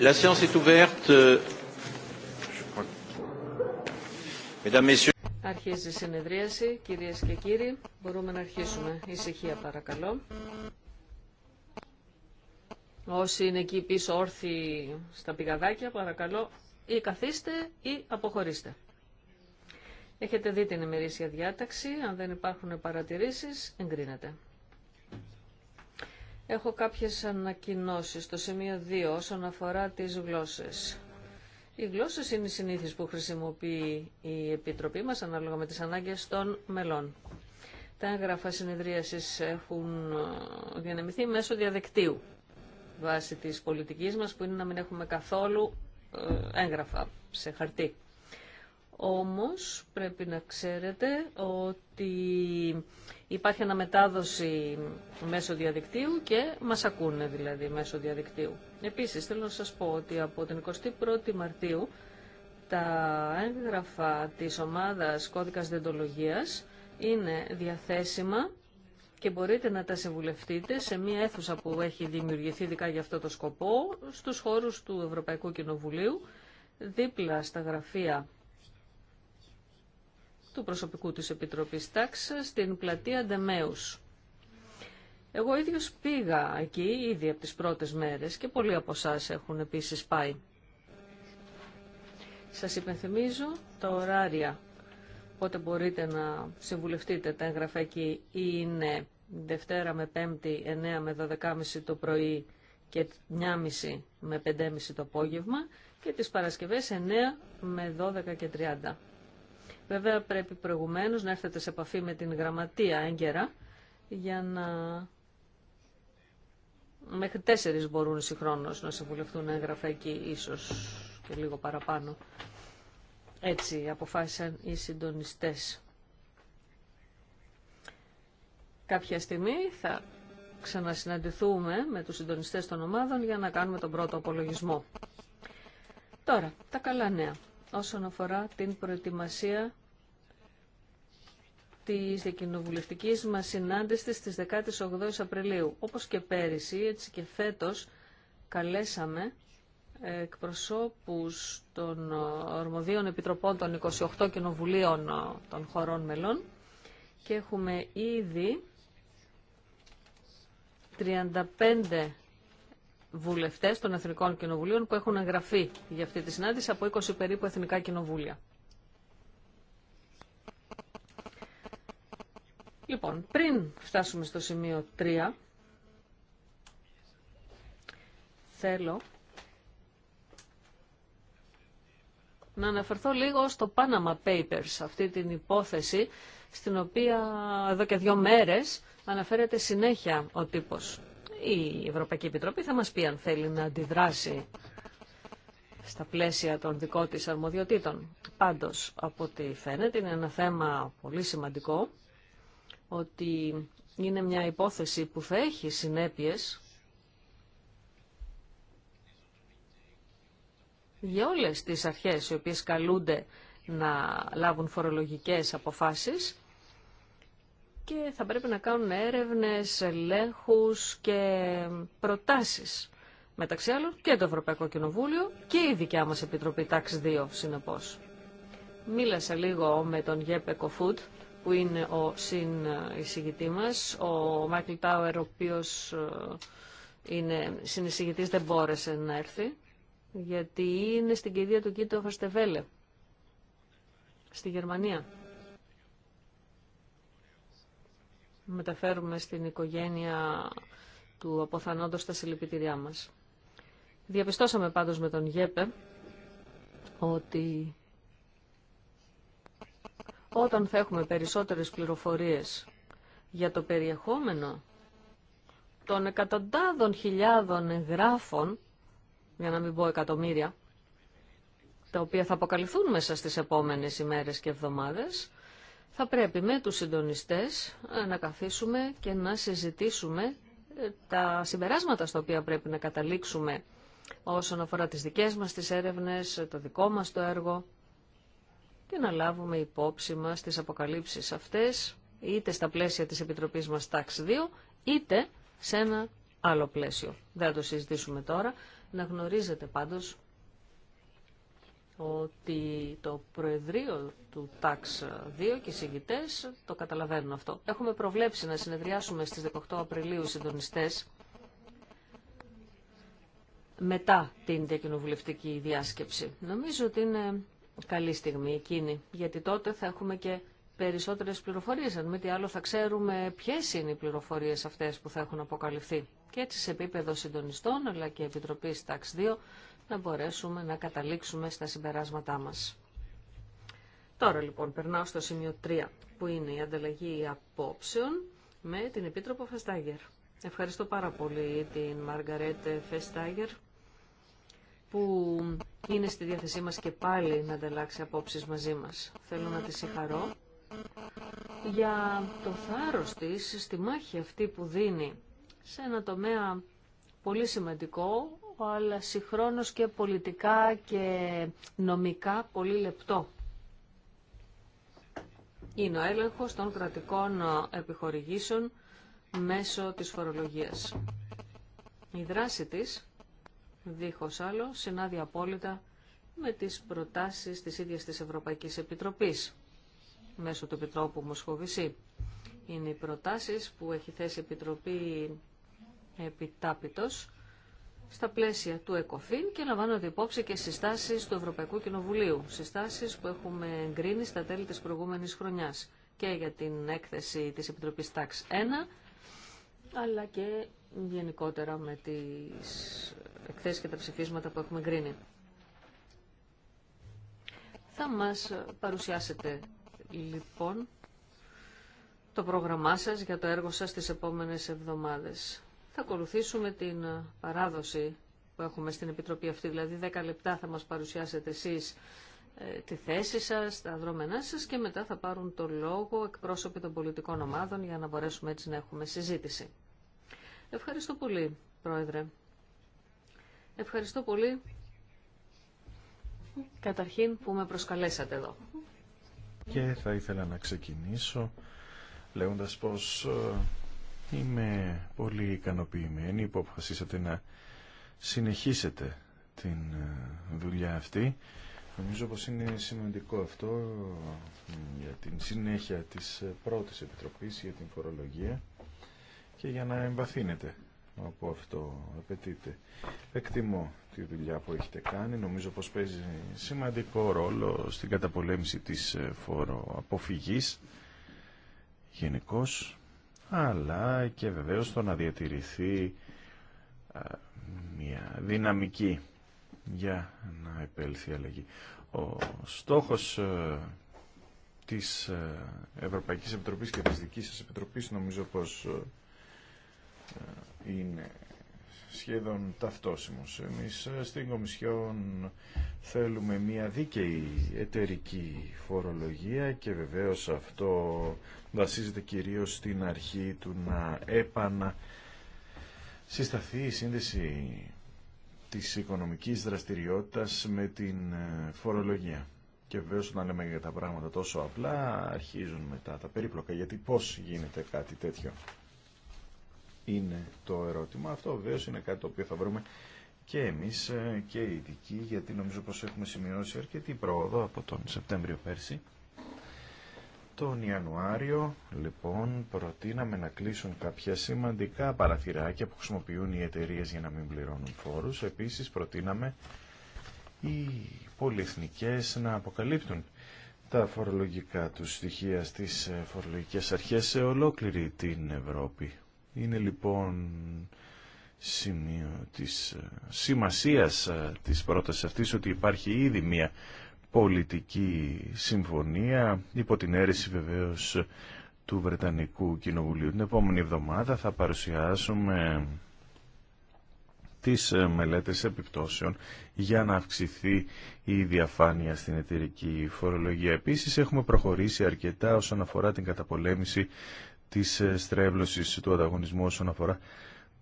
La séance est ouverte. Euh, Αρχίζει η συνεδρίαση. Κυρίες και κύριοι, μπορούμε να αρχίσουμε. Ησυχία παρακαλώ. Όσοι είναι εκεί πίσω όρθιοι στα πηγαδάκια, παρακαλώ ή καθίστε ή αποχωρήστε. Έχετε δει την ημερήσια διάταξη. Αν δεν υπάρχουν παρατηρήσεις, εγκρίνεται. Έχω κάποιες ανακοινώσεις στο σημείο 2 όσον αφορά τις γλώσσες. Οι γλώσσες είναι οι συνήθεις που χρησιμοποιεί η Επιτροπή μας ανάλογα με τις ανάγκες των μελών. Τα έγγραφα συνεδρίασης έχουν ε, διανεμηθεί μέσω διαδικτύου βάσει της πολιτικής μας που είναι να μην έχουμε καθόλου ε, έγγραφα σε χαρτί. Όμως πρέπει να ξέρετε ότι υπάρχει αναμετάδοση μέσω διαδικτύου και μας ακούνε δηλαδή μέσω διαδικτύου. Επίσης θέλω να σας πω ότι από την 21η Μαρτίου τα έγγραφα της ομάδας κώδικας δεντολογίας είναι διαθέσιμα και μπορείτε να τα συμβουλευτείτε σε μια αίθουσα που έχει δημιουργηθεί ειδικά για αυτό το σκοπό στους χώρους του Ευρωπαϊκού Κοινοβουλίου δίπλα στα γραφεία του προσωπικού της Επιτροπής Τάξα στην πλατεία Ντεμέους. Εγώ ίδιος πήγα εκεί ήδη από τις πρώτες μέρες και πολλοί από εσά έχουν επίσης πάει. Σας υπενθυμίζω τα ωράρια. Πότε μπορείτε να συμβουλευτείτε τα εγγραφέ εκεί είναι Δευτέρα με Πέμπτη 9 με 12.30 το πρωί και 9.30 με 5.30 το απόγευμα και τις Παρασκευές 9 με 12.30. Βέβαια πρέπει προηγουμένως να έρθετε σε επαφή με την γραμματεία έγκαιρα για να... Μέχρι τέσσερις μπορούν συγχρόνως να συμβουλευτούν έγγραφα εκεί ίσως και λίγο παραπάνω. Έτσι αποφάσισαν οι συντονιστές. Κάποια στιγμή θα ξανασυναντηθούμε με τους συντονιστές των ομάδων για να κάνουμε τον πρώτο απολογισμό. Τώρα, τα καλά νέα όσον αφορά την προετοιμασία της διακοινοβουλευτικής μας συνάντησης στις 18 Απριλίου. Όπως και πέρυσι, έτσι και φέτος, καλέσαμε εκπροσώπους των ορμοδίων επιτροπών των 28 κοινοβουλίων των χωρών μελών και έχουμε ήδη 35 βουλευτές των Εθνικών Κοινοβουλίων που έχουν εγγραφεί για αυτή τη συνάντηση από 20 περίπου Εθνικά Κοινοβούλια. Λοιπόν, πριν φτάσουμε στο σημείο 3, θέλω να αναφερθώ λίγο στο Panama Papers, αυτή την υπόθεση στην οποία εδώ και δύο μέρες αναφέρεται συνέχεια ο τύπος. Η Ευρωπαϊκή Επιτροπή θα μας πει αν θέλει να αντιδράσει στα πλαίσια των δικών της αρμοδιοτήτων. Πάντως, από ό,τι φαίνεται, είναι ένα θέμα πολύ σημαντικό, ότι είναι μια υπόθεση που θα έχει συνέπειες για όλες τις αρχές οι οποίες καλούνται να λάβουν φορολογικές αποφάσεις και θα πρέπει να κάνουν έρευνες, ελέγχους και προτάσεις. Μεταξύ άλλων και το Ευρωπαϊκό Κοινοβούλιο και η δικιά μας Επιτροπή Τάξη 2, συνεπώς. Μίλασα λίγο με τον Γέπε Κοφούτ, που είναι ο εισηγητή μας. Ο Μάικλ Τάουερ, ο οποίος ε, είναι συνεισηγητής, δεν μπόρεσε να έρθει, γιατί είναι στην κηδεία του Κίτο Φαστεβέλε, στη Γερμανία. μεταφέρουμε στην οικογένεια του αποθανόντος τα συλληπιτήριά μας. Διαπιστώσαμε πάντως με τον Γέπε ότι όταν θα έχουμε περισσότερες πληροφορίες για το περιεχόμενο των εκατοντάδων χιλιάδων εγγράφων, για να μην πω εκατομμύρια, τα οποία θα αποκαλυφθούν μέσα στις επόμενες ημέρες και εβδομάδες, θα πρέπει με τους συντονιστές να καθίσουμε και να συζητήσουμε ε, τα συμπεράσματα στα οποία πρέπει να καταλήξουμε όσον αφορά τις δικές μας τις έρευνες, το δικό μας το έργο και να λάβουμε υπόψη μας τις αποκαλύψεις αυτές είτε στα πλαίσια της Επιτροπής μας τάξη 2 είτε σε ένα άλλο πλαίσιο. Δεν θα το συζητήσουμε τώρα. Να γνωρίζετε πάντως ότι το Προεδρείο του ΤΑΞ 2 και οι συγκητές το καταλαβαίνουν αυτό. Έχουμε προβλέψει να συνεδριάσουμε στις 18 Απριλίου οι συντονιστές μετά την διακοινοβουλευτική διάσκεψη. Νομίζω ότι είναι καλή στιγμή εκείνη, γιατί τότε θα έχουμε και περισσότερες πληροφορίες. Αν μη τι άλλο θα ξέρουμε ποιες είναι οι πληροφορίες αυτές που θα έχουν αποκαλυφθεί. Και έτσι σε επίπεδο συντονιστών, αλλά και Επιτροπής ΤΑΞ 2, να μπορέσουμε να καταλήξουμε στα συμπεράσματά μας. Τώρα λοιπόν περνάω στο σημείο 3 που είναι η ανταλλαγή απόψεων με την Επίτροπο Φεστάγερ. Ευχαριστώ πάρα πολύ την Μαργαρέτ Φεστάγερ που είναι στη διάθεσή μας και πάλι να ανταλλάξει απόψεις μαζί μας. Θέλω να τη συγχαρώ για το θάρρος της στη μάχη αυτή που δίνει σε ένα τομέα πολύ σημαντικό αλλά συγχρόνως και πολιτικά και νομικά πολύ λεπτό. Είναι ο έλεγχος των κρατικών ε, επιχορηγήσεων μέσω της φορολογίας. Η δράση της, δίχως άλλο, συνάδει απόλυτα με τις προτάσεις της ίδιας της Ευρωπαϊκής Επιτροπής μέσω του Επιτρόπου Μοσχοβησή. Είναι οι προτάσεις που έχει θέσει η Επιτροπή επιτάπητος στα πλαίσια του ΕΚΟΦΗΝ και λαμβάνονται υπόψη και συστάσεις του Ευρωπαϊκού Κοινοβουλίου, συστάσεις που έχουμε εγκρίνει στα τέλη της προηγούμενης χρονιάς και για την έκθεση τη επιτροπή ΤΑΞ 1, αλλά και γενικότερα με τις εκθέσει και τα ψηφίσματα που έχουμε εγκρίνει. Θα μας παρουσιάσετε λοιπόν το πρόγραμμά σας για το έργο σας τις επόμενες εβδομάδες θα ακολουθήσουμε την παράδοση που έχουμε στην Επιτροπή αυτή. Δηλαδή 10 λεπτά θα μας παρουσιάσετε εσείς ε, τη θέση σας, τα δρόμενά σας και μετά θα πάρουν το λόγο εκπρόσωποι των πολιτικών ομάδων για να μπορέσουμε έτσι να έχουμε συζήτηση. Ευχαριστώ πολύ, Πρόεδρε. Ευχαριστώ πολύ καταρχήν που με προσκαλέσατε εδώ. Και θα ήθελα να ξεκινήσω λέγοντας πως ε, Είμαι πολύ ικανοποιημένη που αποφασίσατε να συνεχίσετε την ε, δουλειά αυτή. Νομίζω πως είναι σημαντικό αυτό για την συνέχεια της ε, πρώτης επιτροπής για την φορολογία και για να εμβαθύνετε από αυτό απαιτείται. Εκτιμώ τη δουλειά που έχετε κάνει. Νομίζω πως παίζει σημαντικό ρόλο στην καταπολέμηση της ε, φοροαποφυγής γενικώς αλλά και βεβαίως το να διατηρηθεί μια δυναμική για να επέλθει η αλλαγή. Ο στόχος ε, της ε, Ευρωπαϊκής Επιτροπής και της δικής σας Επιτροπής νομίζω πως ε, είναι σχεδόν ταυτόσιμος. Εμείς στην Κομισιόν θέλουμε μια δίκαιη εταιρική φορολογία και βεβαίως αυτό βασίζεται κυρίως στην αρχή του να έπανα συσταθεί η σύνδεση της οικονομικής δραστηριότητας με την ε, φορολογία. Και βέβαια όταν λέμε για τα πράγματα τόσο απλά αρχίζουν μετά τα περίπλοκα. Γιατί πώς γίνεται κάτι τέτοιο είναι το ερώτημα. Αυτό βέβαια είναι κάτι το οποίο θα βρούμε και εμείς ε, και οι ειδικοί γιατί νομίζω πως έχουμε σημειώσει αρκετή πρόοδο από τον Σεπτέμβριο πέρσι τον Ιανουάριο, λοιπόν, προτείναμε να κλείσουν κάποια σημαντικά παραθυράκια που χρησιμοποιούν οι εταιρείες για να μην πληρώνουν φόρους. Επίσης, προτείναμε οι πολυεθνικές να αποκαλύπτουν τα φορολογικά τους στοιχεία στις ε, φορολογικές αρχές σε ολόκληρη την Ευρώπη. Είναι λοιπόν σημείο της ε, σημασίας ε, της πρότασης αυτής ότι υπάρχει ήδη μία πολιτική συμφωνία υπό την αίρεση βεβαίως του Βρετανικού Κοινοβουλίου. Την επόμενη εβδομάδα θα παρουσιάσουμε τις ε, μελέτες επιπτώσεων για να αυξηθεί η διαφάνεια στην εταιρική φορολογία. Επίσης έχουμε προχωρήσει αρκετά όσον αφορά την καταπολέμηση της ε, στρέβλωσης του ανταγωνισμού όσον αφορά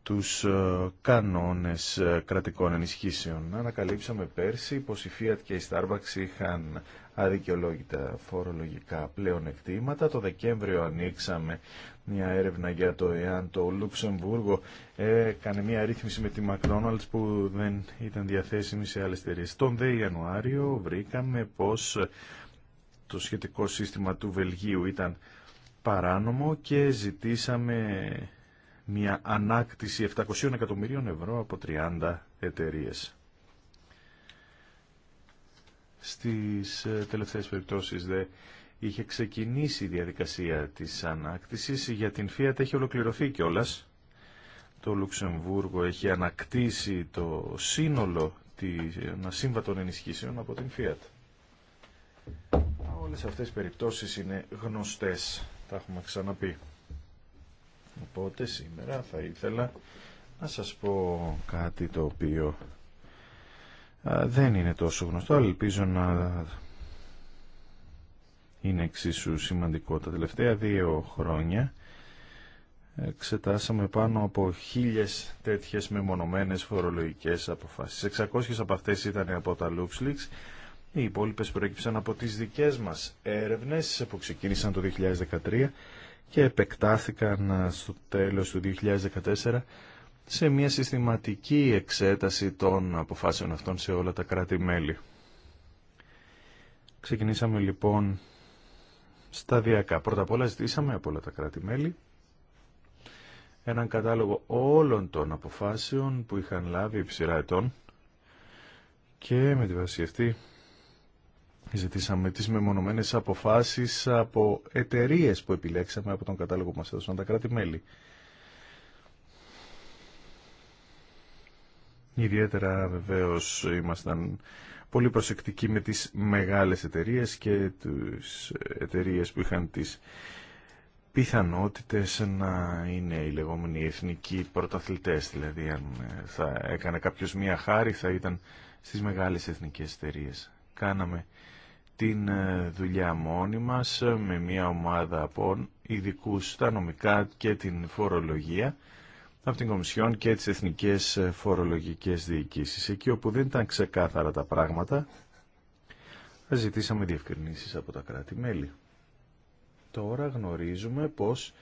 τους ε, κανόνες ε, κρατικών ενισχύσεων. Ανακαλύψαμε πέρσι πως η Fiat και η Starbucks είχαν αδικαιολόγητα φορολογικά πλεονεκτήματα. Το Δεκέμβριο ανοίξαμε μια έρευνα για το εάν το Λουξεμβούργο έκανε μια ρύθμιση με τη McDonald's που δεν ήταν διαθέσιμη σε άλλες εταιρείε. Τον Δέη Ιανουάριο βρήκαμε πως το σχετικό σύστημα του Βελγίου ήταν παράνομο και ζητήσαμε μια ανάκτηση 700 εκατομμυρίων ευρώ από 30 εταιρείες. Στις ε, τελευταίες περιπτώσεις δε είχε ξεκινήσει η διαδικασία της ανάκτησης, για την Fiat έχει ολοκληρωθεί κιόλα. Το Λουξεμβούργο έχει ανακτήσει το σύνολο των ασύμβατων ενισχύσεων από την Fiat. Όλες αυτές οι περιπτώσεις είναι γνωστές, τα έχουμε ξαναπεί. Οπότε σήμερα θα ήθελα να σας πω κάτι το οποίο δεν είναι τόσο γνωστό, αλλά ελπίζω να είναι εξίσου σημαντικό. Τα τελευταία δύο χρόνια εξετάσαμε πάνω από χίλιες τέτοιες μεμονωμένες φορολογικές αποφάσεις. 600 από αυτές ήταν από τα LuxLeaks. Οι υπόλοιπες προέκυψαν από τις δικές μας έρευνες που ξεκίνησαν το 2013 και επεκτάθηκαν ε, στο τέλος του 2014 σε μια συστηματική εξέταση των αποφάσεων αυτών σε όλα τα κράτη-μέλη. Ξεκινήσαμε λοιπόν σταδιακά. Πρώτα απ' όλα ζητήσαμε από όλα τα κράτη-μέλη έναν κατάλογο όλων των αποφάσεων που είχαν λάβει υψηρά ετών και με τη βάση αυτή Ζητήσαμε τις μεμονωμένες αποφάσεις από εταιρείε που επιλέξαμε από τον κατάλογο που μας έδωσαν τα κράτη-μέλη. Ιδιαίτερα βεβαίως ήμασταν πολύ προσεκτικοί με τις μεγάλες εταιρείε και τις εταιρείε που είχαν τις πιθανότητες να είναι οι λεγόμενοι εθνικοί πρωταθλητές. Δηλαδή αν ε, θα έκανε κάποιος μία χάρη θα ήταν στις μεγάλες εθνικές εταιρείε. Κάναμε την ε, δουλειά μόνοι μας ε, με μια ομάδα από ειδικού στα νομικά και την φορολογία από την Κομισιόν και τις Εθνικές ε, Φορολογικές Διοικήσεις. Εκεί όπου δεν ήταν ξεκάθαρα τα πράγματα, ζητήσαμε διευκρινήσεις από τα κράτη-μέλη. Τώρα γνωρίζουμε πως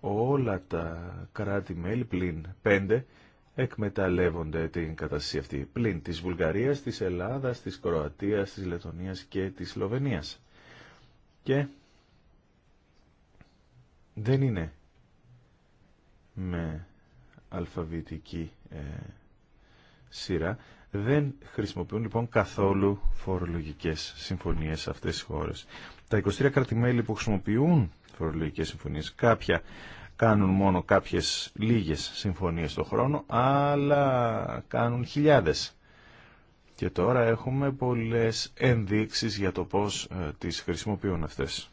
όλα τα κράτη-μέλη πλην πέντε εκμεταλλεύονται την κατάσταση αυτή πλην της Βουλγαρίας, της Ελλάδας, της Κροατίας, της Λετωνίας και της Σλοβενίας. Και δεν είναι με αλφαβητική ε, σειρά. Δεν χρησιμοποιούν λοιπόν καθόλου φορολογικές συμφωνίες αυτές οι χώρες. Τα 23 κρατημέλη που χρησιμοποιούν φορολογικές συμφωνίες, κάποια κάνουν μόνο κάποιες λίγες συμφωνίες το χρόνο, αλλά κάνουν χιλιάδες. Και τώρα έχουμε πολλές ενδείξεις για το πώς ε, τις χρησιμοποιούν αυτές.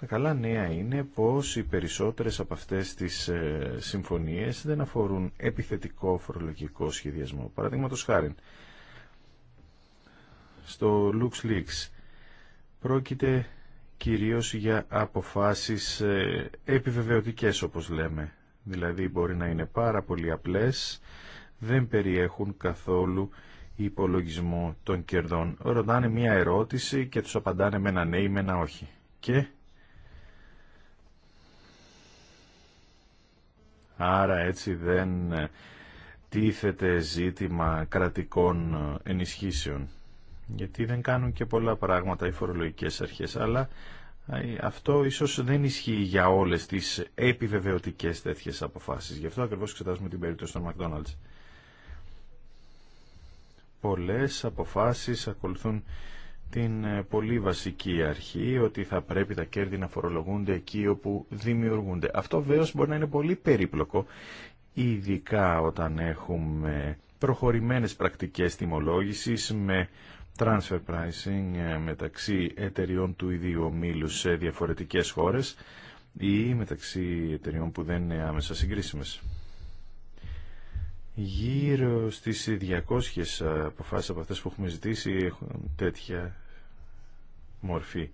Τα καλά νέα είναι πως οι περισσότερες από αυτές τις ε, συμφωνίες δεν αφορούν επιθετικό φορολογικό σχεδιασμό. Παραδείγματο χάρη, στο LuxLeaks πρόκειται κυρίως για αποφάσεις ε, επιβεβαιωτικές όπως λέμε. Δηλαδή μπορεί να είναι πάρα πολύ απλές, δεν περιέχουν καθόλου υπολογισμό των κερδών. Ρωτάνε μία ερώτηση και τους απαντάνε με ένα ναι ή με ένα όχι. Και άρα έτσι δεν ε, τίθεται ζήτημα κρατικών ε, ενισχύσεων γιατί δεν κάνουν και πολλά πράγματα οι φορολογικές αρχές, αλλά ε, αυτό ίσως δεν ισχύει για όλες τις επιβεβαιωτικές τέτοιες αποφάσεις. Γι' αυτό ακριβώς εξετάζουμε την περίπτωση των McDonald's. Πολλές αποφάσεις ακολουθούν την ε, πολύ βασική αρχή ότι θα πρέπει τα κέρδη να φορολογούνται εκεί όπου δημιουργούνται. Αυτό βέβαια μπορεί να είναι πολύ περίπλοκο, ειδικά όταν έχουμε προχωρημένες πρακτικές τιμολόγησης με transfer pricing ε, μεταξύ εταιριών του ίδιου ομίλου σε διαφορετικές χώρες ή μεταξύ εταιριών που δεν είναι άμεσα συγκρίσιμες. Γύρω στις 200 ε, αποφάσεις από αυτές που έχουμε ζητήσει έχουν τέτοια μορφή.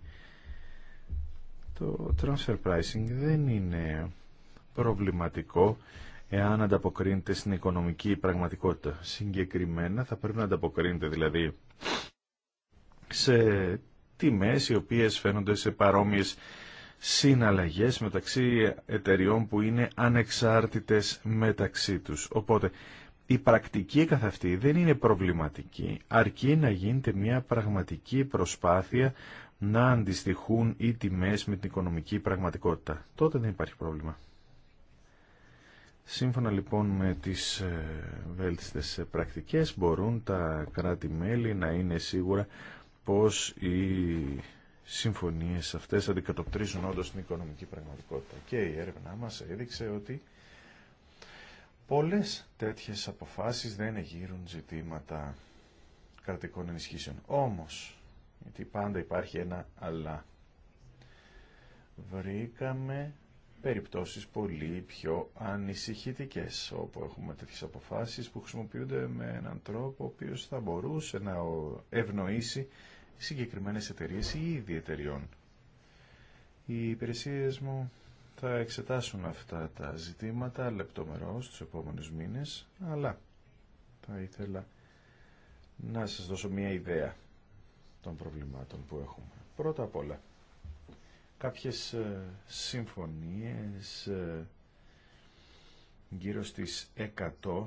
Το transfer pricing δεν είναι προβληματικό εάν ανταποκρίνεται στην οικονομική πραγματικότητα. Συγκεκριμένα θα πρέπει να ανταποκρίνεται δηλαδή σε τιμές οι οποίες φαίνονται σε παρόμοιες συναλλαγές μεταξύ εταιριών που είναι ανεξάρτητες μεταξύ τους. Οπότε η πρακτική καθ' αυτή δεν είναι προβληματική, αρκεί να γίνεται μια πραγματική προσπάθεια να αντιστοιχούν οι τιμές με την οικονομική πραγματικότητα. Τότε δεν υπάρχει πρόβλημα. Σύμφωνα λοιπόν με τις ε, βέλτιστες πρακτικές μπορούν τα κράτη-μέλη να είναι σίγουρα πως οι συμφωνίες αυτές αντικατοπτρίζουν όντως την οικονομική πραγματικότητα. Και η έρευνά μας έδειξε ότι πολλές τέτοιες αποφάσεις δεν εγείρουν ζητήματα κρατικών ενισχύσεων. Όμως, γιατί πάντα υπάρχει ένα αλλά, βρήκαμε περιπτώσεις πολύ πιο ανησυχητικές, όπου έχουμε τέτοιες αποφάσεις που χρησιμοποιούνται με έναν τρόπο ο οποίος θα μπορούσε να ευνοήσει συγκεκριμένες εταιρείες ή ήδη εταιρεών. Οι υπηρεσίε μου θα εξετάσουν αυτά τα ζητήματα λεπτομερώς τους επόμενους μήνες, αλλά θα ήθελα να σας δώσω μια ιδέα των προβλημάτων που έχουμε. Πρώτα απ' όλα, κάποιες ε, συμφωνίες ε, γύρω στις 100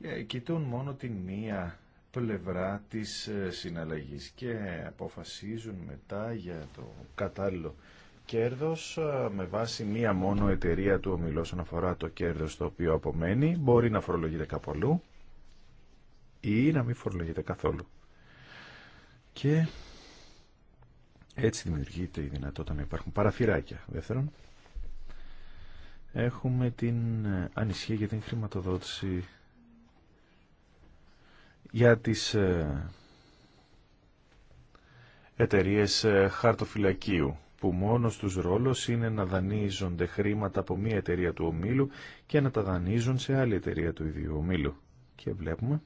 ε, κοιτούν μόνο την μία πλευρά της ε, συναλλαγής και αποφασίζουν μετά για το κατάλληλο κέρδος ε, με βάση μία μόνο εταιρεία του ομιλός αφορά το κέρδος το οποίο απομένει μπορεί να φορολογείται κάπου αλλού ή να μην φορολογείται καθόλου. Και έτσι δημιουργείται η δυνατότητα να υπάρχουν παραθυράκια. Δεύτερον, έχουμε την ε, ανησυχία για την χρηματοδότηση για τις ε, εταιρείε ε, χαρτοφυλακίου που μόνος τους ρόλος είναι να δανείζονται χρήματα από μία εταιρεία του ομίλου και να τα δανείζουν σε άλλη εταιρεία του ίδιου ομίλου. Και βλέπουμε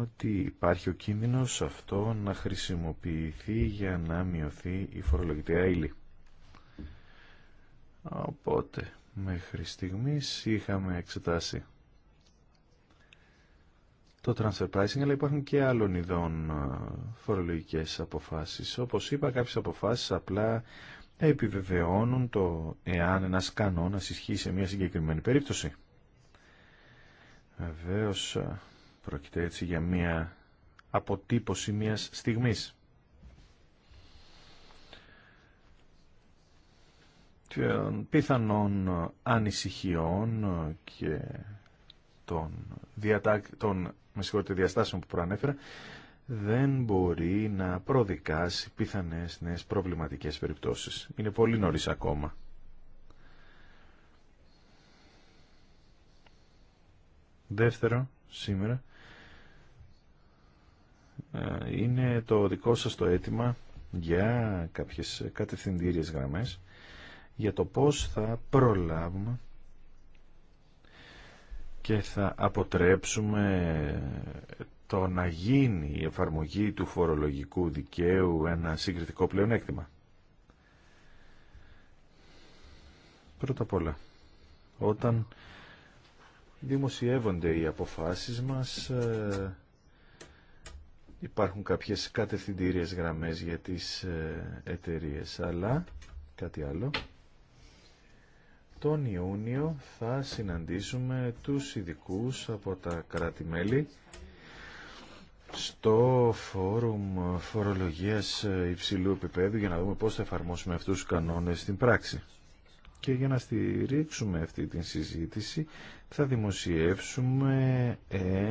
ότι υπάρχει ο κίνδυνος αυτό να χρησιμοποιηθεί για να μειωθεί η φορολογητέα ύλη. Οπότε, μέχρι στιγμής είχαμε εξετάσει το transfer pricing, αλλά υπάρχουν και άλλων ειδών ε, φορολογικές αποφάσεις. Όπως είπα, κάποιες αποφάσεις απλά επιβεβαιώνουν το εάν ένας κανόνας ισχύει σε μια συγκεκριμένη περίπτωση. Βεβαίω ε, πρόκειται έτσι για μια αποτύπωση μιας στιγμής. Ε, πιθανών ανησυχιών και των, διατάκ, των με διαστάσεων που προανέφερα, δεν μπορεί να προδικάσει πιθανές νέες προβληματικές περιπτώσεις. Είναι πολύ νωρίς ακόμα. Δεύτερο, σήμερα, ε, είναι το δικό σας το αίτημα για κάποιες κατευθυντήριες γραμμές για το πώς θα προλάβουμε και θα αποτρέψουμε το να γίνει η εφαρμογή του φορολογικού δικαίου ένα συγκριτικό πλεονέκτημα. Πρώτα απ' όλα, όταν δημοσιεύονται οι αποφάσεις μας, ε, υπάρχουν κάποιες κατευθυντήριες γραμμές για τις ε, εταιρείες, αλλά κάτι άλλο τον Ιούνιο θα συναντήσουμε τους ειδικού από τα κράτη-μέλη στο Φόρουμ Φορολογίας Υψηλού Επιπέδου για να δούμε πώς θα εφαρμόσουμε αυτούς τους κανόνες στην πράξη. Και για να στηρίξουμε αυτή την συζήτηση θα δημοσιεύσουμε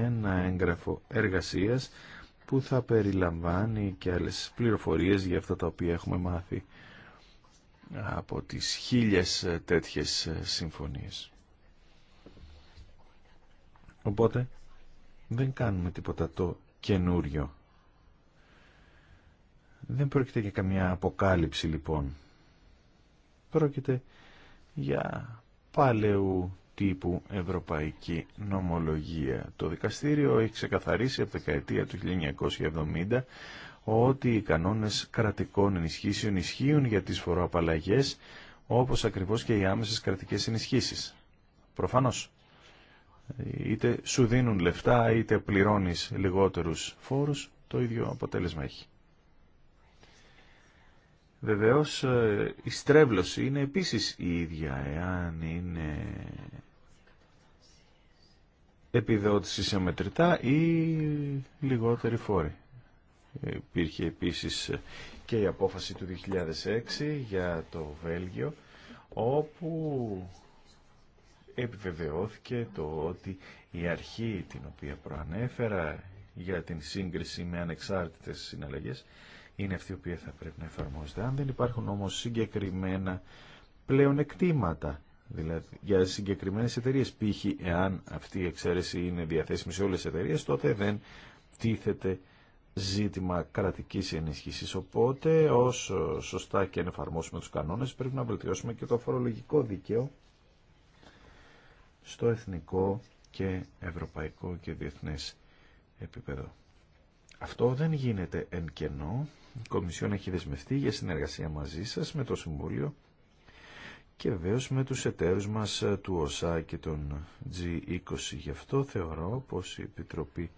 ένα έγγραφο εργασίας που θα περιλαμβάνει και άλλες πληροφορίες για αυτά τα οποία έχουμε μάθει από τις χίλιες ε, τέτοιες ε, συμφωνίες. Οπότε δεν κάνουμε τίποτα το καινούριο. Δεν πρόκειται για καμιά αποκάλυψη λοιπόν. Πρόκειται για παλαιού τύπου ευρωπαϊκή νομολογία. Το δικαστήριο έχει ξεκαθαρίσει από δεκαετία του 1970 ότι οι κανόνες κρατικών ενισχύσεων ισχύουν για τις φοροαπαλλαγές, όπως ακριβώς και οι άμεσες κρατικές ενισχύσεις. Προφανώς. Είτε σου δίνουν λεφτά, είτε πληρώνεις λιγότερους φόρους, το ίδιο αποτέλεσμα έχει. Βεβαίως, ε, η στρέβλωση είναι επίσης η ίδια, εάν είναι επιδότηση σε μετρητά ή λιγότερη φόρη. Υπήρχε επίσης και η απόφαση του 2006 για το Βέλγιο, όπου επιβεβαιώθηκε το ότι η αρχή την οποία προανέφερα για την σύγκριση με ανεξάρτητες συναλλαγές είναι αυτή η οποία θα πρέπει να εφαρμόζεται. Αν δεν υπάρχουν όμως συγκεκριμένα πλέον εκτήματα δηλαδή, για συγκεκριμένες εταιρείες, π.χ. εάν αυτή η εξαίρεση είναι διαθέσιμη σε όλες τις εταιρείες, τότε δεν τίθεται ζήτημα κρατικής ενίσχυσης. Οπότε, όσο σωστά και αν εφαρμόσουμε τους κανόνες, πρέπει να βελτιώσουμε και το φορολογικό δίκαιο στο εθνικό και ευρωπαϊκό και διεθνές επίπεδο. Αυτό δεν γίνεται εν κενό. Η Κομισιόν έχει δεσμευτεί για συνεργασία μαζί σας με το Συμβούλιο και βεβαίω με τους εταίρους μας του ΟΣΑ και των G20. Γι' αυτό θεωρώ πως η Επιτροπή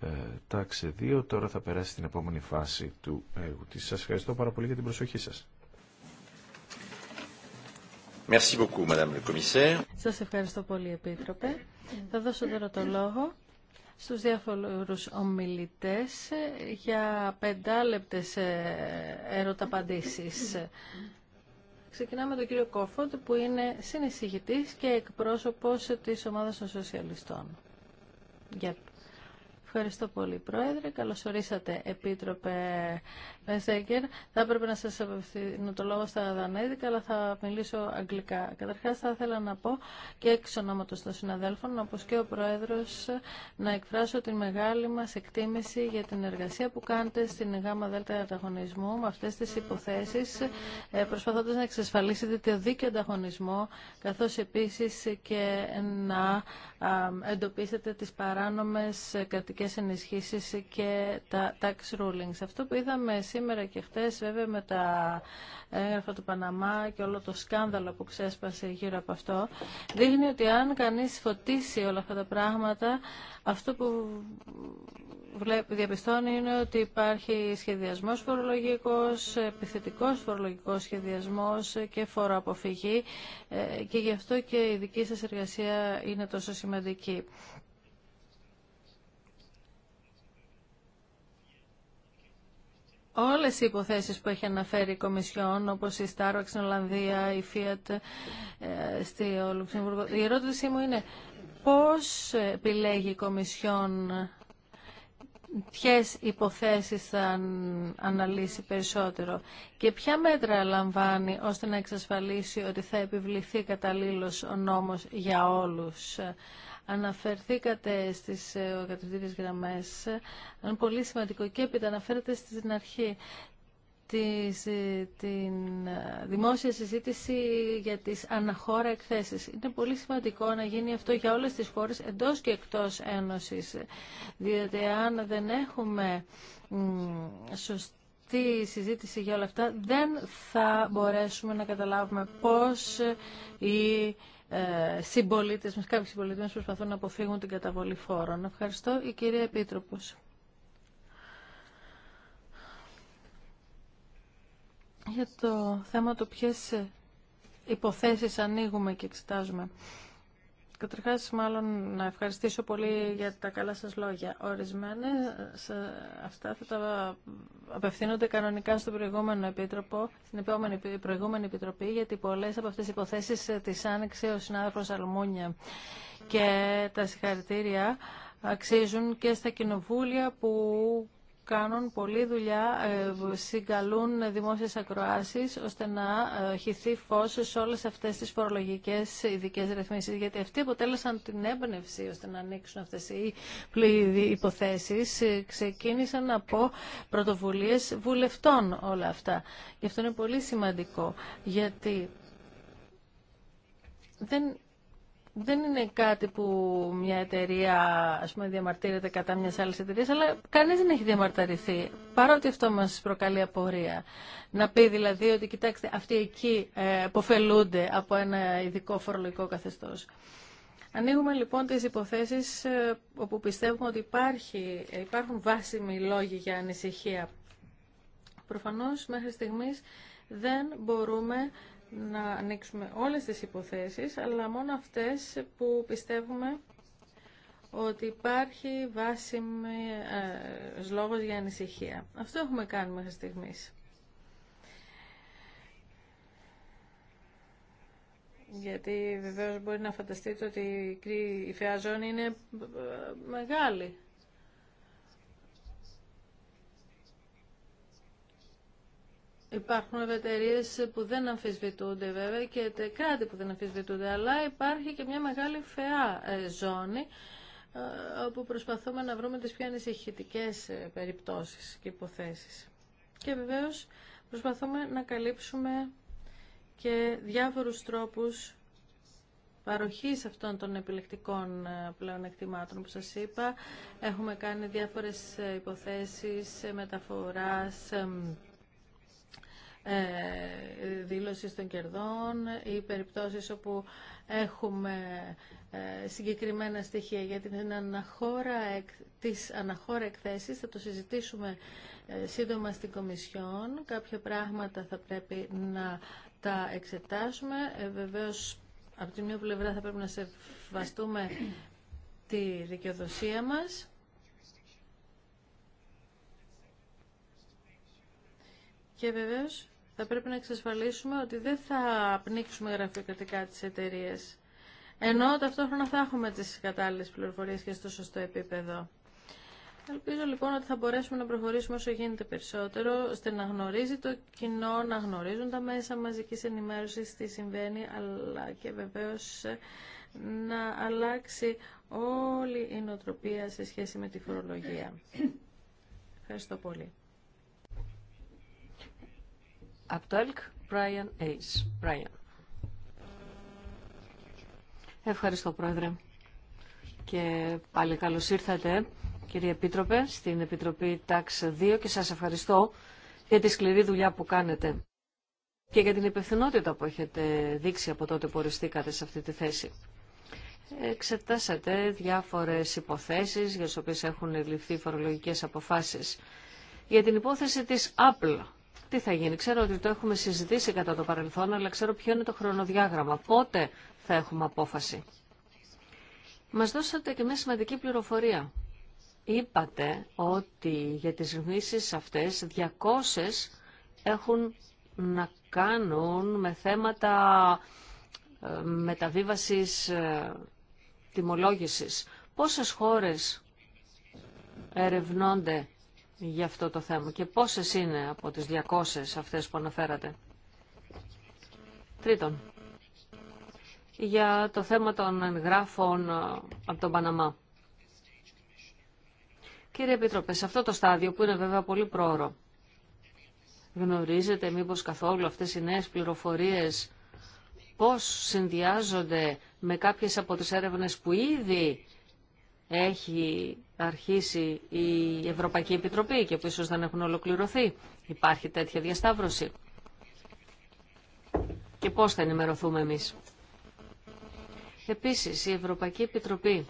ε, τάξε 2 τώρα θα περάσει στην επόμενη φάση του έργου της. Σας ευχαριστώ πάρα πολύ για την προσοχή σας. Merci beaucoup, Madame le Commissaire. Σας ευχαριστώ πολύ, Επίτροπε. Θα δώσω τώρα το λόγο στους διάφορους ομιλητές για πεντάλεπτες ε, ερωταπαντήσεις. Ξεκινάμε με τον κύριο Κόφοντ, που είναι συνεισηγητής και εκπρόσωπος της ομάδας των σοσιαλιστών. Για Ευχαριστώ πολύ, Πρόεδρε. Καλώς ορίσατε, Επίτροπε θα έπρεπε να σας απευθύνω το λόγο στα Δανέδικα, αλλά θα μιλήσω αγγλικά. Καταρχάς θα ήθελα να πω και εξ ονόματος των συναδέλφων, όπως και ο Πρόεδρος, να εκφράσω την μεγάλη μας εκτίμηση για την εργασία που κάνετε στην ΓΑΜΑ ΔΕΛΤΑ ανταγωνισμού με αυτές τις υποθέσεις, ε, προσπαθώντας να εξασφαλίσετε το δίκαιο ανταγωνισμό, καθώς επίσης και να εντοπίσετε τις παράνομες κρατικές ενισχύσεις και τα tax rulings. Αυτό που είδαμε σήμερα και χτες βέβαια με τα έγγραφα του Παναμά και όλο το σκάνδαλο που ξέσπασε γύρω από αυτό δείχνει ότι αν κανείς φωτίσει όλα αυτά τα πράγματα αυτό που διαπιστώνει είναι ότι υπάρχει σχεδιασμός φορολογικός, επιθετικός φορολογικός σχεδιασμός και φοροαποφυγή ε, και γι' αυτό και η δική σας εργασία είναι τόσο σημαντική. όλες οι υποθέσεις που έχει αναφέρει η Κομισιόν, όπως η Starbucks στην Ολλανδία, η Fiat ε, στη Λουξεμβούργο. Η ερώτησή μου είναι πώς επιλέγει η Κομισιόν ποιες υποθέσεις θα αναλύσει περισσότερο και ποια μέτρα λαμβάνει ώστε να εξασφαλίσει ότι θα επιβληθεί καταλήλως ο νόμος για όλους. Αναφερθήκατε στις ε, κατευθύνες γραμμές, είναι πολύ σημαντικό και έπειτα αναφέρετε στην αρχή της, ε, την ε, δημόσια συζήτηση για τις αναχώρα εκθέσεις. Είναι πολύ σημαντικό να γίνει αυτό για όλες τις χώρες εντός και εκτός Ένωσης, διότι αν δεν έχουμε σωστή συζήτηση για όλα αυτά δεν θα μπορέσουμε να καταλάβουμε πώς η ε, συμπολίτε μα, κάποιοι συμπολίτε μα προσπαθούν να αποφύγουν την καταβολή φόρων. Ευχαριστώ. Η κυρία Επίτροπο. Για το θέμα του ποιε υποθέσει ανοίγουμε και εξετάζουμε. Καταρχάς, μάλλον να ευχαριστήσω πολύ για τα καλά σας λόγια. Ορισμένα αυτά θα τα απευθύνονται κανονικά στον προηγούμενο επίτροπο, στην επόμενη, προηγούμενη επιτροπή, γιατί πολλές από αυτές τις υποθέσεις ε, τις άνοιξε ο συνάδελφος Αλμούνια. Και τα συγχαρητήρια αξίζουν και στα κοινοβούλια που κάνουν πολλή δουλειά, ε, συγκαλούν δημόσιες ακροάσεις ώστε να ε, χυθεί φως σε όλες αυτές τις φορολογικές ειδικέ ρυθμίσεις. Γιατί αυτοί αποτέλεσαν την έμπνευση ώστε να ανοίξουν αυτές οι υποθέσεις. Ε, ξεκίνησαν από πρωτοβουλίες βουλευτών όλα αυτά. Γι' αυτό είναι πολύ σημαντικό γιατί δεν δεν είναι κάτι που μια εταιρεία ας πούμε, διαμαρτύρεται κατά μια άλλη εταιρεία, αλλά κανεί δεν έχει διαμαρτυρηθεί. Παρότι αυτό μα προκαλεί απορία. Να πει δηλαδή ότι κοιτάξτε, αυτοί εκεί ε, αποφελούνται από ένα ειδικό φορολογικό καθεστώ. Ανοίγουμε λοιπόν τις υποθέσεις ε, όπου πιστεύουμε ότι υπάρχει, υπάρχουν βάσιμοι λόγοι για ανησυχία. Προφανώς μέχρι στιγμής δεν μπορούμε να ανοίξουμε όλες τις υποθέσεις, αλλά μόνο αυτές που πιστεύουμε ότι υπάρχει βάσιμη ε, λόγος για ανησυχία. Αυτό έχουμε κάνει μέχρι στιγμής. Γιατί βεβαίως μπορεί να φανταστείτε ότι η φαιά είναι ε, μεγάλη. Υπάρχουν εταιρείε που δεν αμφισβητούνται βέβαια και κράτη που δεν αμφισβητούνται, αλλά υπάρχει και μια μεγάλη φαιά ε, ζώνη ε, όπου προσπαθούμε να βρούμε τις πιο ανησυχητικέ ε, περιπτώσεις και υποθέσεις. Και βεβαίως προσπαθούμε να καλύψουμε και διάφορους τρόπους παροχής αυτών των επιλεκτικών πλέον εκτιμάτων που σας είπα. Έχουμε κάνει διάφορες υποθέσεις μεταφοράς ε, δήλωση των κερδών ή περιπτώσεις όπου έχουμε ε, συγκεκριμένα στοιχεία για την αναχώρα, τις αναχώρα εκθέσεις. Θα το συζητήσουμε ε, σύντομα στην Κομισιόν. Κάποια πράγματα θα πρέπει να τα εξετάσουμε. Βεβαίως, από τη μία πλευρά θα πρέπει να σεβαστούμε τη δικαιοδοσία μας. Και βεβαίως θα πρέπει να εξασφαλίσουμε ότι δεν θα πνίξουμε γραφειοκρατικά τις εταιρείε. Ενώ ταυτόχρονα θα έχουμε τις κατάλληλες πληροφορίες και στο σωστό επίπεδο. Ελπίζω λοιπόν ότι θα μπορέσουμε να προχωρήσουμε όσο γίνεται περισσότερο, ώστε να γνωρίζει το κοινό, να γνωρίζουν τα μέσα μαζικής ενημέρωσης τι συμβαίνει, αλλά και βεβαίως ε, να αλλάξει όλη η νοοτροπία σε σχέση με τη φορολογία. Ευχαριστώ πολύ. Brian Ace. Brian. Ευχαριστώ, Πρόεδρε. Και πάλι καλώς ήρθατε, κύριε Επίτροπε, στην Επιτροπή ΤΑΞ 2 και σας ευχαριστώ για τη σκληρή δουλειά που κάνετε και για την υπευθυνότητα που έχετε δείξει από τότε που οριστήκατε σε αυτή τη θέση. Εξετάσατε διάφορες υποθέσεις για τις οποίες έχουν ληφθεί φορολογικές αποφάσεις. Για την υπόθεση της Apple τι θα γίνει. Ξέρω ότι το έχουμε συζητήσει κατά το παρελθόν, αλλά ξέρω ποιο είναι το χρονοδιάγραμμα. Πότε θα έχουμε απόφαση. Μας δώσατε και μια σημαντική πληροφορία. Είπατε ότι για τις ρυθμίσεις αυτές 200 έχουν να κάνουν με θέματα ε, μεταβίβασης ε, τιμολόγησης. Πόσες χώρες ερευνώνται για αυτό το θέμα και πόσες είναι από τις 200 αυτές που αναφέρατε. Τρίτον, για το θέμα των εγγράφων ε, από τον Παναμά. Κύριε Επίτροπε, σε αυτό το στάδιο που είναι βέβαια πολύ πρόωρο, γνωρίζετε μήπως καθόλου αυτές οι νέες πληροφορίες πώς συνδυάζονται με κάποιες από τις έρευνες που ήδη έχει αρχίσει η Ευρωπαϊκή Επιτροπή και που ίσως δεν έχουν ολοκληρωθεί. Υπάρχει τέτοια διασταύρωση. Και πώς θα ενημερωθούμε εμείς. Επίσης, η Ευρωπαϊκή Επιτροπή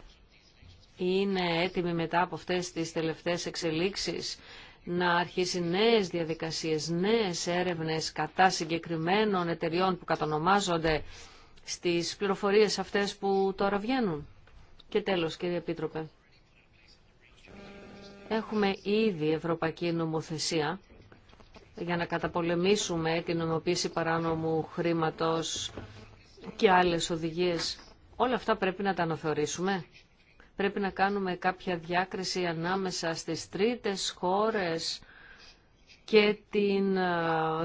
είναι έτοιμη μετά από αυτές τις τελευταίες εξελίξεις να αρχίσει νέες διαδικασίες, νέες έρευνες κατά συγκεκριμένων εταιριών που κατονομάζονται στις πληροφορίες αυτές που τώρα βγαίνουν. Και τέλος, κύριε Επίτροπε, έχουμε ήδη ευρωπαϊκή νομοθεσία για να καταπολεμήσουμε την νομοποίηση παράνομου χρήματος και άλλες οδηγίες. Όλα αυτά πρέπει να τα αναθεωρήσουμε. Πρέπει να κάνουμε κάποια διάκριση ανάμεσα στις τρίτες χώρες και την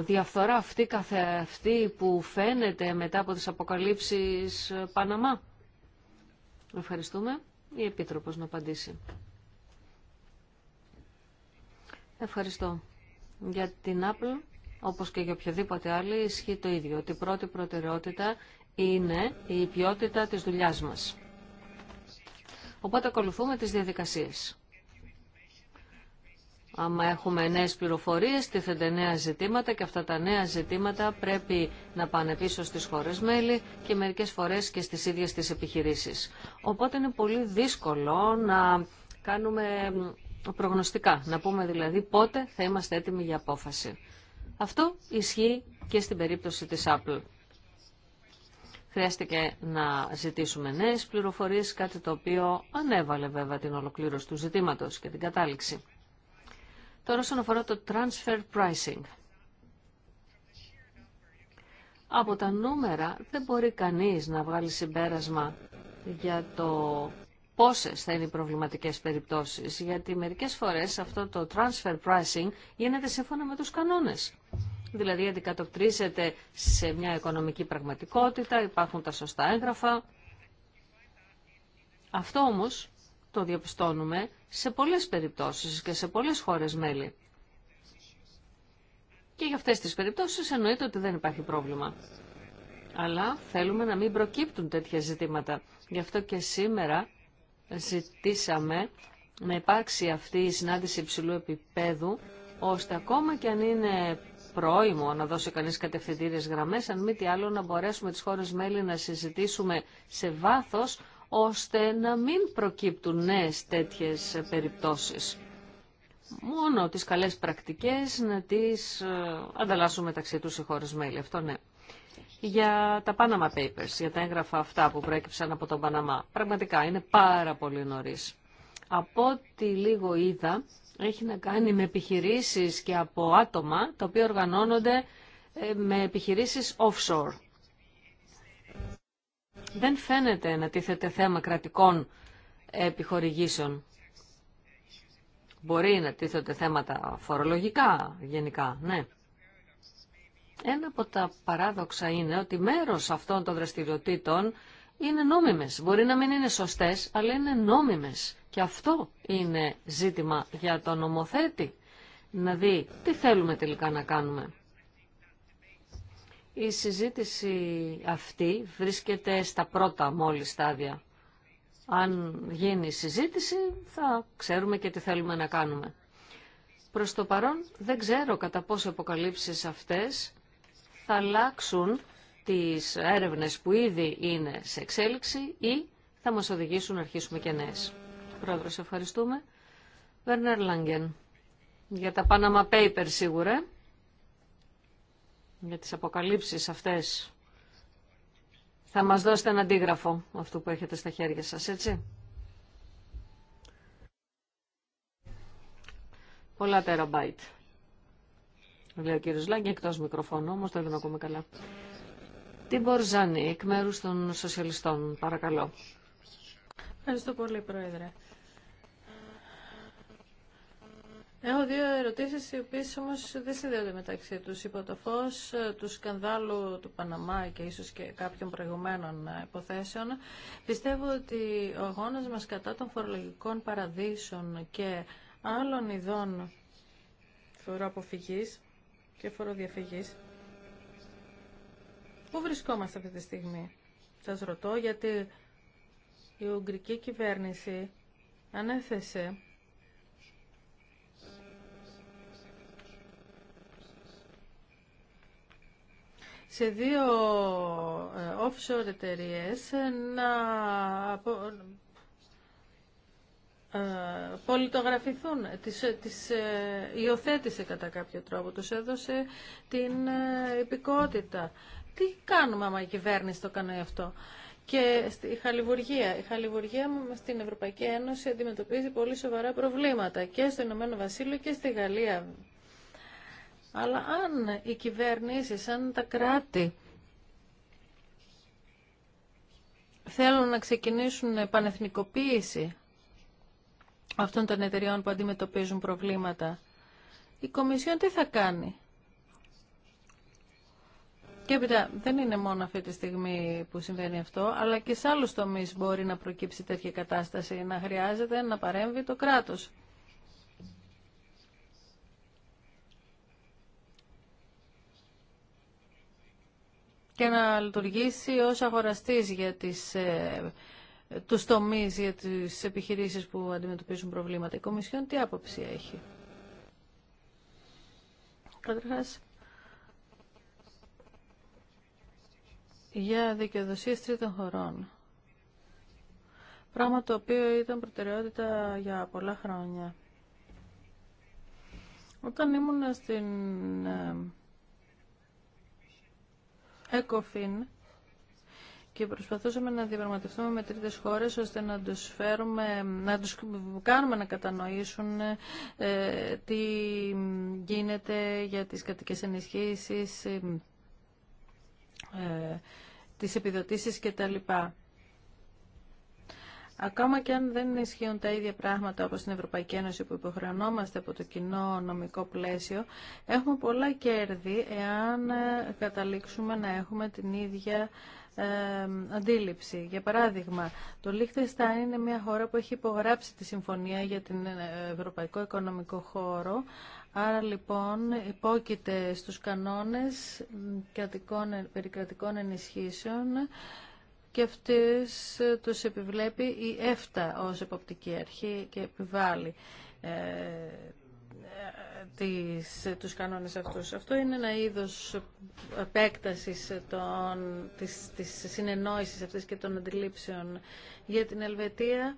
διαφθορά αυτή καθεαυτή που φαίνεται μετά από τις αποκαλύψεις Παναμά. Ευχαριστούμε. Η Επίτροπος να απαντήσει. Ευχαριστώ. Για την Apple, όπως και για οποιαδήποτε άλλη, ισχύει το ίδιο. Ότι η πρώτη προτεραιότητα είναι η ποιότητα της δουλειάς μας. Οπότε ακολουθούμε τις διαδικασίες. Άμα έχουμε νέες πληροφορίες, τίθενται νέα ζητήματα και αυτά τα νέα ζητήματα πρέπει να πάνε πίσω στις χώρες μέλη και μερικές φορές και στις ίδιες τις επιχειρήσεις. Οπότε είναι πολύ δύσκολο να κάνουμε προγνωστικά, να πούμε δηλαδή πότε θα είμαστε έτοιμοι για απόφαση. Αυτό ισχύει και στην περίπτωση της Apple. Χρειάστηκε να ζητήσουμε νέες πληροφορίες, κάτι το οποίο ανέβαλε βέβαια την ολοκλήρωση του ζητήματος και την κατάληξη. Τώρα όσον αφορά το transfer pricing. Από τα νούμερα δεν μπορεί κανείς να βγάλει συμπέρασμα για το πόσες θα είναι οι προβληματικές περιπτώσεις, γιατί μερικές φορές αυτό το transfer pricing γίνεται σύμφωνα με τους κανόνες. Δηλαδή αντικατοπτρίζεται σε μια οικονομική πραγματικότητα, υπάρχουν τα σωστά έγγραφα. Αυτό όμως το διαπιστώνουμε σε πολλές περιπτώσεις και σε πολλές χώρες μέλη. Και για αυτές τις περιπτώσεις εννοείται ότι δεν υπάρχει πρόβλημα. Αλλά θέλουμε να μην προκύπτουν τέτοια ζητήματα. Γι' αυτό και σήμερα ζητήσαμε να υπάρξει αυτή η συνάντηση υψηλού επίπεδου, ώστε ακόμα και αν είναι πρόημο να δώσει κανείς κατευθυντήριες γραμμές, αν μη τι άλλο να μπορέσουμε τις χώρες μέλη να συζητήσουμε σε βάθος ώστε να μην προκύπτουν νέες τέτοιες περιπτώσεις. Μόνο τις καλές πρακτικές να τις ε, ανταλλάσσουν μεταξύ τους οι χώρες μέλη. Αυτό ναι. Για τα Panama Papers, για τα έγγραφα αυτά που προέκυψαν από τον Παναμά. Πραγματικά είναι πάρα πολύ νωρίς. Από ό,τι λίγο είδα, έχει να κάνει με επιχειρήσεις και από άτομα τα οποία οργανώνονται ε, με επιχειρήσεις offshore δεν φαίνεται να τίθεται θέμα κρατικών επιχορηγήσεων. Μπορεί να τίθεται θέματα φορολογικά γενικά, ναι. Ένα από τα παράδοξα είναι ότι μέρος αυτών των δραστηριοτήτων είναι νόμιμες. Μπορεί να μην είναι σωστές, αλλά είναι νόμιμες. Και αυτό είναι ζήτημα για τον νομοθέτη. Να δει τι θέλουμε τελικά να κάνουμε. Η συζήτηση αυτή βρίσκεται στα πρώτα μόλι στάδια. Αν γίνει συζήτηση θα ξέρουμε και τι θέλουμε να κάνουμε. Προς το παρόν δεν ξέρω κατά πόσο αποκαλύψεις αυτές θα αλλάξουν τις έρευνες που ήδη είναι σε εξέλιξη ή θα μας οδηγήσουν να αρχίσουμε και νέες. Πρόεδρος, ευχαριστούμε. Βέρνερ Λάγκεν. Για τα Panama Papers σίγουρα για τις αποκαλύψεις αυτές. Θα μας δώσετε ένα αντίγραφο αυτού που έχετε στα χέρια σας, έτσι. Πολλά τεραμπάιτ. Λέει ο κύριος Λάγκη, εκτός μικροφώνου, όμως δεν ακούμε καλά. Τι Μπορζάνη, εκ μέρους των σοσιαλιστών, παρακαλώ. Ευχαριστώ πολύ, Πρόεδρε. Έχω δύο ερωτήσεις οι οποίες όμως δεν συνδέονται μεταξύ τους. Υπό το φως του σκανδάλου του Παναμά και ίσως και κάποιων προηγουμένων υποθέσεων, πιστεύω ότι ο αγώνας μας κατά των φορολογικών παραδείσων και άλλων ειδών φοροαποφυγής και φοροδιαφυγής, πού βρισκόμαστε αυτή τη στιγμή. Σας ρωτώ γιατί η Ουγγρική κυβέρνηση ανέθεσε σε δύο ε, offshore εταιρείε να ε, πολιτογραφηθούν, τις, ε, τις υιοθέτησε κατά κάποιο τρόπο, τους έδωσε την υπηκότητα. Τι κάνουμε άμα η κυβέρνηση το κάνει αυτό. Και η χαλιβουργία. Η χαλιβουργία στην Ευρωπαϊκή Ένωση αντιμετωπίζει πολύ σοβαρά προβλήματα και στο Ηνωμένο Βασίλειο και στη Γαλλία αλλά αν οι κυβερνήσεις, αν τα κράτη θέλουν να ξεκινήσουν πανεθνικοποίηση αυτών των εταιριών που αντιμετωπίζουν προβλήματα, η Κομισιόν τι θα κάνει. Και έπειτα δεν είναι μόνο αυτή τη στιγμή που συμβαίνει αυτό, αλλά και σε άλλους τομείς μπορεί να προκύψει τέτοια κατάσταση, να χρειάζεται να παρέμβει το κράτος. και να λειτουργήσει ως αγοραστής για τις, ε, τους τομείς, για τις επιχειρήσεις που αντιμετωπίζουν προβλήματα. Η Κομισιόν τι άποψη έχει. Καταρχάς, για δικαιοδοσίες τρίτων χωρών. Πράγμα το οποίο ήταν προτεραιότητα για πολλά χρόνια. Όταν ήμουν στην ε, ΕΚΟΦΗΝ και προσπαθούσαμε να διαπραγματευτούμε με τρίτες χώρες ώστε να τους, φέρουμε, να τους κάνουμε να κατανοήσουν ε, τι γίνεται για τις κατοικές ενισχύσεις, ε, ε, τις επιδοτήσεις κτλ. Ακόμα και αν δεν ισχύουν τα ίδια πράγματα όπως στην Ευρωπαϊκή Ένωση που υποχρεωνόμαστε από το κοινό νομικό πλαίσιο, έχουμε πολλά κέρδη εάν ε, καταλήξουμε να έχουμε την ίδια ε, αντίληψη. Για παράδειγμα, το Στάν είναι μια χώρα που έχει υπογράψει τη Συμφωνία για την ε, Ευρωπαϊκό Οικονομικό Χώρο, άρα λοιπόν υπόκειται στους κανόνες κρατικών, περικρατικών ενισχύσεων και αυτές ε, τους επιβλέπει η ΕΦΤΑ ως εποπτική αρχή και επιβάλλει ε, ε, τις, τους κανόνες αυτούς. Αυτό είναι ένα είδος επέκτασης των, της, της συνεννόησης και των αντιλήψεων για την Ελβετία.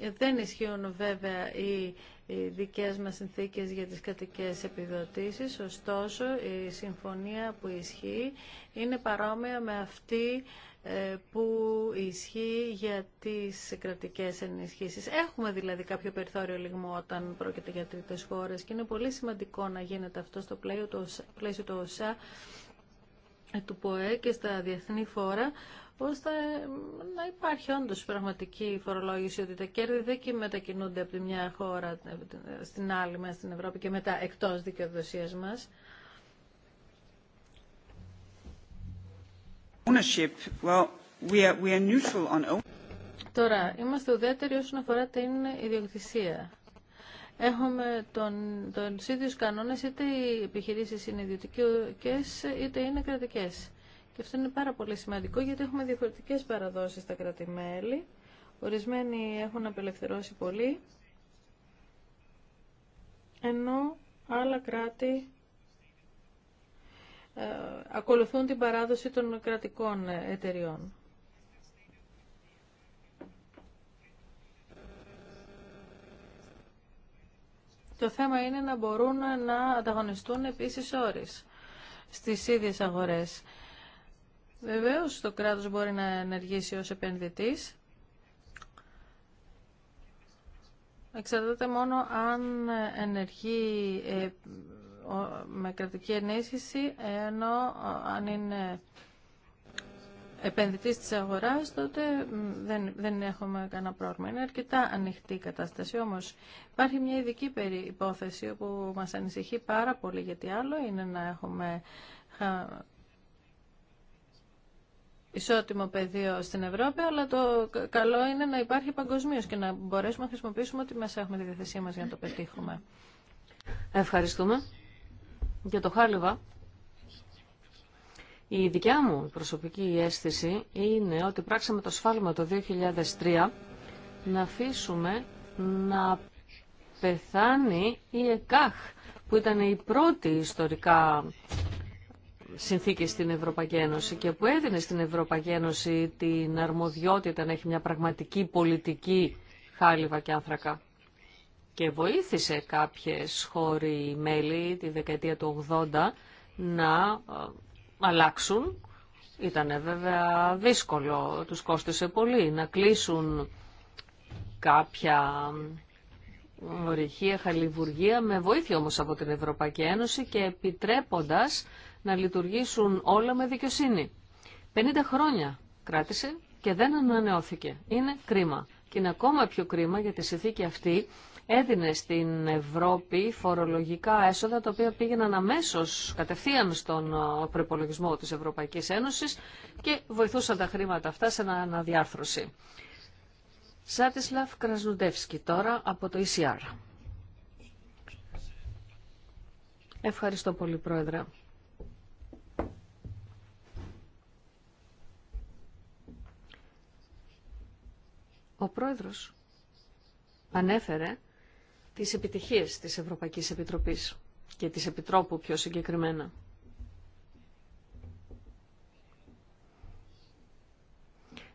Ε, δεν ισχύουν βέβαια οι, οι δικές μας συνθήκες για τις κατοικές επιδοτήσεις, ωστόσο η συμφωνία που ισχύει είναι παρόμοια με αυτή ε, που ισχύει για τις κρατικές ενισχύσεις. Έχουμε δηλαδή κάποιο περιθώριο λιγμό όταν πρόκειται για τρίτες χώρες και είναι πολύ σημαντικό να γίνεται αυτό στο πλαίσιο του ΩΣΑ, ε, του ΠΟΕ και στα διεθνή φόρα, ώστε ε, να υπάρχει όντως πραγματική φορολόγηση ότι τα κέρδη δεν μετακινούνται από τη μια χώρα στην άλλη μέσα στην Ευρώπη και μετά εκτός δικαιοδοσίας μας. Τώρα, είμαστε ουδέτεροι όσον αφορά την ιδιοκτησία. Έχουμε τον, τον ίδιους κανόνες, είτε οι επιχειρήσεις είναι ιδιωτικές, είτε είναι κρατικές. Και αυτό είναι πάρα πολύ σημαντικό, γιατί έχουμε διαφορετικές παραδόσεις στα κρατημέλη. Ορισμένοι έχουν απελευθερώσει πολύ, ενώ άλλα κράτη ε, ακολουθούν την παράδοση των κρατικών εταιριών. Το θέμα είναι να μπορούν να ανταγωνιστούν επίσης όρις στις ίδιες αγορές. Βεβαίως το κράτος μπορεί να ενεργήσει ως επενδυτής. Εξαρτάται μόνο αν ενεργεί ε, με κρατική ενίσχυση, ενώ αν είναι επενδυτής της αγοράς, τότε δεν, δεν έχουμε κανένα πρόβλημα. Είναι αρκετά ανοιχτή η κατάσταση. Όμως υπάρχει μια ειδική υπόθεση που μας ανησυχεί πάρα πολύ, γιατί άλλο είναι να έχουμε ισότιμο πεδίο στην Ευρώπη, αλλά το καλό είναι να υπάρχει παγκοσμίω και να μπορέσουμε να χρησιμοποιήσουμε ό,τι μέσα έχουμε τη διαθεσή μας για να το πετύχουμε. Ευχαριστούμε. Για το χάλιβα, η δικιά μου προσωπική αίσθηση είναι ότι πράξαμε το σφάλμα το 2003 να αφήσουμε να πεθάνει η ΕΚΑΧ, που ήταν η πρώτη ιστορικά συνθήκη στην Ευρωπαϊκή Ένωση και που έδινε στην Ευρωπαϊκή Ένωση την αρμοδιότητα να έχει μια πραγματική πολιτική χάλιβα και άνθρακα και βοήθησε κάποιες χώροι μέλη τη δεκαετία του 80 να ε, αλλάξουν. Ήταν βέβαια δύσκολο, τους κόστησε πολύ να κλείσουν κάποια ορυχεία, χαλιβουργία, με βοήθεια όμως από την Ευρωπαϊκή Ένωση και επιτρέποντας να λειτουργήσουν όλα με δικαιοσύνη. 50 χρόνια κράτησε και δεν ανανεώθηκε. Είναι κρίμα. Και είναι ακόμα πιο κρίμα για τη συνθήκη αυτή έδινε στην Ευρώπη φορολογικά έσοδα τα οποία πήγαιναν αμέσω κατευθείαν στον ε, προπολογισμό της Ευρωπαϊκής Ένωσης και βοηθούσαν τα χρήματα αυτά σε αναδιάρθρωση. Σάτισλαφ Κρασνουντεύσκη τώρα από το ECR. Ευχαριστώ πολύ Πρόεδρε. Ο Πρόεδρος ανέφερε τις επιτυχίες της Ευρωπαϊκής Επιτροπής και της Επιτρόπου πιο συγκεκριμένα.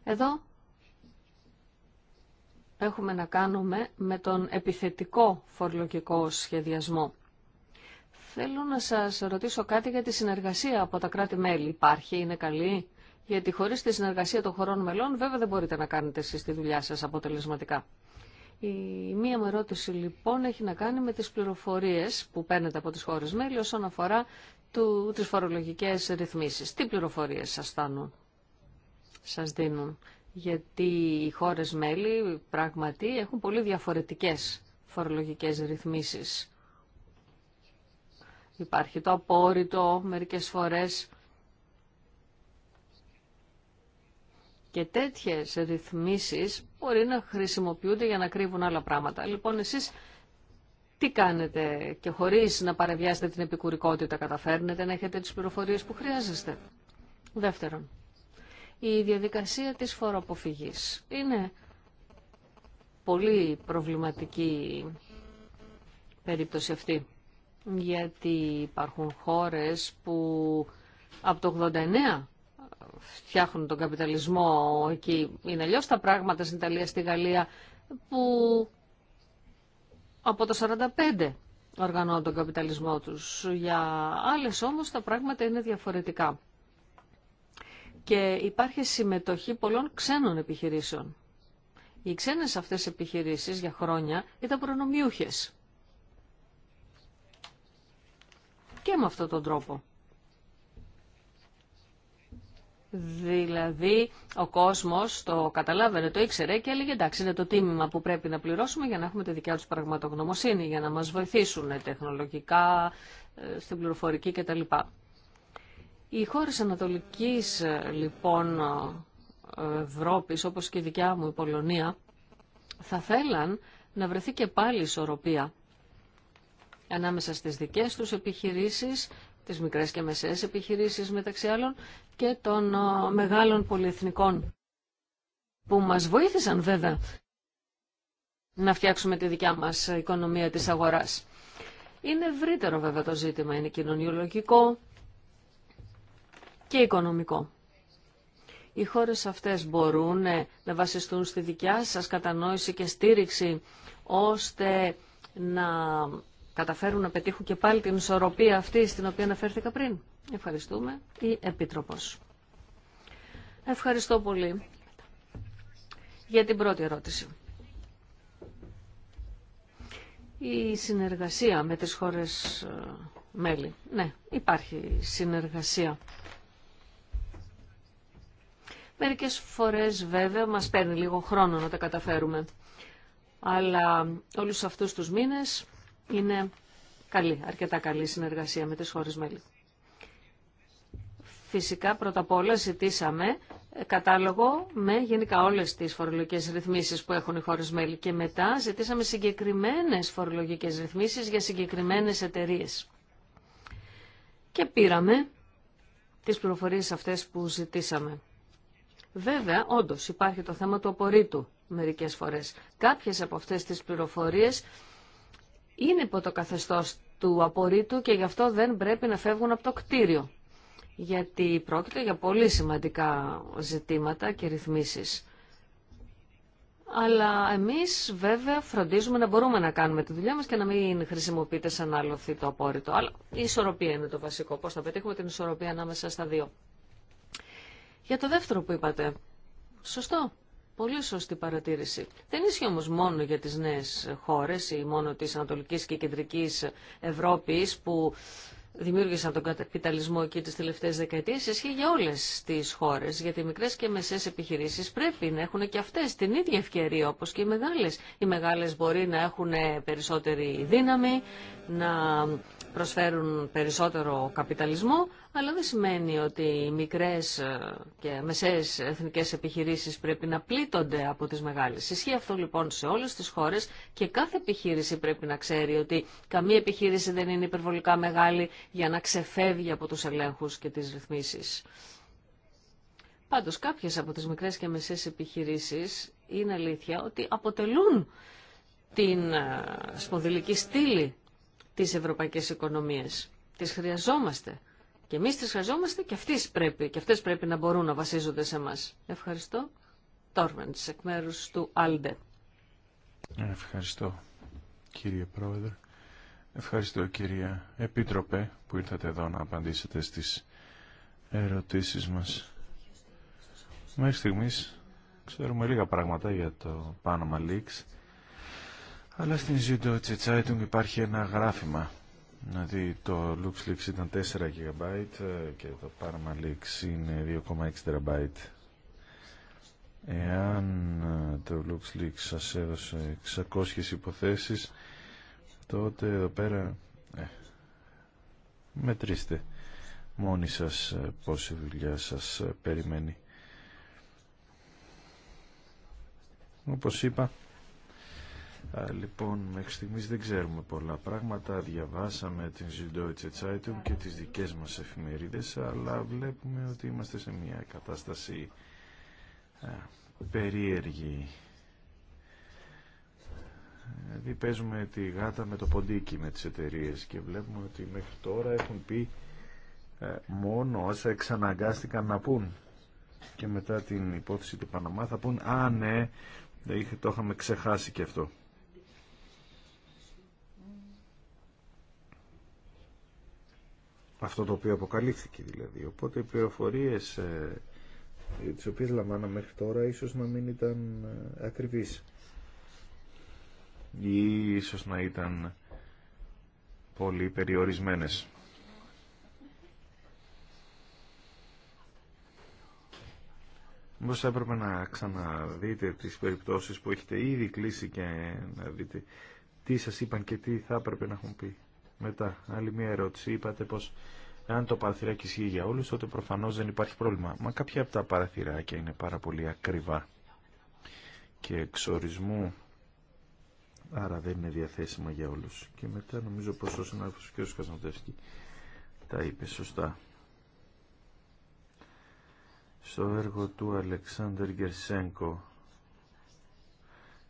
Εδώ έχουμε να κάνουμε με τον επιθετικό φορολογικό σχεδιασμό. Θέλω να σας ρωτήσω κάτι για τη συνεργασία από τα κράτη-μέλη. Υπάρχει, είναι καλή, γιατί χωρίς τη συνεργασία των χωρών μελών βέβαια δεν μπορείτε να κάνετε εσείς τη δουλειά σας αποτελεσματικά. Η μία μου ερώτηση λοιπόν έχει να κάνει με τις πληροφορίες που παίρνετε από τις χώρες μέλη όσον αφορά του, τις φορολογικές ρυθμίσεις. Τι πληροφορίες σας σας δίνουν. Γιατί οι χώρες μέλη πράγματι έχουν πολύ διαφορετικές φορολογικές ρυθμίσεις. Υπάρχει το απόρριτο μερικές φορές Και τέτοιες ρυθμίσεις μπορεί να χρησιμοποιούνται για να κρύβουν άλλα πράγματα. Λοιπόν, εσείς τι κάνετε και χωρίς να παραβιάσετε την επικουρικότητα καταφέρνετε να έχετε τις πληροφορίες που χρειάζεστε. Δεύτερον, η διαδικασία της φοροαποφυγής είναι πολύ προβληματική περίπτωση αυτή. Γιατί υπάρχουν χώρες που από το 89 φτιάχνουν τον καπιταλισμό εκεί. Είναι αλλιώ τα πράγματα στην Ιταλία, στη Γαλλία, που από το 45 οργανώνουν τον καπιταλισμό τους. Για άλλες όμως τα πράγματα είναι διαφορετικά. Και υπάρχει συμμετοχή πολλών ξένων επιχειρήσεων. Οι ξένες αυτές επιχειρήσεις για χρόνια ήταν προνομιούχες. Και με αυτόν τον τρόπο. Δηλαδή ο κόσμος το καταλάβαινε, το ήξερε και έλεγε εντάξει είναι το τίμημα που πρέπει να πληρώσουμε για να έχουμε τη δικιά τους πραγματογνωμοσύνη, για να μας βοηθήσουν τεχνολογικά, ε, στην πληροφορική κτλ. Οι χώρες Ανατολικής ε, λοιπόν ε, Ευρώπης όπως και η δικιά μου η Πολωνία θα θέλαν να βρεθεί και πάλι ισορροπία ανάμεσα στις δικές τους επιχειρήσεις τις μικρές και μεσαίες επιχειρήσεις μεταξύ άλλων και των μεγάλων πολυεθνικών που μας βοήθησαν βέβαια να φτιάξουμε τη δικιά μας οικονομία της αγοράς. Είναι ευρύτερο βέβαια το ζήτημα, είναι κοινωνιολογικό και οικονομικό. Οι χώρες αυτές μπορούν ε, να βασιστούν στη δικιά σας κατανόηση και στήριξη ώστε να καταφέρουν να πετύχουν και πάλι την ισορροπία αυτή στην οποία αναφέρθηκα πριν. Ευχαριστούμε. Η Επίτροπος. Ευχαριστώ πολύ για την πρώτη ερώτηση. Η συνεργασία με τις χώρες ε, μέλη. Ναι, υπάρχει συνεργασία. Μερικές φορές βέβαια μας παίρνει λίγο χρόνο να τα καταφέρουμε. Αλλά όλους αυτούς τους μήνες είναι καλή, αρκετά καλή συνεργασία με τις χώρες μέλη. Φυσικά πρώτα απ' όλα ζητήσαμε κατάλογο με γενικά όλες τις φορολογικές ρυθμίσεις που έχουν οι χώρες μέλη και μετά ζητήσαμε συγκεκριμένες φορολογικές ρυθμίσεις για συγκεκριμένες εταιρείε. Και πήραμε τις πληροφορίες αυτές που ζητήσαμε. Βέβαια, όντως υπάρχει το θέμα του απορρίτου μερικές φορές. Κάποιες από αυτές τις πληροφορίες είναι υπό το καθεστώς του απορρίτου και γι' αυτό δεν πρέπει να φεύγουν από το κτίριο. Γιατί πρόκειται για πολύ σημαντικά ζητήματα και ρυθμίσεις. Αλλά εμείς βέβαια φροντίζουμε να μπορούμε να κάνουμε τη δουλειά μας και να μην χρησιμοποιείται σαν άλλο το απόρριτο. Αλλά η ισορροπία είναι το βασικό. Πώς θα πετύχουμε την ισορροπία ανάμεσα στα δύο. Για το δεύτερο που είπατε. Σωστό. Πολύ σωστή παρατήρηση. Δεν ίσχυε όμω μόνο για τις νέε χώρες ή μόνο τη Ανατολικής και Κεντρικής Ευρώπης που δημιούργησαν τον καπιταλισμό εκεί τι τελευταίες δεκαετίες, ισχύει για όλες τις χώρες, γιατί οι μικρές και μεσές επιχειρήσεις πρέπει να έχουν και αυτές την ίδια ευκαιρία όπως και οι μεγάλες. Οι μεγάλε μπορεί να έχουν περισσότερη δύναμη, να προσφέρουν περισσότερο καπιταλισμό, αλλά δεν σημαίνει ότι οι μικρές ε, και μεσαίες εθνικές επιχειρήσεις πρέπει να πλήττονται από τις μεγάλες. Ισχύει αυτό λοιπόν σε όλες τις χώρες και κάθε επιχείρηση πρέπει να ξέρει ότι καμία επιχείρηση δεν είναι υπερβολικά μεγάλη για να ξεφεύγει από τους ελέγχους και τις ρυθμίσεις. Πάντως κάποιες από τις μικρές και μεσαίες επιχειρήσεις είναι αλήθεια ότι αποτελούν την ε, σπονδυλική στήλη της ευρωπαϊκής οικονομίας. Τις χρειαζόμαστε και εμεί τι χρειαζόμαστε και, αυτέ πρέπει, και αυτές πρέπει να μπορούν να βασίζονται σε εμά. Ευχαριστώ. Τόρμεντς, εκ μέρου του Άλντε. Ευχαριστώ, κύριε Πρόεδρε. Ευχαριστώ, κυρία Επίτροπε, που ήρθατε εδώ να απαντήσετε στις ερωτήσεις μας. Μέχρι στιγμή. ξέρουμε λίγα πράγματα για το Panama Leaks, αλλά στην Ζιντο Τσετσάιτουγκ υπάρχει ένα γράφημα Δηλαδή το LuxLeaks ήταν 4 GB ε, και το ParmaLeaks είναι 2,6 TB. Εάν ε, το LuxLeaks σας έδωσε 600 υποθέσεις, τότε εδώ πέρα ε, μετρήστε μόνοι σας ε, πόση δουλειά σας περιμένει. Όπως είπα, λοιπόν, μέχρι στιγμής δεν ξέρουμε πολλά πράγματα. Διαβάσαμε την Süddeutsche Zeitung και τις δικές μας εφημερίδες, αλλά βλέπουμε ότι είμαστε σε μια κατάσταση περίεργη. Δηλαδή παίζουμε τη γάτα με το ποντίκι με τις εταιρείε και βλέπουμε ότι μέχρι τώρα έχουν πει μόνο όσα εξαναγκάστηκαν να πούν. Και μετά την υπόθεση του Παναμά θα πούν «Α, ναι, το είχαμε ξεχάσει και αυτό». αυτό το οποίο αποκαλύφθηκε δηλαδή. Οπότε οι πληροφορίες ε, τις οποίες λαμβάναμε μέχρι τώρα ίσως να μην ήταν ε, ακριβείς ή ίσως να ήταν πολύ περιορισμένες. Μήπως έπρεπε να ξαναδείτε τις περιπτώσεις που έχετε ήδη κλείσει και να δείτε τι σας είπαν και τι θα έπρεπε να έχουν πει. Μετά, άλλη μία ερώτηση. Είπατε πως αν το παραθυράκι ισχύει για όλους, τότε προφανώς δεν υπάρχει πρόβλημα. Μα κάποια από τα παραθυράκια είναι πάρα πολύ ακριβά και εξορισμού, άρα δεν είναι διαθέσιμα για όλους. Και μετά νομίζω πως ο συνάδελφος κ. Κασνοτεύσκη τα είπε σωστά. Στο έργο του Αλεξάνδρ Γκερσέγκο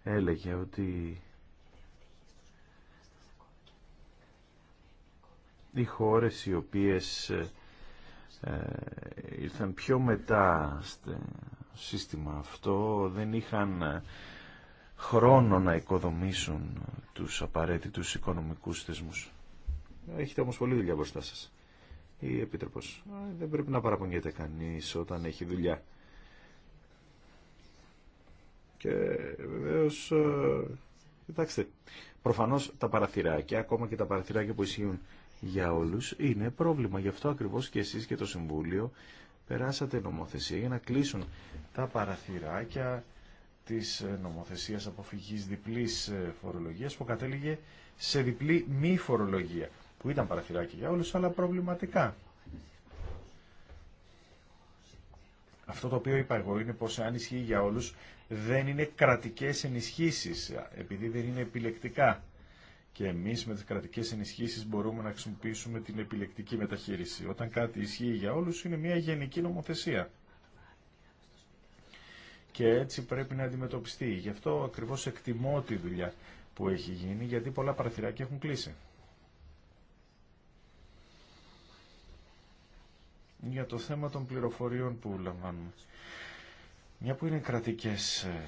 έλεγε ότι οι χώρες οι οποίες ε, ε, ήρθαν πιο μετά στο σύστημα αυτό δεν είχαν ε, χρόνο να οικοδομήσουν τους απαραίτητους οικονομικούς θεσμούς. Έχετε όμως πολλή δουλειά μπροστά σας. Η Επίτροπος. Δεν πρέπει να παραπονιέται κανείς όταν έχει δουλειά. Και βεβαίως, κοιτάξτε, προφανώς τα παραθυράκια, ακόμα και τα παραθυράκια που ισχύουν για όλους είναι πρόβλημα. Γι' αυτό ακριβώς και εσείς και το Συμβούλιο περάσατε νομοθεσία για να κλείσουν τα παραθυράκια της ε, νομοθεσίας αποφυγής διπλής ε, φορολογίας που κατέληγε σε διπλή μη φορολογία που ήταν παραθυράκια για όλους αλλά προβληματικά. Αυτό το οποίο είπα εγώ είναι πως αν ισχύει για όλους δεν είναι κρατικές ενισχύσεις επειδή δεν είναι επιλεκτικά. Και εμείς με τις κρατικές ενισχύσει μπορούμε να χρησιμοποιήσουμε την επιλεκτική μεταχείριση. Όταν κάτι ισχύει για όλους είναι μια γενική νομοθεσία. Και έτσι πρέπει να αντιμετωπιστεί. Γι' αυτό ακριβώς εκτιμώ τη δουλειά που έχει γίνει, γιατί πολλά παραθυράκια έχουν κλείσει. Για το θέμα των πληροφοριών που λαμβάνουμε. Μια που είναι κρατικές ε,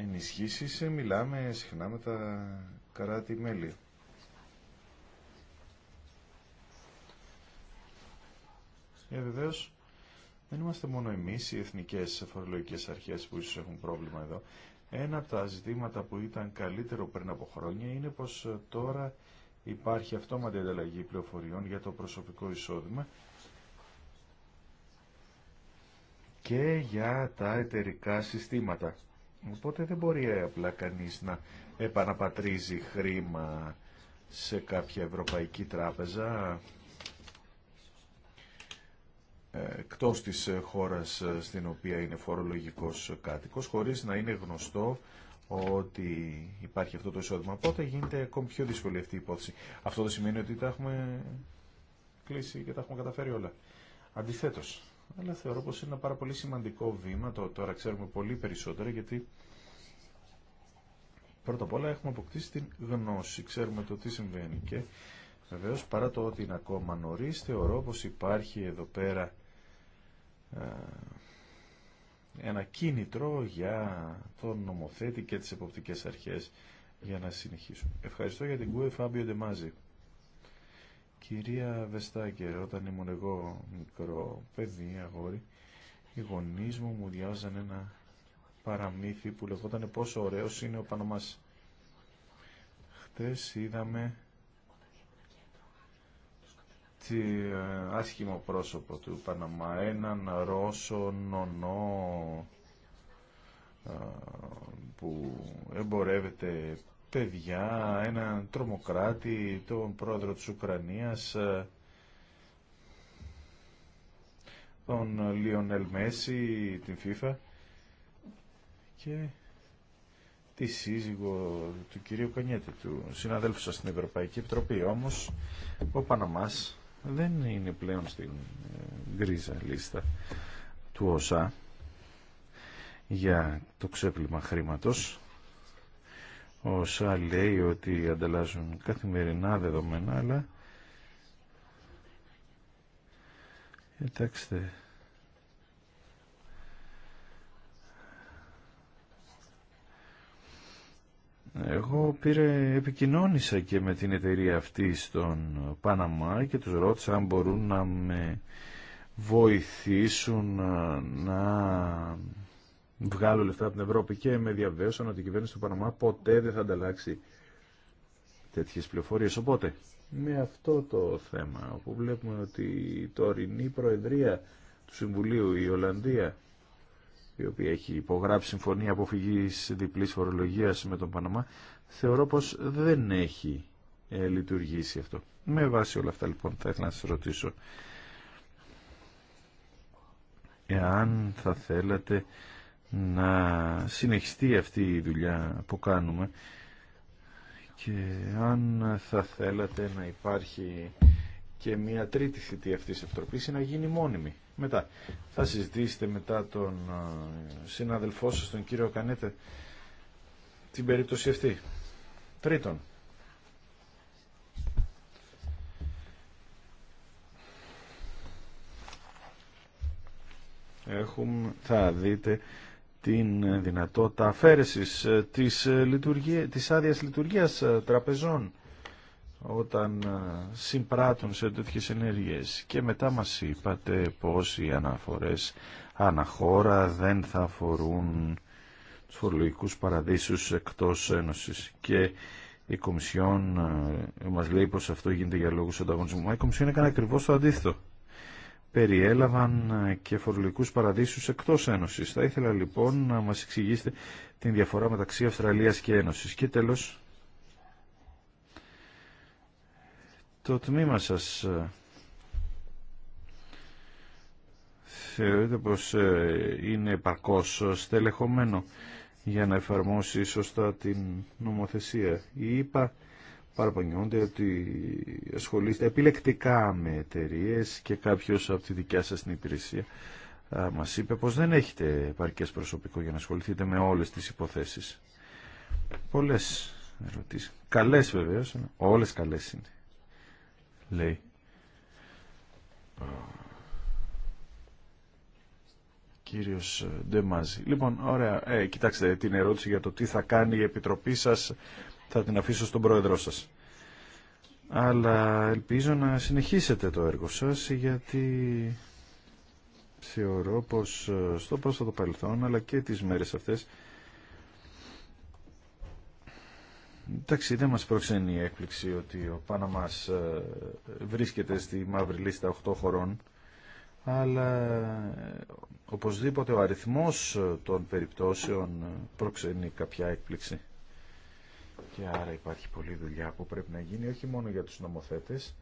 ενισχύσεις ε, μιλάμε συχνά με τα κράτη-μέλη. Ε, δεν είμαστε μόνο εμείς οι εθνικές φορολογικές αρχές που ίσως έχουν πρόβλημα εδώ. Ένα από τα ζητήματα που ήταν καλύτερο πριν από χρόνια είναι πως ε, τώρα υπάρχει αυτόματη ανταλλαγή πληροφοριών για το προσωπικό εισόδημα και για τα εταιρικά συστήματα. Οπότε δεν μπορεί απλά κανείς να επαναπατρίζει χρήμα σε κάποια ευρωπαϊκή τράπεζα ε, εκτός της χώρας ε, στην οποία είναι φορολογικός κάτοικος χωρίς να είναι γνωστό ότι υπάρχει αυτό το εισόδημα. Οπότε γίνεται ακόμη πιο δύσκολη αυτή η υπόθεση. Αυτό δεν σημαίνει ότι τα έχουμε κλείσει και τα έχουμε καταφέρει όλα. Αντιθέτως, αλλά θεωρώ πως είναι ένα πάρα πολύ σημαντικό βήμα, το τώρα ξέρουμε πολύ περισσότερο, γιατί πρώτα απ' όλα έχουμε αποκτήσει την γνώση, ξέρουμε το τι συμβαίνει και βεβαίω παρά το ότι είναι ακόμα νωρί, θεωρώ πως υπάρχει εδώ πέρα ε, ένα κίνητρο για τον νομοθέτη και τις εποπτικές αρχές για να συνεχίσουμε. Ευχαριστώ για την ΚΟΕ Φάμπιο Ντεμάζη. Κυρία Βεστάκη, όταν ήμουν εγώ μικρό παιδί, αγόρι, οι γονεί μου μου διάβαζαν ένα παραμύθι που λεγόταν πόσο ωραίος είναι ο Παναμάς. Χτες είδαμε τι ε, άσχημο πρόσωπο του Παναμά, έναν Ρώσο νονό ε, που εμπορεύεται παιδιά, έναν τρομοκράτη, τον πρόεδρο της Ουκρανίας, ε, τον Λιονέλ Μέση, την FIFA και τη σύζυγο του κυρίου Κανιέτη, του συναδέλφου σας στην Ευρωπαϊκή Επιτροπή. Όμως, ο Παναμάς δεν είναι πλέον στην ε, γκρίζα λίστα του ΩΣΑ για το ξέπλυμα χρήματος ο λέει ότι ανταλλάζουν καθημερινά δεδομένα, αλλά κοιτάξτε Εγώ πήρε, επικοινώνησα και με την εταιρεία αυτή στον Παναμά και τους ρώτησα αν μπορούν να με βοηθήσουν να βγάλω λεφτά από την Ευρώπη και με διαβέωσαν ότι η κυβέρνηση του Παναμά ποτέ δεν θα ανταλλάξει τέτοιες πληροφορίες. Οπότε, με αυτό το θέμα, όπου βλέπουμε ότι η τωρινή Προεδρία του Συμβουλίου, η Ολλανδία, η οποία έχει υπογράψει συμφωνία αποφυγής διπλής φορολογίας με τον Παναμά, θεωρώ πως δεν έχει ε, λειτουργήσει αυτό. Με βάση όλα αυτά λοιπόν θα ήθελα να σας ρωτήσω εάν θα θέλατε να συνεχιστεί αυτή η δουλειά που κάνουμε και αν θα θέλατε να υπάρχει και μια τρίτη θητεία αυτής της Επιτροπής να γίνει μόνιμη. Μετά θα συζητήσετε μετά τον ε, συναδελφό σας, τον κύριο Κανέτε, την περίπτωση αυτή. Τρίτον, έχουμε, θα δείτε την δυνατότητα αφαίρεσης ε, της, ε, λειτουργία, της άδειας λειτουργίας ε, τραπεζών όταν συμπράττουν σε τέτοιες ενέργειες. Και μετά μας είπατε πως οι αναφορές αναχώρα δεν θα αφορούν τους φορολογικούς παραδείσους εκτός Ένωσης. Και η Κομισιόν μας λέει πως αυτό γίνεται για λόγους ανταγωνισμού. η Κομισιόν έκανε ακριβώς το αντίθετο περιέλαβαν ε, και φορολογικούς παραδείσους εκτός Ένωσης. Θα ήθελα λοιπόν να μας εξηγήσετε την διαφορά μεταξύ Αυστραλίας και Ένωσης. Και τέλος, το τμήμα σας ε, θεωρείτε πως ε, είναι επαρκώς στελεχωμένο για να εφαρμόσει σωστά την νομοθεσία. Η ΕΠΑ παραπονιούνται ότι ασχολείστε επιλεκτικά με εταιρείε και κάποιος από τη δικιά σας την υπηρεσία μας είπε πως δεν έχετε επαρκές προσωπικό για να ασχοληθείτε με όλες τις υποθέσεις. Πολλές ερωτήσεις. Καλές βεβαίως, όλες καλές είναι. Λέει. Κύριος Ντεμάζη. Λοιπόν, ωραία, ε, κοιτάξτε την ερώτηση για το τι θα κάνει η Επιτροπή σας θα την αφήσω στον πρόεδρό σας. Αλλά ελπίζω να συνεχίσετε το έργο σας γιατί θεωρώ πως ε, στο πρόσφατο παρελθόν αλλά και τις μέρες αυτές Εντάξει, δεν μας προξενεί η έκπληξη ότι ο Πάναμας ε, βρίσκεται στη μαύρη λίστα 8 χωρών, αλλά ε, οπωσδήποτε ο αριθμός των περιπτώσεων προξενεί κάποια έκπληξη. Και άρα υπάρχει πολλή δουλειά που πρέπει να γίνει όχι μόνο για τους νομοθέτες,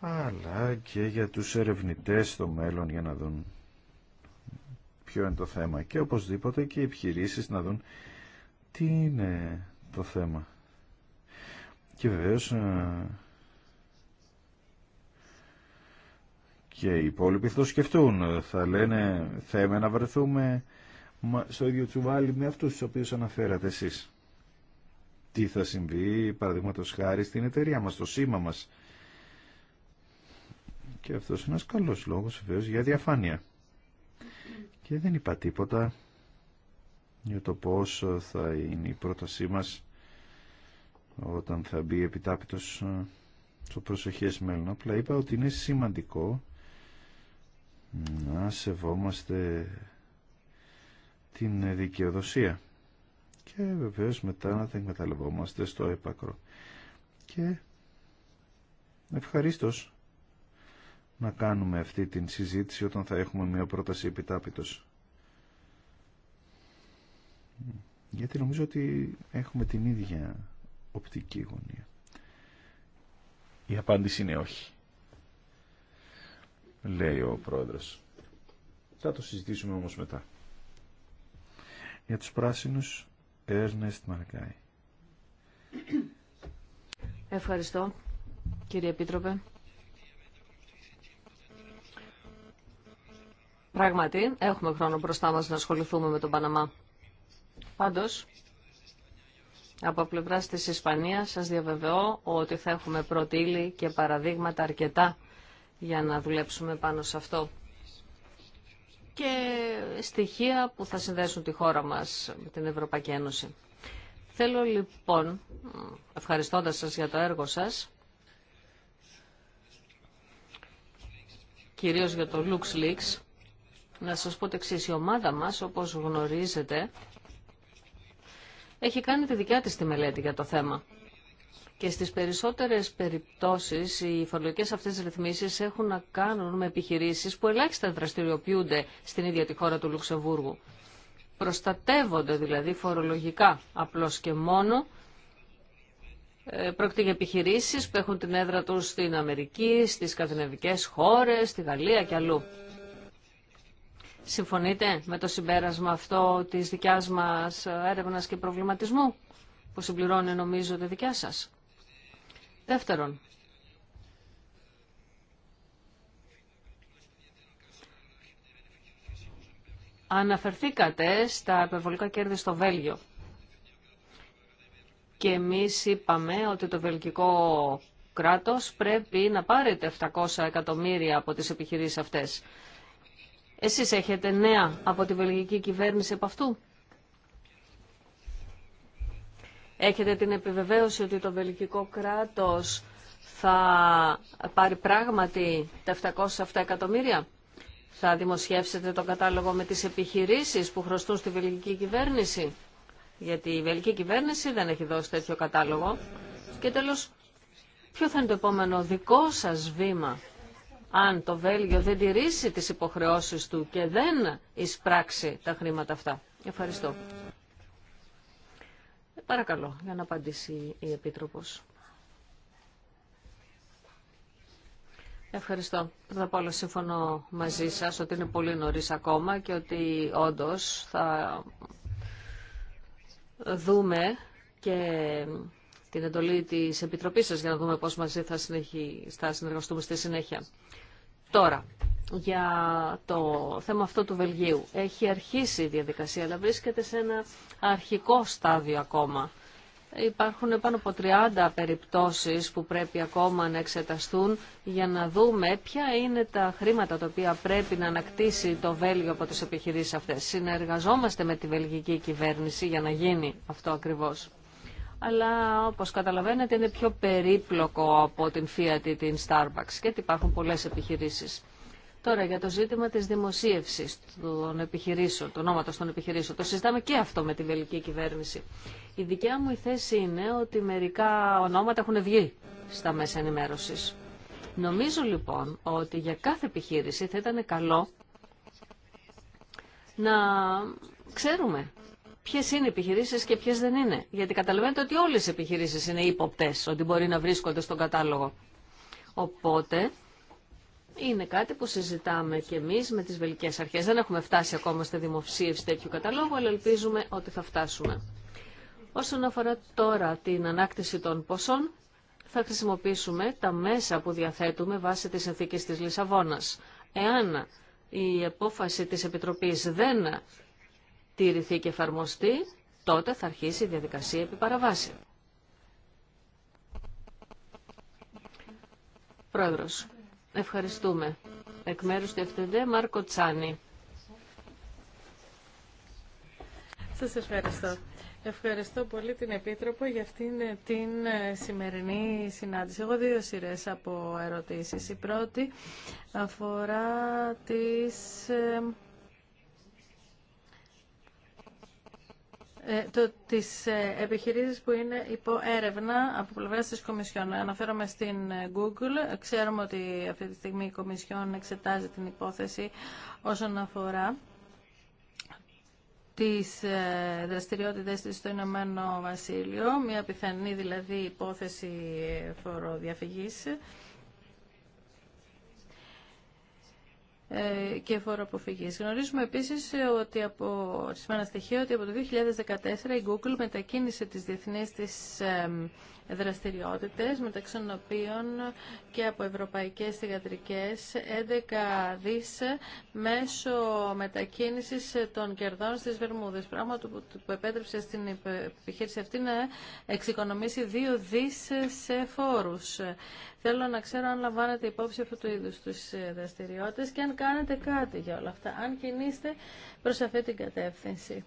αλλά και για τους ερευνητές στο μέλλον για να δουν ποιο είναι το θέμα. Και οπωσδήποτε και οι επιχειρήσεις να δουν τι είναι το θέμα. Και βεβαίως ε, και οι υπόλοιποι θα το σκεφτούν. Θα λένε θέμε να βρεθούμε στο ίδιο τσουβάλι με αυτούς τους οποίους αναφέρατε εσείς τι θα συμβεί, παραδείγματο χάρη στην εταιρεία μας, στο σήμα μας. Και αυτός είναι ένας καλός λόγος βεβαίως για διαφάνεια. Και δεν είπα τίποτα για το πόσο θα είναι η πρότασή μας όταν θα μπει επιτάπητος ε, στο προσοχές μέλλον. Απλά είπα ότι είναι σημαντικό να σεβόμαστε την δικαιοδοσία και βεβαίως μετά να τα εκμεταλλευόμαστε στο έπακρο. Και ευχαρίστως να κάνουμε αυτή την συζήτηση όταν θα έχουμε μια πρόταση επιτάπητος. Γιατί νομίζω ότι έχουμε την ίδια οπτική γωνία. Η απάντηση είναι όχι. Λέει ο πρόεδρος. Θα το συζητήσουμε όμως μετά. Για τους πράσινους Ευχαριστώ, κύριε Επίτροπε. Πράγματι, έχουμε χρόνο μπροστά μας να ασχοληθούμε με τον Παναμά. Πάντως, από πλευρά της Ισπανίας σας διαβεβαιώ ότι θα έχουμε πρώτη και παραδείγματα αρκετά για να δουλέψουμε πάνω σε αυτό και στοιχεία που θα συνδέσουν τη χώρα μας με την Ευρωπαϊκή Ένωση. Θέλω λοιπόν, ευχαριστώντας σας για το έργο σας, κυρίως για το LuxLeaks, να σας πω εξής, η ομάδα μας, όπως γνωρίζετε, έχει κάνει τη δικιά της τη μελέτη για το θέμα. Και στις περισσότερες περιπτώσεις οι φορολογικές αυτές ρυθμίσεις έχουν να κάνουν με επιχειρήσεις που ελάχιστα δραστηριοποιούνται στην ίδια τη χώρα του Λουξεμβούργου. Προστατεύονται δηλαδή φορολογικά απλώς και μόνο. Ε, πρόκειται για επιχειρήσεις που έχουν την έδρα τους στην Αμερική, στις σκανδιναβικές χώρες, στη Γαλλία και αλλού. Συμφωνείτε με το συμπέρασμα αυτό της δικιάς μας έρευνας και προβληματισμού που συμπληρώνει νομίζω τη δικιά σας. Δεύτερον, αναφερθήκατε στα υπερβολικά κέρδη στο Βέλγιο. Και εμείς είπαμε ότι το βελγικό κράτος πρέπει να πάρετε 700 εκατομμύρια από τις επιχειρήσεις αυτές. Εσείς έχετε νέα από τη βελγική κυβέρνηση από αυτού. Έχετε την επιβεβαίωση ότι το βελγικό κράτος θα πάρει πράγματι τα 707 εκατομμύρια. Θα δημοσιεύσετε το κατάλογο με τις επιχειρήσεις που χρωστούν στη βελγική κυβέρνηση. Γιατί η βελγική κυβέρνηση δεν έχει δώσει τέτοιο κατάλογο. Και τέλος, ποιο θα είναι το επόμενο δικό σας βήμα αν το Βέλγιο δεν τηρήσει τις υποχρεώσεις του και δεν εισπράξει τα χρήματα αυτά. Ευχαριστώ. Παρακαλώ, για να απαντήσει η Επίτροπος. Ευχαριστώ. Πρώτα απ' όλα σύμφωνο μαζί σας ότι είναι πολύ νωρίς ακόμα και ότι όντως θα δούμε και την εντολή της Επιτροπής σας για να δούμε πώς μαζί θα, συνεχί... θα συνεργαστούμε στη συνέχεια. Τώρα, για το θέμα αυτό του Βελγίου. Έχει αρχίσει η διαδικασία, αλλά βρίσκεται σε ένα αρχικό στάδιο ακόμα. Υπάρχουν πάνω από 30 περιπτώσεις που πρέπει ακόμα να εξεταστούν για να δούμε ποια είναι τα χρήματα τα οποία πρέπει να ανακτήσει το Βέλγιο από τις επιχειρήσεις αυτές. Συνεργαζόμαστε με τη βελγική κυβέρνηση για να γίνει αυτό ακριβώς. Αλλά όπως καταλαβαίνετε είναι πιο περίπλοκο από την Fiat ή την Starbucks και υπάρχουν πολλές επιχειρήσεις. Τώρα για το ζήτημα της δημοσίευσης των επιχειρήσεων, του ονόματος των επιχειρήσεων, το συζητάμε και αυτό με τη βελική κυβέρνηση. Η δικιά μου η θέση είναι ότι μερικά ονόματα έχουν βγει στα μέσα ενημέρωσης. Νομίζω λοιπόν ότι για κάθε επιχείρηση θα ήταν καλό να ξέρουμε ποιες είναι οι επιχειρήσεις και ποιες δεν είναι. Γιατί καταλαβαίνετε ότι όλες οι επιχειρήσεις είναι ύποπτες, ότι μπορεί να βρίσκονται στον κατάλογο. Οπότε είναι κάτι που συζητάμε και εμείς με τις βελικές αρχές. Δεν έχουμε φτάσει ακόμα στη δημοψήφιση τέτοιου καταλόγου, αλλά ελπίζουμε ότι θα φτάσουμε. Όσον αφορά τώρα την ανάκτηση των ποσών, θα χρησιμοποιήσουμε τα μέσα που διαθέτουμε βάσει της συνθήκης της Λισαβόνας. Εάν η απόφαση της Επιτροπής δεν τηρηθεί και εφαρμοστεί, τότε θα αρχίσει η διαδικασία επί παραβάση. Πρόεδρος, Ευχαριστούμε. Εκ μέρους του FTD, Μάρκο Τσάνι. Σας ευχαριστώ. Ευχαριστώ πολύ την Επίτροπο για αυτήν ε, την ε, σημερινή συνάντηση. Έχω δύο σειρές από ερωτήσεις. Η πρώτη αφορά τις ε, Ε, το, τις ε, επιχειρήσεις που είναι υπό έρευνα από πλευράς της Κομισιόν. Αναφέρομαι στην ε, Google. Ξέρουμε ότι αυτή τη στιγμή η Κομισιόν εξετάζει την υπόθεση όσον αφορά τις δραστηριότητες της στο Ηνωμένο Βασίλειο, μια πιθανή δηλαδή υπόθεση φοροδιαφυγής. Ε, και φόρο αποφυγής. Γνωρίζουμε επίσης ε, ότι από ότι από το 2014 η Google μετακίνησε τις διεθνείς της ε, δραστηριότητες, μεταξύ των οποίων και από ευρωπαϊκές θηγατρικές 11 δις μέσω μετακίνησης των κερδών στις Βερμούδες, πράγμα που επέτρεψε στην επιχείρηση αυτή να εξοικονομήσει 2 δις σε φόρους. Θέλω να ξέρω αν λαμβάνετε υπόψη αυτού του είδους τους δραστηριότητες και αν κάνετε κάτι για όλα αυτά, αν κινείστε προς αυτή την κατεύθυνση.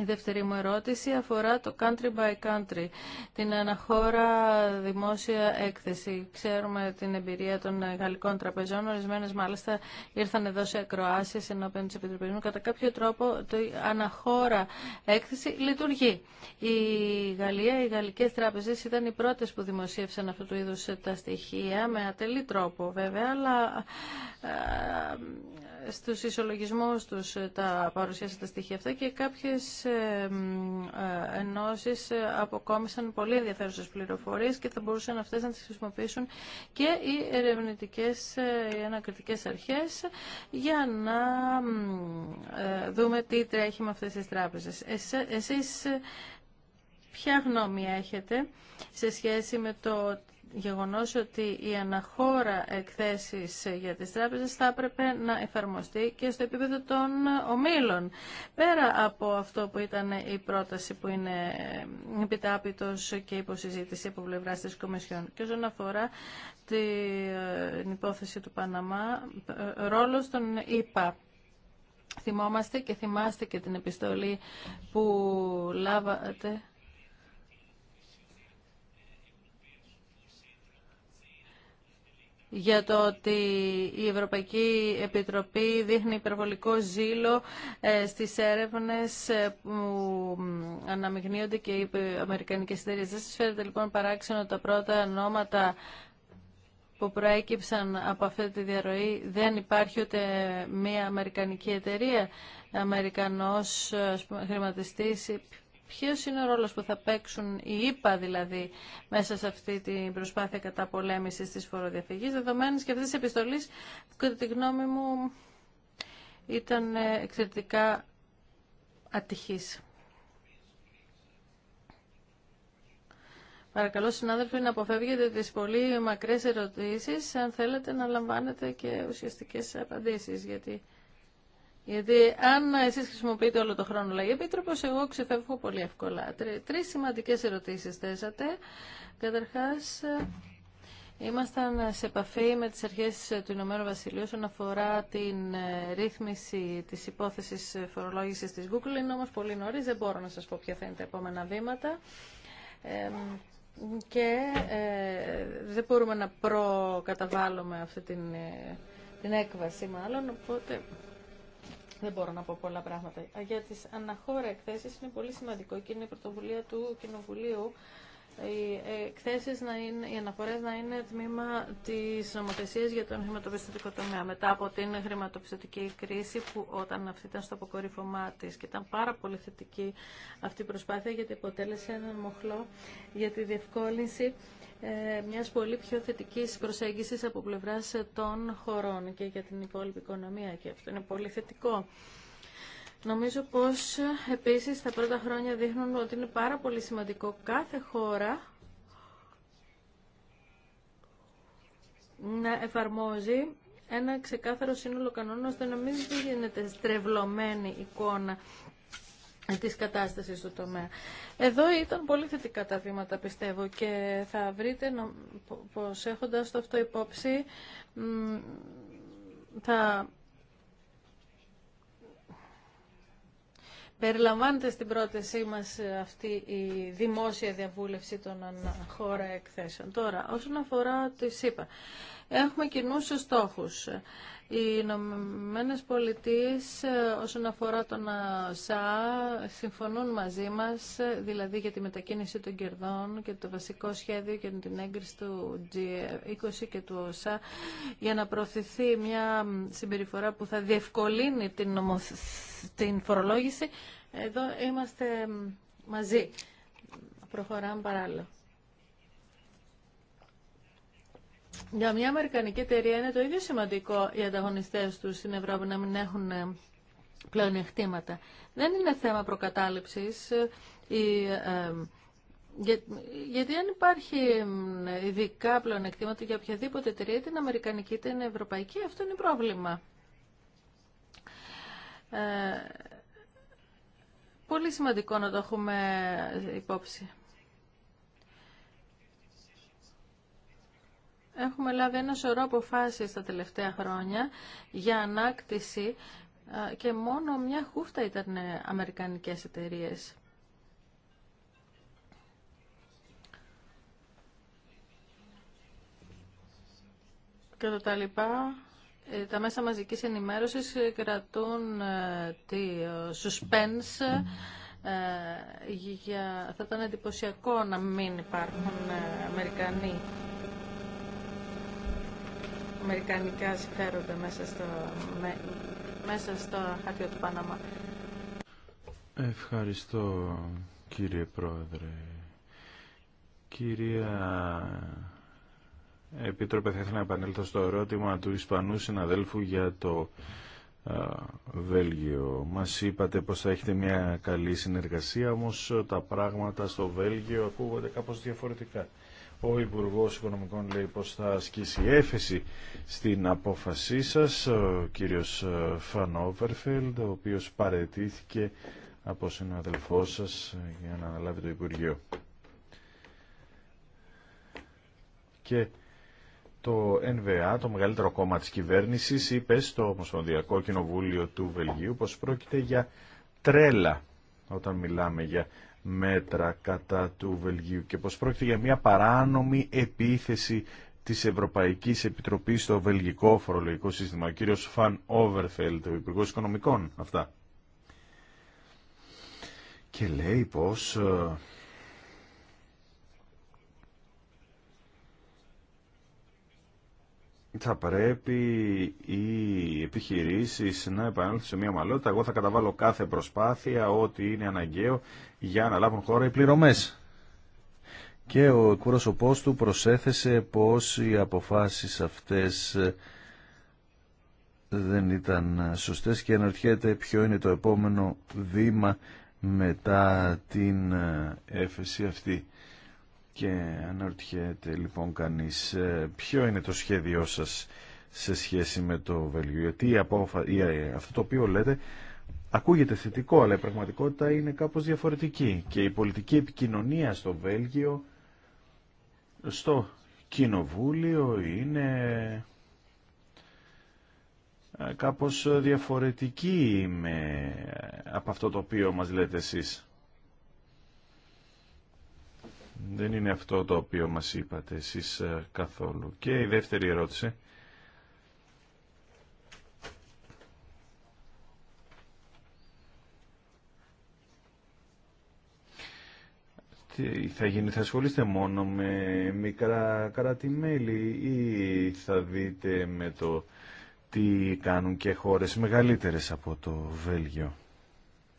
Η δεύτερη μου ερώτηση αφορά το country by country, την αναχώρα δημόσια έκθεση. Ξέρουμε την εμπειρία των γαλλικών τραπεζών, ορισμένε μάλιστα ήρθαν εδώ σε ακροάσει ενώπιον τη Επιτροπή. μου. Κατά κάποιο τρόπο η αναχώρα έκθεση λειτουργεί. Η Γαλλία, οι Γαλλικέ Τράπεζε ήταν οι πρώτε που δημοσίευσαν αυτού του είδου τα στοιχεία, με ατελή τρόπο βέβαια, αλλά στους ισολογισμούς τους ε, τα παρουσίασαν τα στοιχεία αυτά και κάποιες ε, ε, ενώσεις αποκόμισαν πολύ ενδιαφέρουσες πληροφορίες και θα μπορούσαν αυτές να τις χρησιμοποιήσουν και οι ερευνητικές οι ανακριτικές αρχές για να δούμε τι τρέχει με αυτές τις τράπεζες. Εσείς Ποια γνώμη έχετε σε σχέση με το γεγονός ότι η αναχώρα εκθέσεις για τις τράπεζες θα έπρεπε να εφαρμοστεί και στο επίπεδο των ομίλων. Πέρα από αυτό που ήταν η πρόταση που είναι επιτάπητος και υποσυζήτηση από πλευρά της Κομισιόν. Και όσον αφορά την υπόθεση του Παναμά, ρόλος των ΙΠΑ. Θυμόμαστε και θυμάστε και την επιστολή που λάβατε για το ότι η Ευρωπαϊκή Επιτροπή δείχνει υπερβολικό ζήλο ε, στις έρευνες ε, που αναμειγνύονται και οι αμερικανικές εταιρείες. Δεν σας φέρετε λοιπόν παράξενο τα πρώτα νόματα που προέκυψαν από αυτή τη διαρροή δεν υπάρχει ούτε μία αμερικανική εταιρεία, αμερικανός χρηματιστής Ποιο είναι ο ρόλος που θα παίξουν οι ΙΠΑ δηλαδή μέσα σε αυτή την προσπάθεια καταπολέμησης της φοροδιαφυγής δεδομένης και αυτής της επιστολής κατά τη γνώμη μου ήταν ε, εξαιρετικά ατυχής. Παρακαλώ συνάδελφοι να αποφεύγετε τις πολύ μακρές ερωτήσεις αν θέλετε να λαμβάνετε και ουσιαστικές απαντήσεις γιατί γιατί αν εσείς χρησιμοποιείτε όλο το χρόνο, λέει Επίτροπος, εγώ ξεφεύγω πολύ εύκολα. Τρεις σημαντικές ερωτήσεις θέσατε. Καταρχάς, ήμασταν σε επαφή με τις αρχές του Ηνωμένου Βασιλείου όσον αφορά την ε, ρύθμιση της υπόθεσης φορολόγησης της Google. Είναι όμως πολύ νωρίς, δεν μπορώ να σας πω ποια θα είναι τα επόμενα βήματα και ε, δεν μπορούμε να προκαταβάλουμε αυτή την, ε, την έκβαση μάλλον, οπότε δεν μπορώ να πω πολλά πράγματα. Για τι αναχώρα εκθέσει είναι πολύ σημαντικό και είναι η πρωτοβουλία του Κοινοβουλίου ε, οι εκθέσει να είναι, οι αναφορέ να είναι τμήμα τη νομοθεσία για τον χρηματοπιστωτικό τομέα. Μετά από την χρηματοπιστωτική κρίση, που όταν αυτή ήταν στο αποκορύφωμά τη και ήταν πάρα πολύ θετική αυτή η προσπάθεια, γιατί αποτέλεσε ένα μοχλό για τη διευκόλυνση ε, μιας πολύ πιο θετικής προσέγγισης από πλευράς των χωρών και για την υπόλοιπη οικονομία και αυτό είναι πολύ θετικό. Νομίζω πως επίσης τα πρώτα χρόνια δείχνουν ότι είναι πάρα πολύ σημαντικό κάθε χώρα να εφαρμόζει ένα ξεκάθαρο σύνολο κανόνων ώστε να μην γίνεται στρεβλωμένη εικόνα της κατάστασης του τομέα. Εδώ ήταν πολύ θετικά τα βήματα πιστεύω και θα βρείτε πως έχοντας το αυτό υπόψη θα περιλαμβάνεται στην πρότασή μας αυτή η δημόσια διαβούλευση των χώρα εκθέσεων. Τώρα, όσον αφορά τη ΣΥΠΑ έχουμε κοινού στόχους. Οι Ηνωμένε Πολιτείε ε, όσον αφορά τον ΣΑ συμφωνούν μαζί μας, ε, δηλαδή για τη μετακίνηση των κερδών και το βασικό σχέδιο και την έγκριση του G20 και του ΟΣΑ για να προωθηθεί μια συμπεριφορά που θα διευκολύνει την, νομοθ... την φορολόγηση. Εδώ είμαστε μαζί. Προχωράμε παράλληλα. για μια Αμερικανική εταιρεία είναι το ίδιο σημαντικό οι ανταγωνιστές τους στην Ευρώπη να μην έχουν ε, πλεονεκτήματα. Δεν είναι θέμα προκατάληψης. Ε, ε, γιατί αν υπάρχει ειδικά πλεονεκτήματα για οποιαδήποτε εταιρεία, την αμερικανική ή την ευρωπαϊκή, αυτό είναι πρόβλημα. Ε, πολύ σημαντικό να το έχουμε υπόψη. Έχουμε λάβει ένα σωρό αποφάσει τα τελευταία χρόνια για ανάκτηση και μόνο μια χούφτα ήταν αμερικανικές εταιρείες. Κατά τα λοιπά, ε, τα μέσα μαζικής ενημέρωσης κρατούν ε, τη suspense ε, για... θα ήταν εντυπωσιακό να μην υπάρχουν Αμερικανοί αμερικανικά συμφέροντα μέσα, στο, με, μέσα στο χαρτιό του Παναμά. Ευχαριστώ κύριε Πρόεδρε. Κυρία Επίτροπε, θα ήθελα να επανέλθω στο ερώτημα του Ισπανού συναδέλφου για το Βέλγιο. Μας είπατε πως θα έχετε μια καλή συνεργασία, όμως τα πράγματα στο Βέλγιο ακούγονται κάπως διαφορετικά. Ο Υπουργό Οικονομικών λέει πω θα ασκήσει έφεση στην απόφασή σα ο κύριος Φανόβερφελντ, ο οποίος παρετήθηκε από συναδελφό σα για να αναλάβει το Υπουργείο. Και το ΕΝΒΑ, το μεγαλύτερο κόμμα της κυβέρνησης, είπε στο Ομοσπονδιακό Κοινοβούλιο του Βελγίου πως πρόκειται για τρέλα όταν μιλάμε για μέτρα κατά του Βελγίου και πως πρόκειται για μια παράνομη επίθεση της Ευρωπαϊκής Επιτροπής στο βελγικό φορολογικό σύστημα. Ο κύριος Φαν Όβερφελτ, ο υπουργό Οικονομικών, αυτά. Και λέει πως... Ε, θα πρέπει οι επιχειρήσεις να επανέλθουν σε μια μαλλότητα. Εγώ θα καταβάλω κάθε προσπάθεια, ό,τι είναι αναγκαίο για να λάβουν χώρα οι πληρωμές. Και ο εκπρόσωπο του προσέθεσε πως οι αποφάσεις αυτές ε, δεν ήταν σωστές και αναρωτιέται ποιο είναι το επόμενο βήμα μετά την ε, έφεση αυτή. Και αναρωτιέται λοιπόν κανείς ε, ποιο είναι το σχέδιό σας σε σχέση με το Βέλγιο. Γιατί αυτό το οποίο λέτε Ακούγεται θετικό, αλλά η πραγματικότητα είναι κάπως διαφορετική και η πολιτική επικοινωνία στο Βέλγιο, στο κοινοβούλιο είναι ε, κάπως διαφορετική με... Ε, από αυτό το οποίο μας λέτε εσείς. Δεν είναι αυτό το οποίο μας είπατε εσείς ε, καθόλου. Και η δεύτερη ερώτηση θα γίνει, θα ασχολείστε μόνο με μικρά κράτη-μέλη ή θα δείτε με το τι κάνουν και χώρες μεγαλύτερες από το Βέλγιο.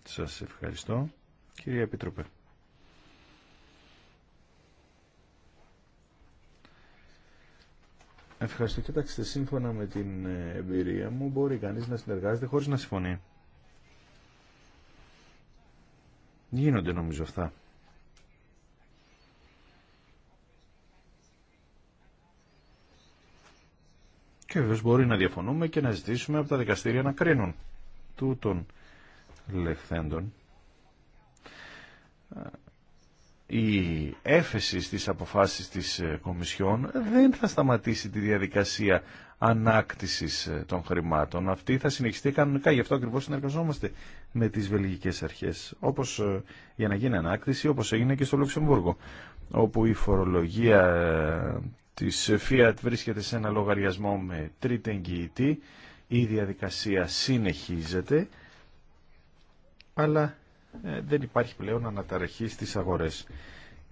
Σας ευχαριστώ. Κυρία Επίτροπε. Ευχαριστώ. Κοιτάξτε, σύμφωνα με την ε, εμπειρία μου, μπορεί κανείς να συνεργάζεται χωρίς να συμφωνεί. Γίνονται νομίζω αυτά. Και βεβαίω μπορεί να διαφωνούμε και να ζητήσουμε από τα δικαστήρια να κρίνουν τούτων λεχθέντων. Η έφεση στις αποφάσεις της ε, Κομισιόν δεν θα σταματήσει τη διαδικασία ανάκτησης ε, των χρημάτων. Αυτή θα συνεχιστεί κανονικά, γι' αυτό ακριβώς συνεργαζόμαστε με τις βελγικές αρχές, όπως ε, για να γίνει ανάκτηση, όπως έγινε και στο Λουξεμβούργο, όπου η φορολογία της Fiat βρίσκεται σε ένα λογαριασμό με τρίτη εγγυητή. Η διαδικασία συνεχίζεται, αλλά ε, δεν υπάρχει πλέον αναταραχή στις αγορές.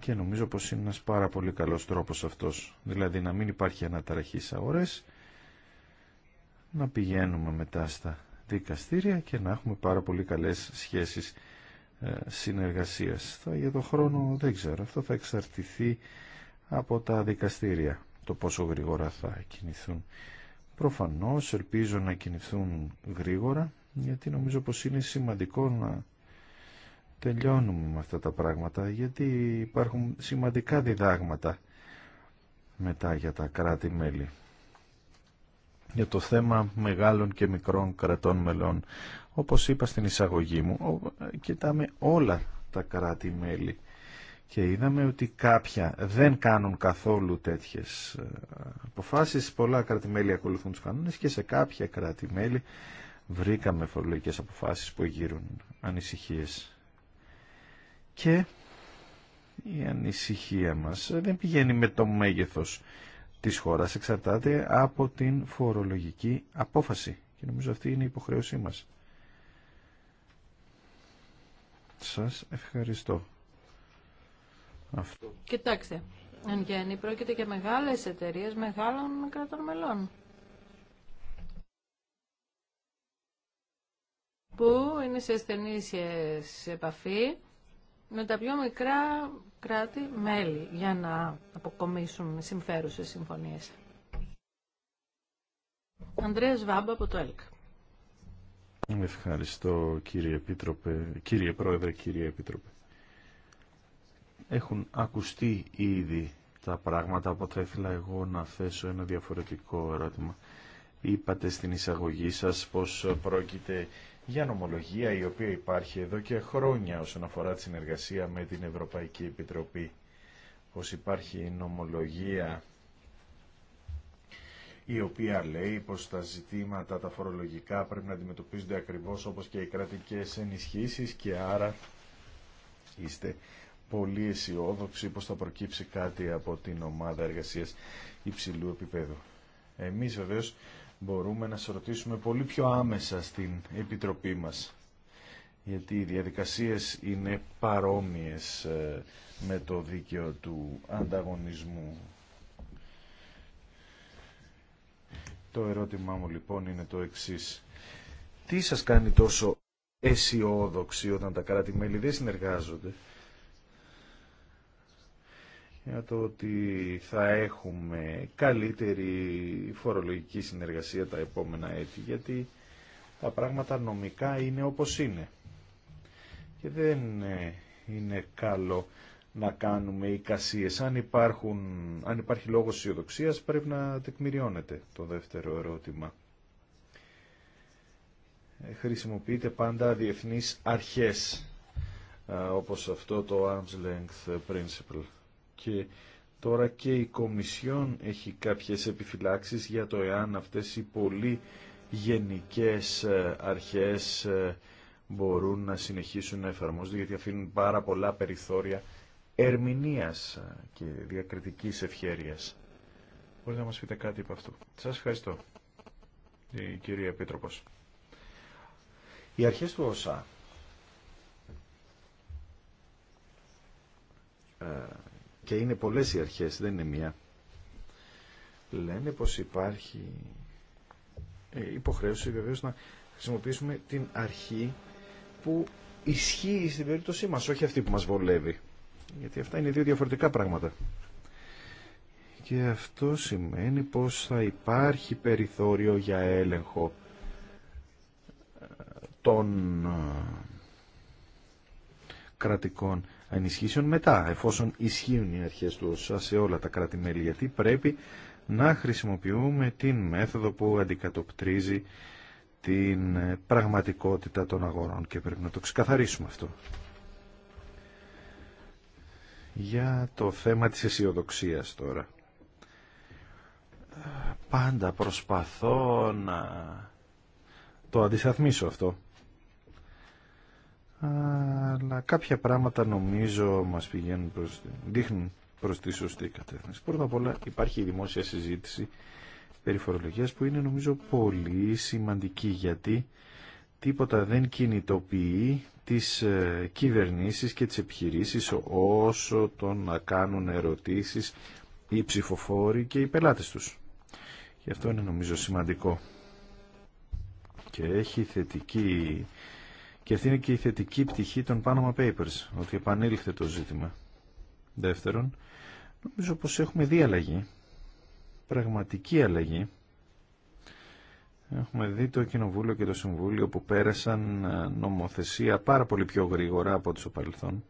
Και νομίζω πως είναι ένας πάρα πολύ καλός τρόπος αυτός. Δηλαδή να μην υπάρχει αναταραχή στις αγορές, να πηγαίνουμε μετά στα δικαστήρια και να έχουμε πάρα πολύ καλές σχέσεις ε, συνεργασίας. Θα, για το χρόνο δεν ξέρω. Αυτό θα εξαρτηθεί από τα δικαστήρια το πόσο γρήγορα θα κινηθούν. Προφανώς ελπίζω να κινηθούν γρήγορα γιατί νομίζω πως είναι σημαντικό να τελειώνουμε με αυτά τα πράγματα γιατί υπάρχουν σημαντικά διδάγματα μετά για τα κράτη-μέλη για το θέμα μεγάλων και μικρών κρατών μελών. Όπως είπα στην εισαγωγή μου, ε, κοιτάμε όλα τα κράτη-μέλη και είδαμε ότι κάποια δεν κάνουν καθόλου τέτοιες ε, αποφάσεις. κρατημέλη ακολουθούν τους κανόνες και σε καποια κρατημέλη βρήκαμε φορολογικές αποφάσεις που γύρουν ανησυχίες. Και η ανησυχία μας δεν πηγαίνει με το μέγεθος της χώρας, εξαρτάται από την φορολογική απόφαση. Και νομίζω αυτή είναι η υποχρέωσή μας. Σας ευχαριστώ. Αυτό. Κοιτάξτε, εν γέννη πρόκειται για μεγάλες εταιρείες μεγάλων κρατών μελών. που είναι σε στενή επαφή με τα πιο μικρά κράτη-μέλη για να αποκομίσουν συμφέρουσες συμφωνίες. Ανδρέας Βάμπα από το ΕΛΚ. Ευχαριστώ κύριε, Επίτροπε, κύριε Πρόεδρε, κύριε Επίτροπε. Έχουν ακουστεί ήδη τα πράγματα, από θα ήθελα εγώ να θέσω ένα διαφορετικό ερώτημα. Είπατε στην εισαγωγή σας πως πρόκειται για νομολογία η οποία υπάρχει εδώ και χρόνια όσον αφορά τη συνεργασία με την Ευρωπαϊκή Επιτροπή. Πως υπάρχει νομολογία η οποία λέει πως τα ζητήματα τα φορολογικά πρέπει να αντιμετωπίζονται ακριβώς όπως και οι κρατικές ενισχύσεις και άρα είστε πολύ αισιόδοξη πως θα προκύψει κάτι από την ομάδα εργασίας υψηλού επίπεδου. Εμείς βεβαίω μπορούμε να σας ρωτήσουμε πολύ πιο άμεσα στην Επιτροπή μας γιατί οι διαδικασίες είναι παρόμοιες ε, με το δίκαιο του ανταγωνισμού. Το ερώτημά μου λοιπόν είναι το εξής. Τι σας κάνει τόσο αισιόδοξη όταν τα κράτη-μέλη δεν συνεργάζονται για το ότι θα έχουμε καλύτερη φορολογική συνεργασία τα επόμενα έτη, γιατί τα πράγματα νομικά είναι όπως είναι. Και δεν ε, είναι καλό να κάνουμε εικασίες. Αν, υπάρχουν, αν υπάρχει λόγος αισιοδοξία πρέπει να τεκμηριώνεται το δεύτερο ερώτημα. Ε, χρησιμοποιείται πάντα διεθνείς αρχές, ε, όπως αυτό το Arm's Length Principle και τώρα και η Κομισιόν έχει κάποιες επιφυλάξεις για το εάν αυτές οι πολύ γενικές ε, αρχές ε, μπορούν να συνεχίσουν να εφαρμόζονται γιατί αφήνουν πάρα πολλά περιθώρια ερμηνείας ε, και διακριτικής ευχέρειας. Μπορείτε να μας πείτε κάτι από αυτό. Σας ευχαριστώ, η κυρία Επίτροπος. Οι αρχές του ΩΣΑ και είναι πολλές οι αρχές, δεν είναι μία. Λένε πως υπάρχει ε, υποχρέωση βεβαίως να χρησιμοποιήσουμε την αρχή που ισχύει στην περίπτωσή μας, όχι αυτή που μας βολεύει. Γιατί αυτά είναι δύο διαφορετικά πράγματα. Και αυτό σημαίνει πως θα υπάρχει περιθώριο για έλεγχο ε, των ε, κρατικών ενισχύσεων μετά, εφόσον ισχύουν οι αρχές του ΩΣΑ σε όλα τα κράτη-μέλη, γιατί πρέπει να χρησιμοποιούμε την μέθοδο που αντικατοπτρίζει την ε, πραγματικότητα των αγορών και πρέπει να το ξεκαθαρίσουμε αυτό. Για το θέμα της αισιοδοξία τώρα. Πάντα προσπαθώ να το αντισταθμίσω αυτό αλλά κάποια πράγματα νομίζω μας πηγαίνουν προς, δείχνουν προς τη σωστή κατεύθυνση. Πρώτα απ' όλα υπάρχει η δημόσια συζήτηση περί που είναι νομίζω πολύ σημαντική γιατί τίποτα δεν κινητοποιεί τις ε, κυβερνήσεις και τις επιχειρήσεις όσο το να κάνουν ερωτήσεις οι ψηφοφόροι και οι πελάτες τους. Γι' αυτό είναι νομίζω σημαντικό. Και έχει θετική και αυτή είναι και η θετική πτυχή των Panama Papers, ότι επανήλθε το ζήτημα. Δεύτερον, νομίζω πως έχουμε δει αλλαγή, πραγματική αλλαγή. Έχουμε δει το Κοινοβούλιο και το Συμβούλιο που πέρασαν ε, νομοθεσία πάρα πολύ πιο γρήγορα από ό,τι στο παρελθόν.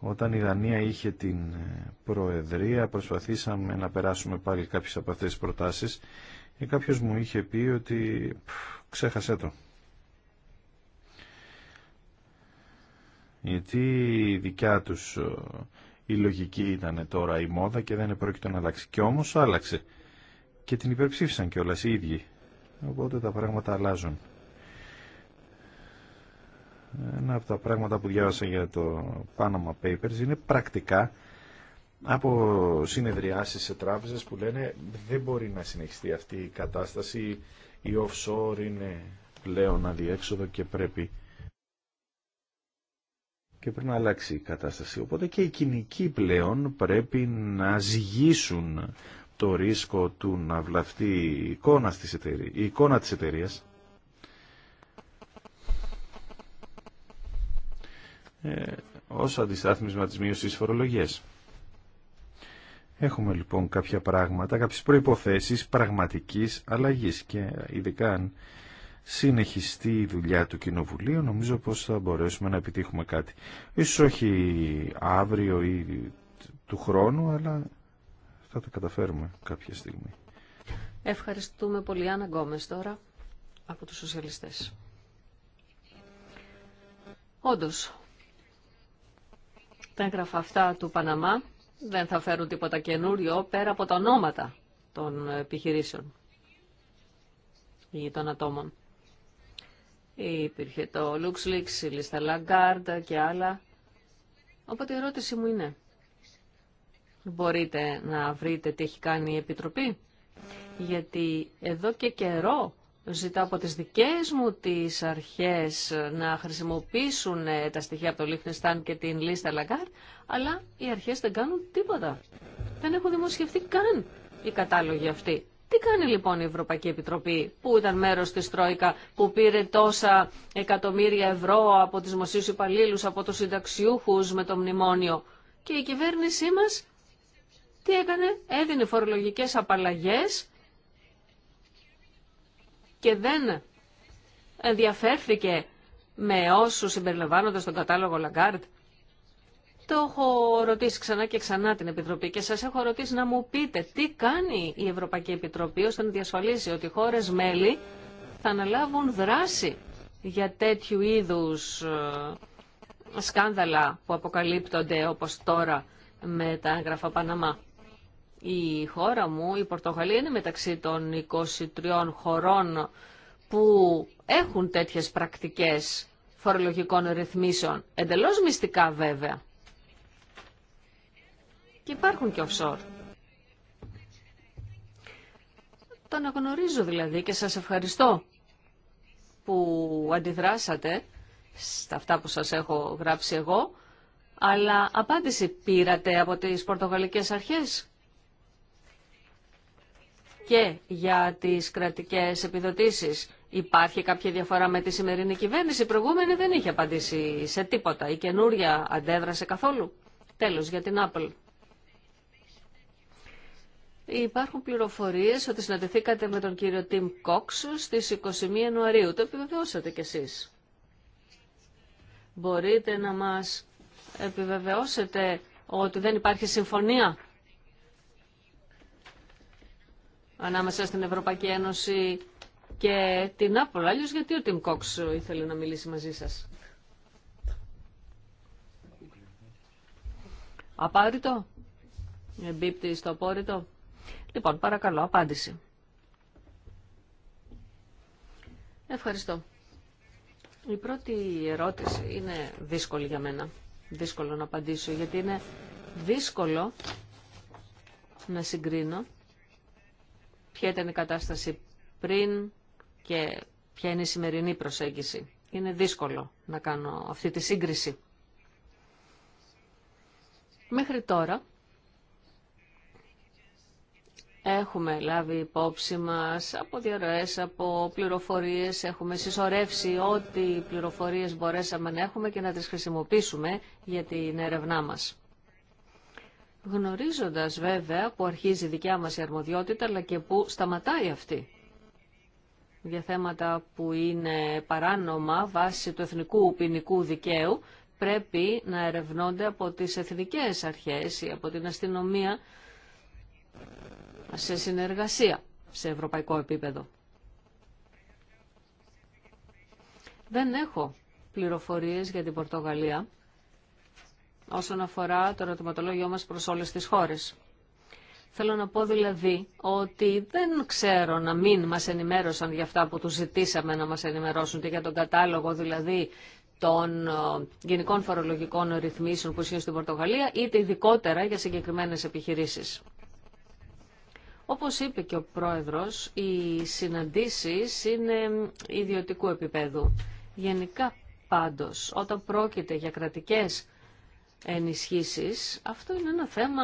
Όταν η Δανία είχε την ε, Προεδρία προσπαθήσαμε να περάσουμε πάλι κάποιες από αυτές τις προτάσεις και κάποιος μου είχε πει ότι ξέχασέ το. Γιατί η δικιά τους η λογική ήταν τώρα η μόδα και δεν επρόκειτο να αλλάξει. Και όμως άλλαξε. Και την υπερψήφισαν κιόλα οι ίδιοι. Οπότε τα πράγματα αλλάζουν. Ένα από τα πράγματα που διάβασα για το Panama Papers είναι πρακτικά από συνεδριάσεις σε τράπεζες που λένε δεν μπορεί να συνεχιστεί αυτή η κατάσταση, η offshore είναι πλέον αδιέξοδο και πρέπει και πρέπει να αλλάξει η κατάσταση. Οπότε και οι κοινικοί πλέον πρέπει να ζυγίσουν το ρίσκο του να βλαφτεί η εικόνα, της εταιρείας, η εικόνα της εταιρείας. Ε, ως αντιστάθμισμα της μείωσης της φορολογίας. Έχουμε λοιπόν κάποια πράγματα, κάποιες προϋποθέσεις πραγματικής αλλαγής και ειδικά αν συνεχιστεί η δουλειά του Κοινοβουλίου, νομίζω πως θα μπορέσουμε να επιτύχουμε κάτι. Ίσως όχι αύριο ή του χρόνου, αλλά θα τα καταφέρουμε κάποια στιγμή. Ευχαριστούμε πολύ, Άννα Γκόμες, τώρα από τους σοσιαλιστές. Όντως, τα έγγραφα αυτά του Παναμά δεν θα φέρουν τίποτα καινούριο πέρα από τα ονόματα των επιχειρήσεων ή των ατόμων. Υπήρχε το LuxLeaks, η λίστα Λαγκάρντα και άλλα. Οπότε η ερώτηση μου είναι, μπορείτε να βρείτε τι έχει κάνει η Επιτροπή. Γιατί εδώ και καιρό ζητά από τις δικές μου τις αρχές να χρησιμοποιήσουν τα στοιχεία από το Λίχνεστάν και την λίστα Λαγκάρ, αλλά οι αρχές δεν κάνουν τίποτα. Δεν έχουν δημοσιευτεί καν οι κατάλογοι αυτοί. Τι κάνει λοιπόν η Ευρωπαϊκή Επιτροπή που ήταν μέρος της Τρόικα, που πήρε τόσα εκατομμύρια ευρώ από τις μοσίους υπαλλήλου, από τους συνταξιούχους με το μνημόνιο. Και η κυβέρνησή μας τι έκανε, έδινε φορολογικές απαλλαγές και δεν ενδιαφέρθηκε με όσους συμπεριλαμβάνονται στον κατάλογο Λαγκάρτ. Το έχω ρωτήσει ξανά και ξανά την Επιτροπή και σας έχω ρωτήσει να μου πείτε τι κάνει η Ευρωπαϊκή Επιτροπή ώστε να διασφαλίσει ότι οι χώρες μέλη θα αναλάβουν δράση για τέτοιου είδους ε, σκάνδαλα που αποκαλύπτονται όπως τώρα με τα έγγραφα Παναμά. Η χώρα μου, η Πορτογαλία, είναι μεταξύ των 23 χωρών που έχουν τέτοιες πρακτικές φορολογικών ρυθμίσεων, εντελώς μυστικά βέβαια. Και υπάρχουν και offshore. Το αναγνωρίζω δηλαδή και σας ευχαριστώ που αντιδράσατε στα αυτά που σας έχω γράψει εγώ, αλλά απάντηση πήρατε από τις πορτογαλικές αρχές και για τις κρατικές επιδοτήσεις. Υπάρχει κάποια διαφορά με τη σημερινή κυβέρνηση. Η προηγούμενη δεν είχε απαντήσει σε τίποτα. Η καινούρια αντέδρασε καθόλου. Τέλος για την Apple. Υπάρχουν πληροφορίε ότι συναντηθήκατε με τον κύριο Τιμ Κόξ στις 21 Ιανουαρίου. Το επιβεβαιώσατε κι εσείς. Μπορείτε να μας επιβεβαιώσετε ότι δεν υπάρχει συμφωνία ανάμεσα στην Ευρωπαϊκή Ένωση και την Apple. γιατί ο Τιμ Κόξ ήθελε να μιλήσει μαζί σας. απάριτο; Εμπίπτει στο απόρριτο. Λοιπόν, παρακαλώ, απάντηση. Ευχαριστώ. Η πρώτη ερώτηση είναι δύσκολη για μένα. Δύσκολο να απαντήσω, γιατί είναι δύσκολο να συγκρίνω ποια ήταν η κατάσταση πριν και ποια είναι η σημερινή προσέγγιση. Είναι δύσκολο να κάνω αυτή τη σύγκριση. Μέχρι τώρα Έχουμε λάβει υπόψη μας από διαρροές, από πληροφορίες, έχουμε συσσωρεύσει ό,τι πληροφορίες μπορέσαμε να έχουμε και να τις χρησιμοποιήσουμε για την έρευνά μας. Γνωρίζοντας βέβαια που αρχίζει η δικιά μας η αρμοδιότητα, αλλά και που σταματάει αυτή για θέματα που είναι παράνομα βάσει του εθνικού ποινικού δικαίου, πρέπει να ερευνώνται από τις εθνικές αρχές ή από την αστυνομία σε συνεργασία σε ευρωπαϊκό επίπεδο. Δεν έχω πληροφορίες για την Πορτογαλία όσον αφορά το ερωτηματολόγιο μας προς όλες τις χώρες. Θέλω να πω δηλαδή ότι δεν ξέρω να μην μας ενημέρωσαν για αυτά που τους ζητήσαμε να μας ενημερώσουν και για τον κατάλογο δηλαδή των ε, γενικών φορολογικών ρυθμίσεων που ισχύουν στην Πορτογαλία, είτε ειδικότερα για συγκεκριμένες επιχειρήσεις. Όπως είπε και ο πρόεδρος, οι συναντήσεις είναι ιδιωτικού επίπεδου. Γενικά πάντως, όταν πρόκειται για κρατικές ενισχύσεις, αυτό είναι ένα θέμα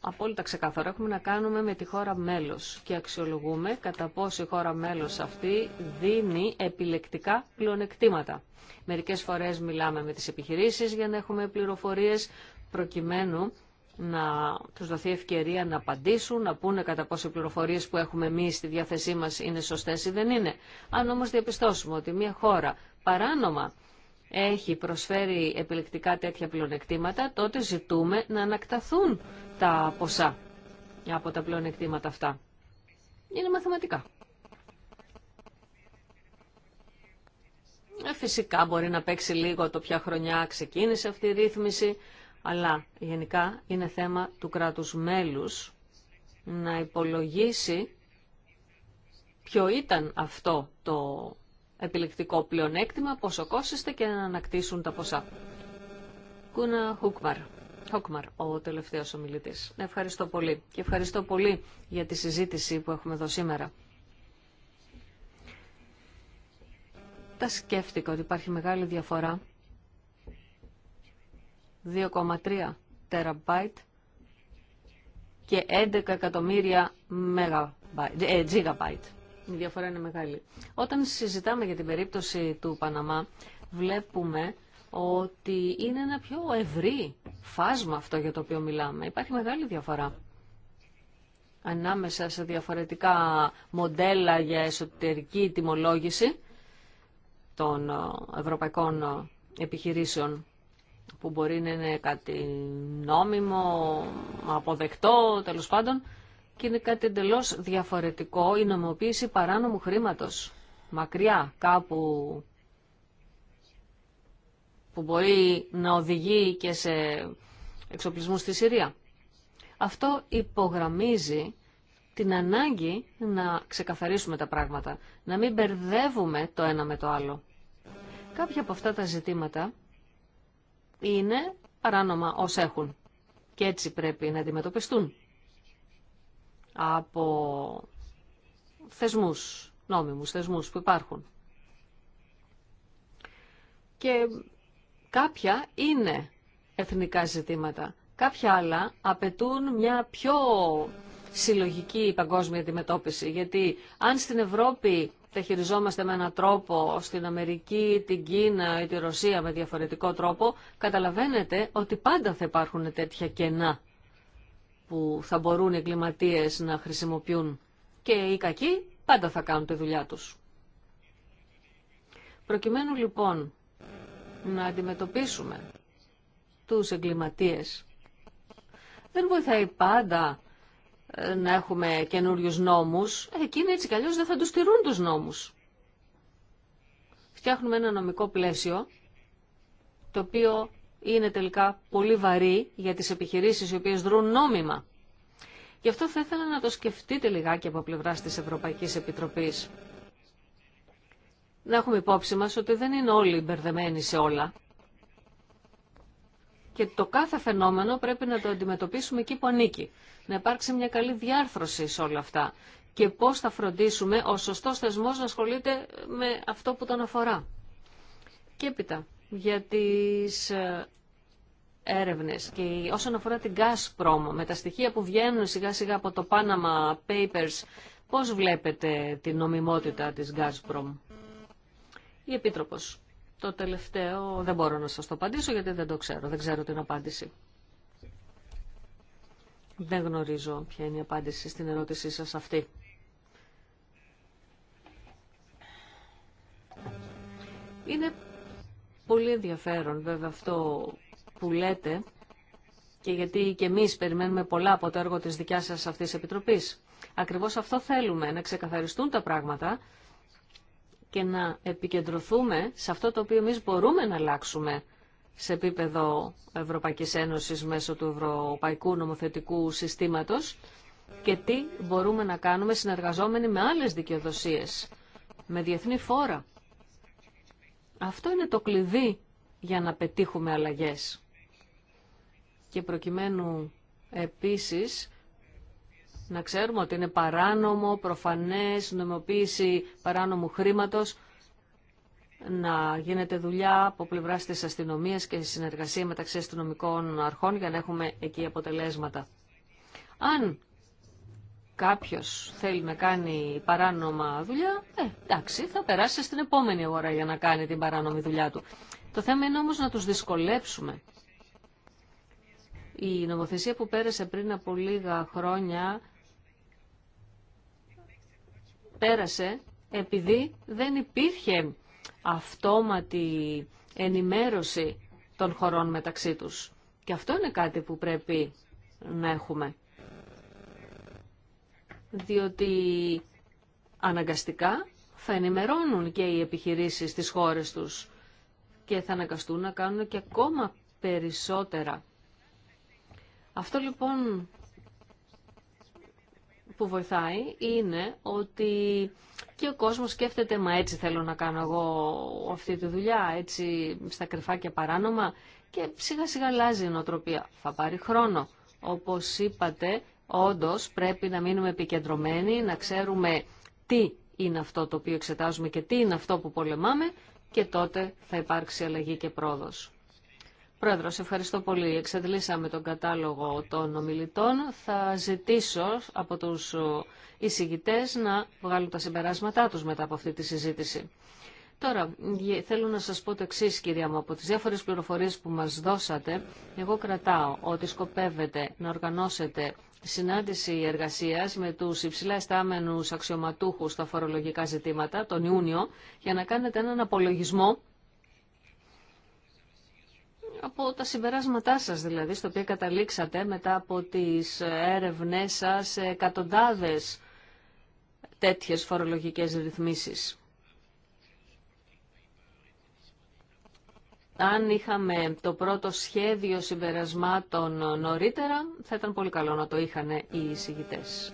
απόλυτα ξεκάθαρο. Έχουμε να κάνουμε με τη χώρα μέλος και αξιολογούμε κατά πόσο η χώρα μέλος αυτή δίνει επιλεκτικά πλεονεκτήματα. Μερικές φορές μιλάμε με τις επιχειρήσεις για να έχουμε πληροφορίες προκειμένου να τους δοθεί ευκαιρία να απαντήσουν, να πούνε κατά πόσο οι πληροφορίες που έχουμε εμεί στη διάθεσή μας είναι σωστές ή δεν είναι. Αν όμως διαπιστώσουμε ότι μια χώρα παράνομα έχει προσφέρει επιλεκτικά τέτοια πλεονεκτήματα, τότε ζητούμε να ανακταθούν τα ποσά από τα πλεονεκτήματα αυτά. Είναι μαθηματικά. Ε, φυσικά μπορεί να παίξει λίγο το ποια χρονιά ξεκίνησε αυτή η ρύθμιση, αλλά γενικά είναι θέμα του κράτους μέλους να υπολογίσει ποιο ήταν αυτό το επιλεκτικό πλεονέκτημα, πόσο κόστιστε και να ανακτήσουν τα ποσά. Κούνα Χούκμαρ. Χόκμαρ, ο τελευταίος ομιλητής. Ευχαριστώ πολύ και ευχαριστώ πολύ για τη συζήτηση που έχουμε εδώ σήμερα. Τα σκέφτηκα ότι υπάρχει μεγάλη διαφορά 2,3 τεραμπάιτ και 11 εκατομμύρια gigabyte. Ε, Η διαφορά είναι μεγάλη. Όταν συζητάμε για την περίπτωση του Παναμά, βλέπουμε ότι είναι ένα πιο ευρύ φάσμα αυτό για το οποίο μιλάμε. Υπάρχει μεγάλη διαφορά ανάμεσα σε διαφορετικά μοντέλα για εσωτερική τιμολόγηση των ε, ευρωπαϊκών ε, επιχειρήσεων που μπορεί να είναι κάτι νόμιμο, αποδεκτό, τέλος πάντων, και είναι κάτι εντελώ διαφορετικό η νομοποίηση παράνομου χρήματος. Μακριά, κάπου που μπορεί να οδηγεί και σε εξοπλισμού στη Συρία. Αυτό υπογραμμίζει την ανάγκη να ξεκαθαρίσουμε τα πράγματα, να μην μπερδεύουμε το ένα με το άλλο. Κάποια από αυτά τα ζητήματα είναι παράνομα ως έχουν και έτσι πρέπει να αντιμετωπιστούν από θεσμούς, νόμιμους θεσμούς που υπάρχουν. Και κάποια είναι εθνικά ζητήματα. Κάποια άλλα απαιτούν μια πιο συλλογική παγκόσμια αντιμετώπιση. Γιατί αν στην Ευρώπη τα χειριζόμαστε με έναν τρόπο στην Αμερική, την Κίνα ή τη Ρωσία με διαφορετικό τρόπο, καταλαβαίνετε ότι πάντα θα υπάρχουν τέτοια κενά που θα μπορούν οι εγκληματίες να χρησιμοποιούν και οι κακοί πάντα θα κάνουν τη δουλειά τους. Προκειμένου λοιπόν να αντιμετωπίσουμε τους εγκληματίες, δεν βοηθάει πάντα να έχουμε καινούριου νόμους, εκείνοι έτσι κι δεν θα του τηρούν τους νόμους. Φτιάχνουμε ένα νομικό πλαίσιο, το οποίο είναι τελικά πολύ βαρύ για τις επιχειρήσεις οι οποίες δρούν νόμιμα. Γι' αυτό θα ήθελα να το σκεφτείτε λιγάκι από πλευρά της Ευρωπαϊκής Επιτροπής. Να έχουμε υπόψη μας ότι δεν είναι όλοι μπερδεμένοι σε όλα και το κάθε φαινόμενο πρέπει να το αντιμετωπίσουμε εκεί που ανήκει. Να υπάρξει μια καλή διάρθρωση σε όλα αυτά και πώς θα φροντίσουμε ο σωστό θεσμό να ασχολείται με αυτό που τον αφορά. Και έπειτα, για τι ε, έρευνε και όσον αφορά την Gazprom, με τα στοιχεία που βγαίνουν σιγά σιγά από το Panama Papers, πώς βλέπετε την νομιμότητα της Gazprom. Η Επίτροπος. Το τελευταίο δεν μπορώ να σας το απαντήσω γιατί δεν το ξέρω. Δεν ξέρω την απάντηση. Δεν γνωρίζω ποια είναι η απάντηση στην ερώτησή σας αυτή. Είναι πολύ ενδιαφέρον βέβαια αυτό που λέτε και γιατί και εμείς περιμένουμε πολλά από το έργο της δικιάς σας αυτής της Επιτροπής. Ακριβώς αυτό θέλουμε, να ξεκαθαριστούν τα πράγματα και να επικεντρωθούμε σε αυτό το οποίο εμείς μπορούμε να αλλάξουμε σε επίπεδο Ευρωπαϊκής Ένωσης μέσω του Ευρωπαϊκού Νομοθετικού Συστήματος και τι μπορούμε να κάνουμε συνεργαζόμενοι με άλλες δικαιοδοσίες, με διεθνή φόρα. Αυτό είναι το κλειδί για να πετύχουμε αλλαγές. Και προκειμένου επίσης να ξέρουμε ότι είναι παράνομο, προφανές, νομιμοποίηση παράνομου χρήματος, να γίνεται δουλειά από πλευρά τη αστυνομία και συνεργασία μεταξύ αστυνομικών αρχών για να έχουμε εκεί αποτελέσματα. Αν κάποιος θέλει να κάνει παράνομα δουλειά, ε, εντάξει, θα περάσει στην επόμενη ώρα για να κάνει την παράνομη δουλειά του. Το θέμα είναι όμως να τους δυσκολέψουμε. Η νομοθεσία που πέρασε πριν από λίγα χρόνια πέρασε επειδή δεν υπήρχε αυτόματη ενημέρωση των χωρών μεταξύ τους. Και αυτό είναι κάτι που πρέπει να έχουμε. Διότι αναγκαστικά θα ενημερώνουν και οι επιχειρήσεις στις χώρες τους και θα αναγκαστούν να κάνουν και ακόμα περισσότερα. Αυτό λοιπόν που βοηθάει είναι ότι και ο κόσμος σκέφτεται «Μα έτσι θέλω να κάνω εγώ αυτή τη δουλειά, έτσι στα κρυφά και παράνομα» και σιγά σιγά αλλάζει η νοοτροπία. Θα πάρει χρόνο. Όπως είπατε, όντως πρέπει να μείνουμε επικεντρωμένοι, να ξέρουμε τι είναι αυτό το οποίο εξετάζουμε και τι είναι αυτό που πολεμάμε και τότε θα υπάρξει αλλαγή και πρόοδος. Πρόεδρος, ευχαριστώ πολύ. Εξαντλήσαμε τον κατάλογο των ομιλητών. Θα ζητήσω από τους εισηγητές να βγάλουν τα συμπεράσματά τους μετά από αυτή τη συζήτηση. Τώρα, θέλω να σας πω το εξή, κυρία μου, από τις διάφορες πληροφορίες που μας δώσατε, εγώ κρατάω ότι σκοπεύετε να οργανώσετε συνάντηση εργασίας με τους υψηλά εστάμενους αξιωματούχους στα φορολογικά ζητήματα τον Ιούνιο για να κάνετε έναν απολογισμό από τα συμπεράσματά σας δηλαδή, στο οποίο καταλήξατε μετά από τις έρευνές σας εκατοντάδες τέτοιες φορολογικές ρυθμίσεις. Αν είχαμε το πρώτο σχέδιο συμπερασμάτων νωρίτερα, θα ήταν πολύ καλό να το είχαν οι εισηγητές.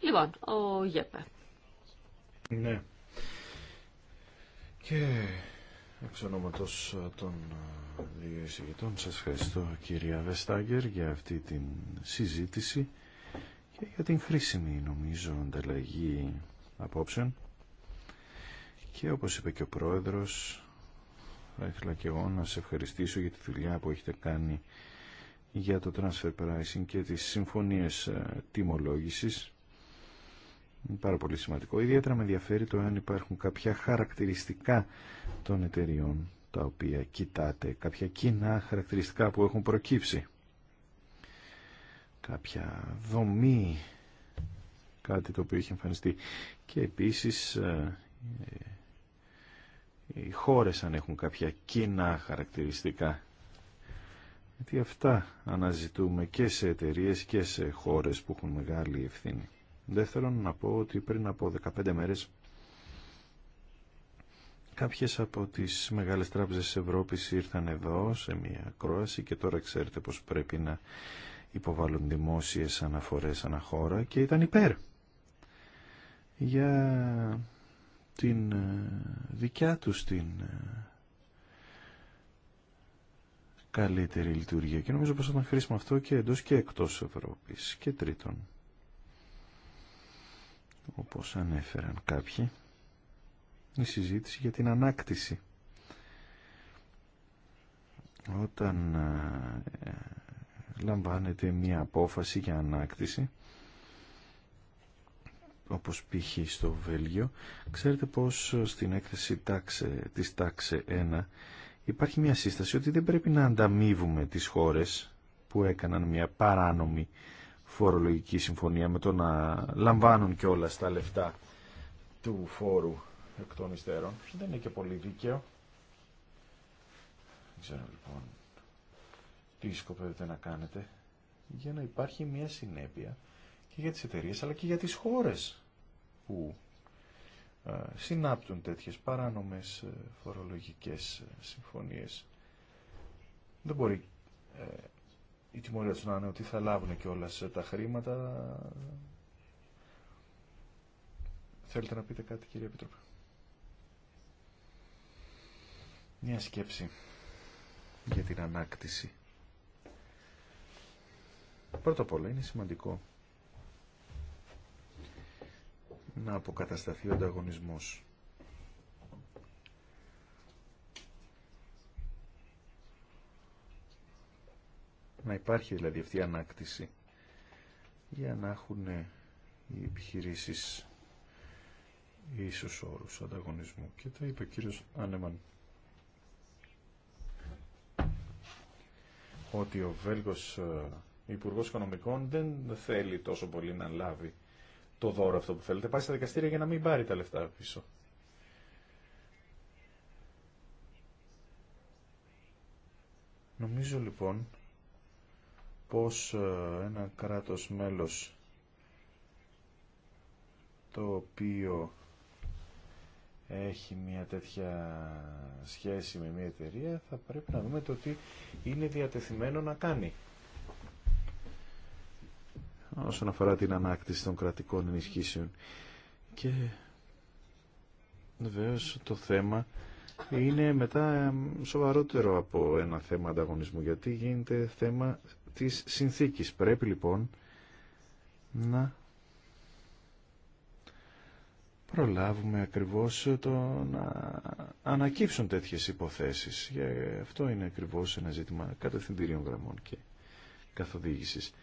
Λοιπόν, ο Γέπε. Ναι. Και Εξ ονόματος ε, των ε, δύο εισηγητών σας ευχαριστώ κυρία Βεστάγκερ για αυτή την συζήτηση και για την χρήσιμη νομίζω ανταλλαγή απόψεων και όπως είπε και ο πρόεδρος θα ήθελα και εγώ να σε ευχαριστήσω για τη δουλειά που έχετε κάνει για το transfer pricing και τις συμφωνίες ε, τιμολόγησης είναι πάρα πολύ σημαντικό. Ιδιαίτερα με ενδιαφέρει το αν υπάρχουν κάποια χαρακτηριστικά των εταιριών τα οποία κοιτάτε, κάποια κοινά χαρακτηριστικά που έχουν προκύψει. Κάποια δομή, κάτι το οποίο έχει εμφανιστεί. Και επίσης ε, ε, οι χώρες αν έχουν κάποια κοινά χαρακτηριστικά. Γιατί αυτά αναζητούμε και σε εταιρείε και σε χώρες που έχουν μεγάλη ευθύνη θέλω να πω ότι πριν από 15 μέρες κάποιες από τις μεγάλες τράπεζες της Ευρώπης ήρθαν εδώ σε μια κρόαση και τώρα ξέρετε πως πρέπει να υποβάλουν δημόσιες αναφορές αναχώρα και ήταν υπέρ για την ε, δικιά τους την ε, καλύτερη λειτουργία και νομίζω πως θα ήταν χρήσιμο αυτό και εντός και εκτός Ευρώπης και τρίτον όπως ανέφεραν κάποιοι, η συζήτηση για την ανάκτηση. Όταν ε, λαμβάνεται μία απόφαση για ανάκτηση, όπως π.χ. στο Βέλγιο, ξέρετε πως στην έκθεση τάξε, της τάξε 1 υπάρχει μία σύσταση ότι δεν πρέπει να ανταμείβουμε τις χώρες που έκαναν μία παράνομη φορολογική συμφωνία με το να λαμβάνουν και όλα στα λεφτά του φόρου εκ των υστέρων. Δεν είναι και πολύ δίκαιο. Δεν ξέρω λοιπόν τι σκοπεύετε να κάνετε για να υπάρχει μια συνέπεια και για τις εταιρείες αλλά και για τις χώρες που ε, συνάπτουν τέτοιες παράνομες ε, φορολογικές ε, συμφωνίες. Δεν μπορεί η τιμωρία του να είναι ότι θα λάβουν και όλα τα χρήματα. Θέλετε να πείτε κάτι κύριε Επιτροπέ. Μια σκέψη για την ανάκτηση. Πρώτα απ' όλα είναι σημαντικό να αποκατασταθεί ο ανταγωνισμός να υπάρχει δηλαδή αυτή η ανάκτηση για να έχουν οι επιχειρήσεις ίσως όρους ανταγωνισμού. Και το είπε ο κύριος Άνεμαν ότι ο Βέλγος ε, Υπουργό Οικονομικών δεν θέλει τόσο πολύ να λάβει το δώρο αυτό που θέλετε. Πάει στα δικαστήρια για να μην πάρει τα λεφτά πίσω. Νομίζω λοιπόν πως ε, ένα κράτος μέλος το οποίο έχει μια τέτοια σχέση με μια εταιρεία θα πρέπει να δούμε το τι είναι διατεθειμένο να κάνει. Όσον αφορά την ανάκτηση των κρατικών ενισχύσεων. Και βεβαίω το θέμα είναι μετά ε, σοβαρότερο από ένα θέμα ανταγωνισμού γιατί γίνεται θέμα της συνθήκης. Πρέπει λοιπόν να προλάβουμε ακριβώς το να ανακύψουν τέτοιες υποθέσεις. Αυτό είναι ακριβώς ένα ζήτημα κατευθυντηρίων γραμμών και καθοδήγησης.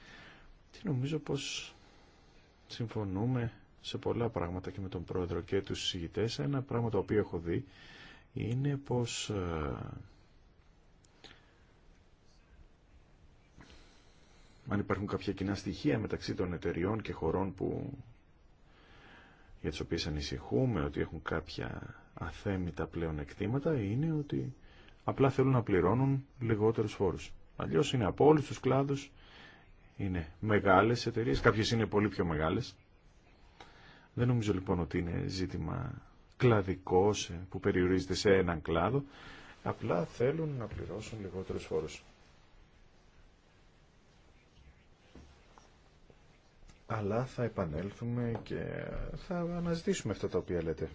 Τι νομίζω πως συμφωνούμε σε πολλά πράγματα και με τον πρόεδρο και τους συζητητές. Ένα πράγμα το οποίο έχω δει είναι πως ε, αν υπάρχουν κάποια κοινά στοιχεία μεταξύ των εταιριών και χωρών που, για τις οποίες ανησυχούμε ότι έχουν κάποια αθέμητα πλέον εκτήματα είναι ότι απλά θέλουν να πληρώνουν λιγότερους φόρους. Αλλιώς είναι από όλους τους κλάδους, είναι μεγάλες εταιρείες, κάποιες είναι πολύ πιο μεγάλες. Δεν νομίζω λοιπόν ότι είναι ζήτημα κλαδικό που περιορίζεται σε έναν κλάδο, απλά θέλουν να πληρώσουν λιγότερους φόρους. αλλά θα επανέλθουμε και θα αναζητήσουμε αυτά τα οποία λέτε.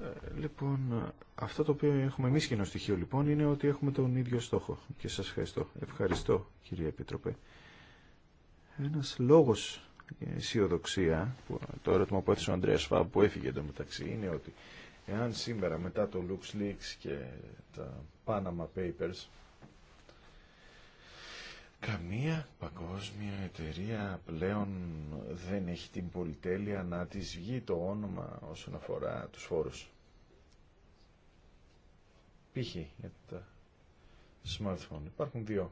Ε, λοιπόν, αυτό το οποίο έχουμε εμείς κοινό στοιχείο λοιπόν είναι ότι έχουμε τον ίδιο στόχο και σας ευχαριστώ. Ευχαριστώ κύριε Επίτροπε. Ένας λόγος αισιοδοξία, που, το ερώτημα που έθεσε ο Ανδρέας Φαμ που έφυγε μεταξύ, είναι ότι εάν σήμερα μετά το LuxLeaks και τα Panama Papers Καμία παγκόσμια εταιρεία πλέον δεν έχει την πολυτέλεια να της βγει το όνομα όσον αφορά τους φόρους. Π.χ. για τα smartphone. Υπάρχουν δύο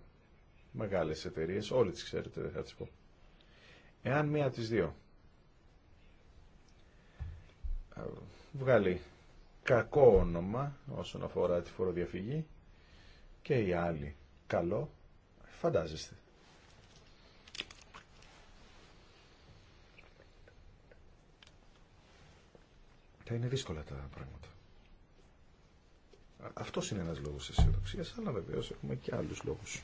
μεγάλες εταιρείες, Όλοι τις ξέρετε, δεν θα τις πω. Εάν μία από τις δύο βγάλει κακό όνομα όσον αφορά τη φοροδιαφυγή και η άλλη καλό, φαντάζεστε. Θα είναι δύσκολα τα πράγματα. Αυτό είναι ένας λόγος αισιοδοξίας, αλλά βεβαίως έχουμε και άλλους λόγους.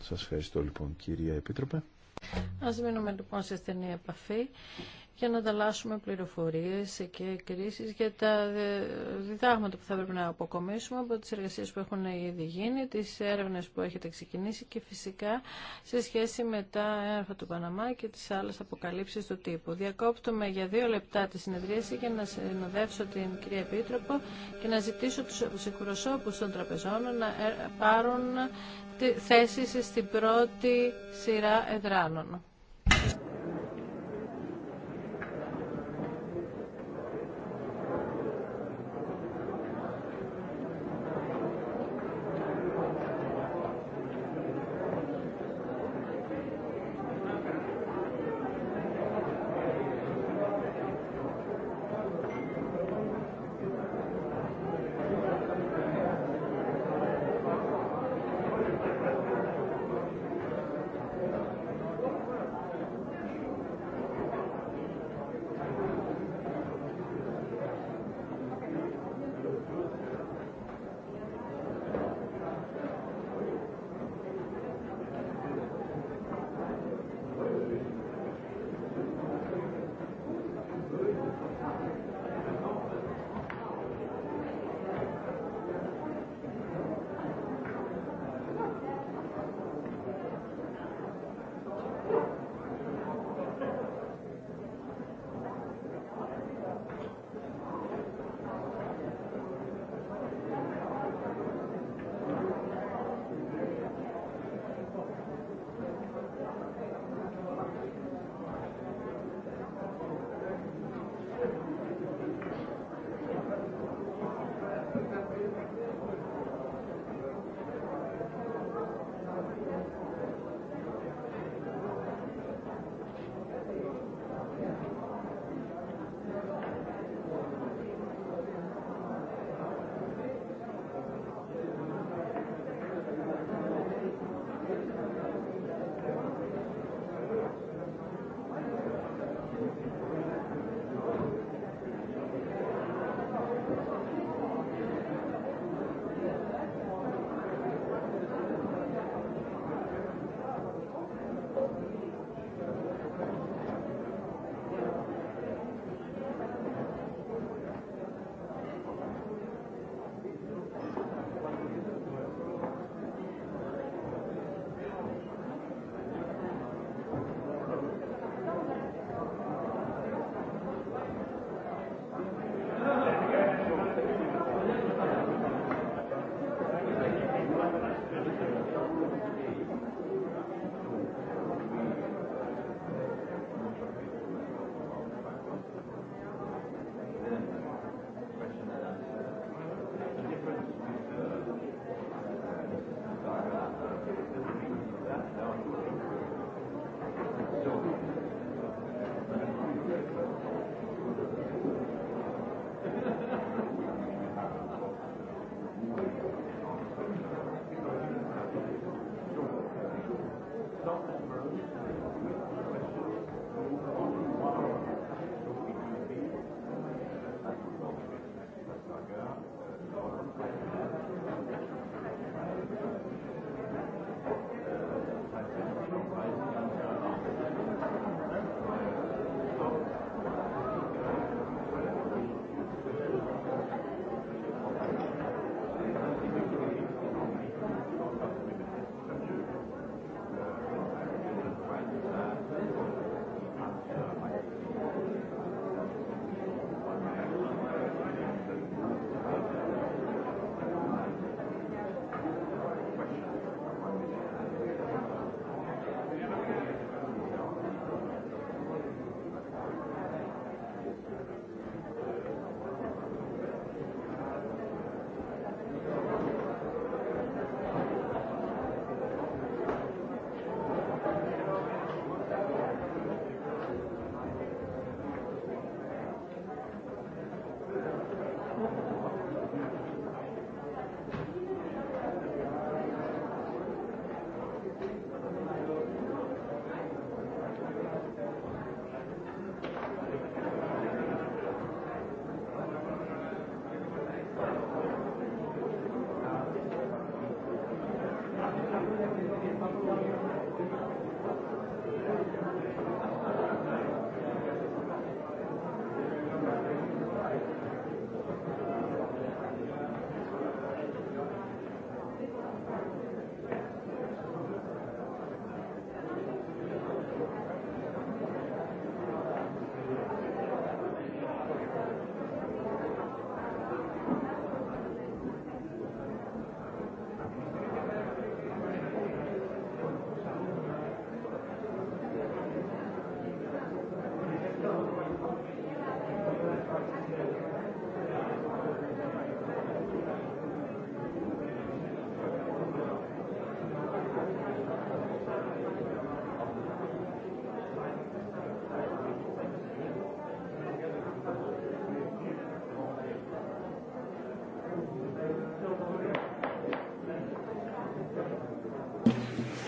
Σας ευχαριστώ λοιπόν κυρία Επίτροπε. Ας μείνουμε λοιπόν σε στενή επαφή για να ανταλλάσσουμε πληροφορίες και κρίσεις για τα διδάγματα που θα πρέπει να αποκομίσουμε από τις εργασίες που έχουν ήδη γίνει, τις έρευνες που έχετε ξεκινήσει και φυσικά σε σχέση με τα έρφα του Παναμά και τις άλλες αποκαλύψεις του τύπου. Διακόπτουμε για δύο λεπτά τη συνεδρίαση για να συνοδεύσω την κυρία Επίτροπο και να ζητήσω τους εκπροσώπους των τραπεζών να ε, πάρουν θέσεις στην πρώτη σειρά εδράνων.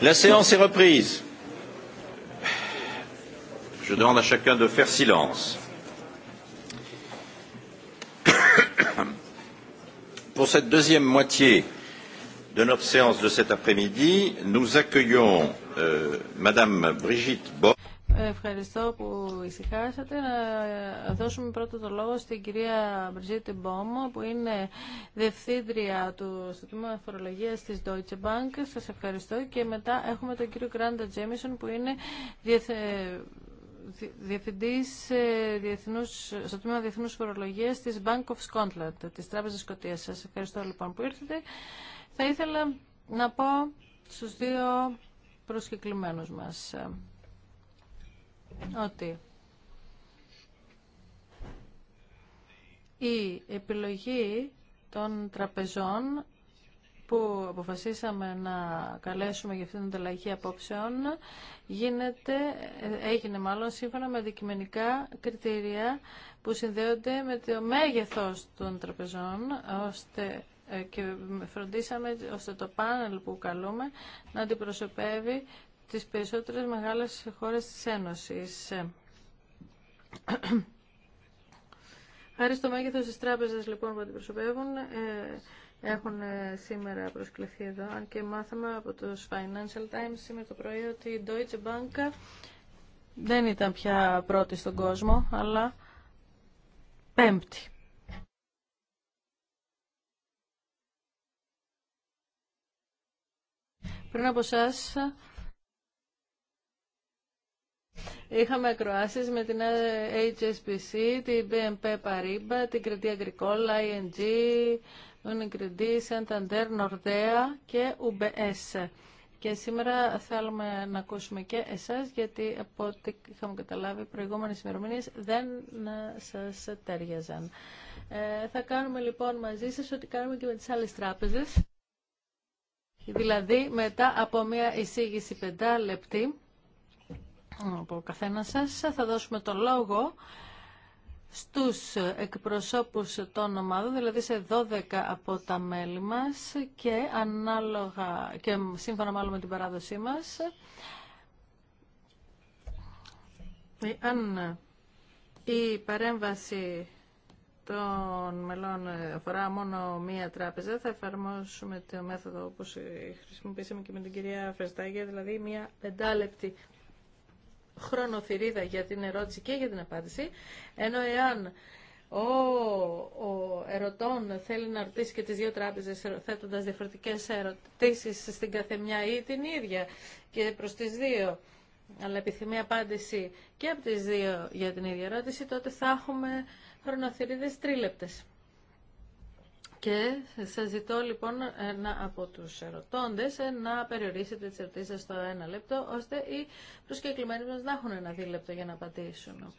La séance est reprise. Je demande à chacun de faire silence. Pour cette deuxième moitié de notre séance de cet après-midi, nous accueillons Madame Brigitte Bob. Ευχαριστώ που ησυχάσατε. Να δώσουμε πρώτο το λόγο στην κυρία Μπριζίτη Μπόμο, που είναι διευθύντρια του στο τμήμα φορολογία τη Deutsche Bank. Σα ευχαριστώ. Και μετά έχουμε τον κύριο Γκράντα Τζέμισον, που είναι διευθυντή ε, διεθνούς... στο τμήμα διεθνού φορολογία τη Bank of Scotland, τη Τράπεζα Σκοτία. Σα ευχαριστώ λοιπόν που ήρθατε. Θα ήθελα να πω στου δύο προσκεκλημένους μας ότι η επιλογή των τραπεζών που αποφασίσαμε να καλέσουμε για αυτήν την ανταλλαγή απόψεων γίνεται, έγινε μάλλον σύμφωνα με αντικειμενικά κριτήρια που συνδέονται με το μέγεθος των τραπεζών ώστε ε, και φροντίσαμε ώστε το πάνελ που καλούμε να αντιπροσωπεύει τις περισσότερες μεγάλες χώρες της Ένωσης. Χάρη στο μέγεθος της τράπεζας λοιπόν που αντιπροσωπεύουν, ε, έχουν ε, σήμερα προσκληθεί εδώ, αν και μάθαμε από τους Financial Times σήμερα το πρωί ότι η Deutsche Bank δεν ήταν πια πρώτη στον κόσμο, αλλά πέμπτη. Πριν από εσά Είχαμε ακροάσει με την HSBC, την BNP Paribas, την Credit Agricole, ING, Unicredit, Santander, Nordea και UBS. Και σήμερα θέλουμε να ακούσουμε και εσάς, γιατί από ό,τι είχαμε καταλάβει, οι προηγούμενες ημερομηνίες δεν σας τέριαζαν. Ε, θα κάνουμε λοιπόν μαζί σας ό,τι κάνουμε και με τις άλλες τράπεζες. Δηλαδή, μετά από μια εισήγηση πεντά λεπτή, από καθένα σας. Θα δώσουμε το λόγο στους εκπροσώπους των ομάδων, δηλαδή σε 12 από τα μέλη μας και, ανάλογα, και σύμφωνα μάλλον με την παράδοσή μας, αν η παρέμβαση των μελών αφορά μόνο μία τράπεζα, θα εφαρμόσουμε το μέθοδο όπως χρησιμοποιήσαμε και με την κυρία Φεστάγια, δηλαδή μία πεντάλεπτη χρονοθυρίδα για την ερώτηση και για την απάντηση, ενώ εάν ο, ο ερωτών θέλει να ρωτήσει και τις δύο τράπεζες θέτοντας διαφορετικές ερωτήσεις στην καθεμιά ή την ίδια και προς τις δύο αλλά επιθυμεί απάντηση και από τις δύο για την ίδια ερώτηση, τότε θα έχουμε χρονοθυρίδες τρίλεπτες. Και σα ζητώ λοιπόν ένα από του ερωτώντε να περιορίσετε τι ερωτήσεις στο ένα λεπτό, ώστε οι προσκεκλημένοι μα να έχουν ένα δίλεπτο για να απαντήσουν.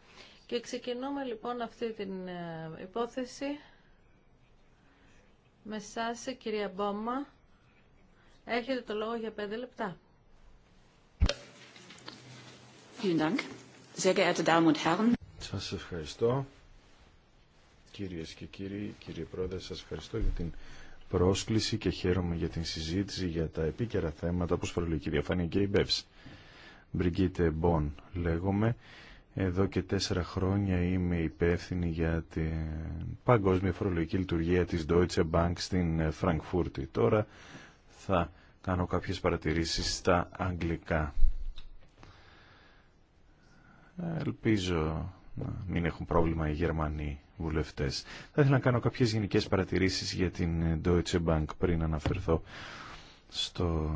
Και ξεκινούμε λοιπόν αυτή την ε, υπόθεση με εσά, κυρία Μπόμα. Έχετε το λόγο για πέντε λεπτά. Σα ευχαριστώ. Κυρίες και κύριοι, κύριε Πρόεδρε, σας ευχαριστώ για την πρόσκληση και χαίρομαι για την συζήτηση για τα επίκαιρα θέματα, όπως φορολογική η και η Μπεύση. Μπριγκίτε Μπον λέγομαι. Εδώ και τέσσερα χρόνια είμαι υπεύθυνη για την παγκόσμια φορολογική λειτουργία της Deutsche Bank στην Φραγκφούρτη. Τώρα θα κάνω κάποιες παρατηρήσεις στα αγγλικά. Ελπίζω να μην έχουν πρόβλημα οι Γερμανοί θα ήθελα να κάνω κάποιες γενικές παρατηρήσεις για την Deutsche Bank πριν αναφερθώ στο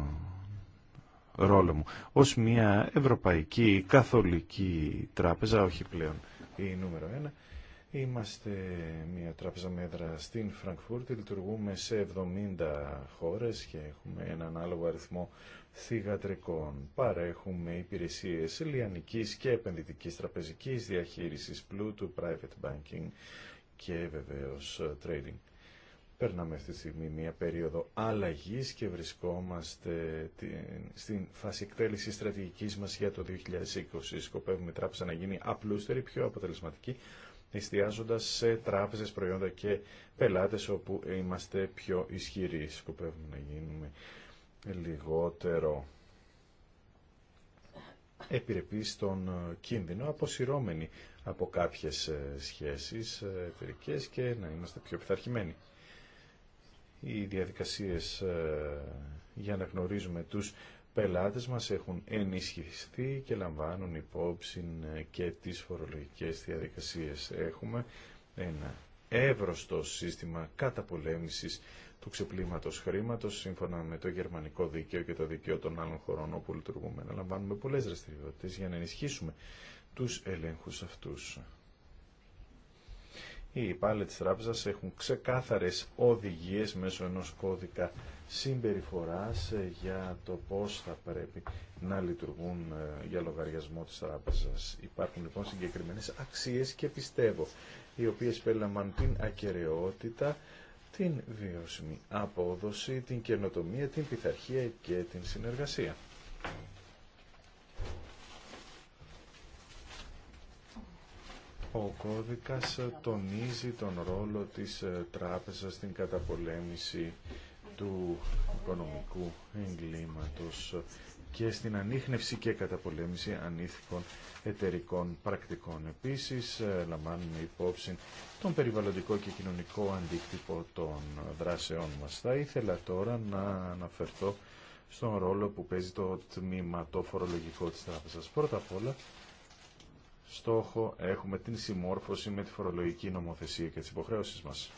ρόλο μου. Ως μια ευρωπαϊκή καθολική τράπεζα, όχι πλέον η νούμερο ένα, Είμαστε μια τράπεζα μέτρα στην Φραγκφούρτη, λειτουργούμε σε 70 χώρες και έχουμε έναν άλλο αριθμό θυγατρικών. Παρέχουμε υπηρεσίες λιανικής και επενδυτικής τραπεζικής διαχείρισης πλούτου, private banking και βεβαίως trading. Περνάμε αυτή τη στιγμή μια περίοδο αλλαγής και βρισκόμαστε στην φάση εκτέλεση στρατηγικής μας για το 2020. Σκοπεύουμε η τράπεζα να γίνει απλούστερη, πιο αποτελεσματική, εστιάζοντα σε τράπεζες, προϊόντα και πελάτες όπου είμαστε πιο ισχυροί. Σκοπεύουμε να γίνουμε λιγότερο επιρρεπεί στον ε, κίνδυνο, αποσυρώμενοι από κάποιες ε, σχέσεις ε, εταιρικές και να είμαστε πιο πειθαρχημένοι. Οι διαδικασίες για να γνωρίζουμε τους πελάτες μας έχουν ενισχυθεί και λαμβάνουν υπόψη και τις φορολογικές διαδικασίες. Έχουμε ένα εύρωστο σύστημα καταπολέμησης του ξεπλήματο χρήματο σύμφωνα με το γερμανικό δίκαιο και το δίκαιο των άλλων χωρών όπου λειτουργούμε. Λαμβάνουμε πολλέ δραστηριότητε για να ενισχύσουμε του ελέγχου αυτού. Οι υπάλληλοι τη τράπεζα έχουν ξεκάθαρε οδηγίε μέσω ενό κώδικα συμπεριφορά για το πώ θα πρέπει να λειτουργούν ε, για λογαριασμό τη τράπεζα. Υπάρχουν λοιπόν συγκεκριμένε αξίε και πιστεύω, οι οποίε περιλαμβάνουν την ακαιρεότητα, την βιώσιμη απόδοση, την καινοτομία, την πειθαρχία και την συνεργασία. Ο κώδικας τονίζει τον ρόλο της ε, τράπεζας στην καταπολέμηση του οικονομικού εγκλήματος και στην ανείχνευση και καταπολέμηση ανήθικων εταιρικών πρακτικών. Επίσης, ε, λαμβάνουμε υπόψη τον περιβαλλοντικό και κοινωνικό αντίκτυπο των δράσεών μας. Θα ήθελα τώρα να αναφερθώ στον ρόλο που παίζει το τμήμα το φορολογικό της τράπεζας. Πρώτα απ' όλα, στόχο έχουμε την συμμόρφωση με τη φορολογική νομοθεσία και τις υποχρέωσεις μας.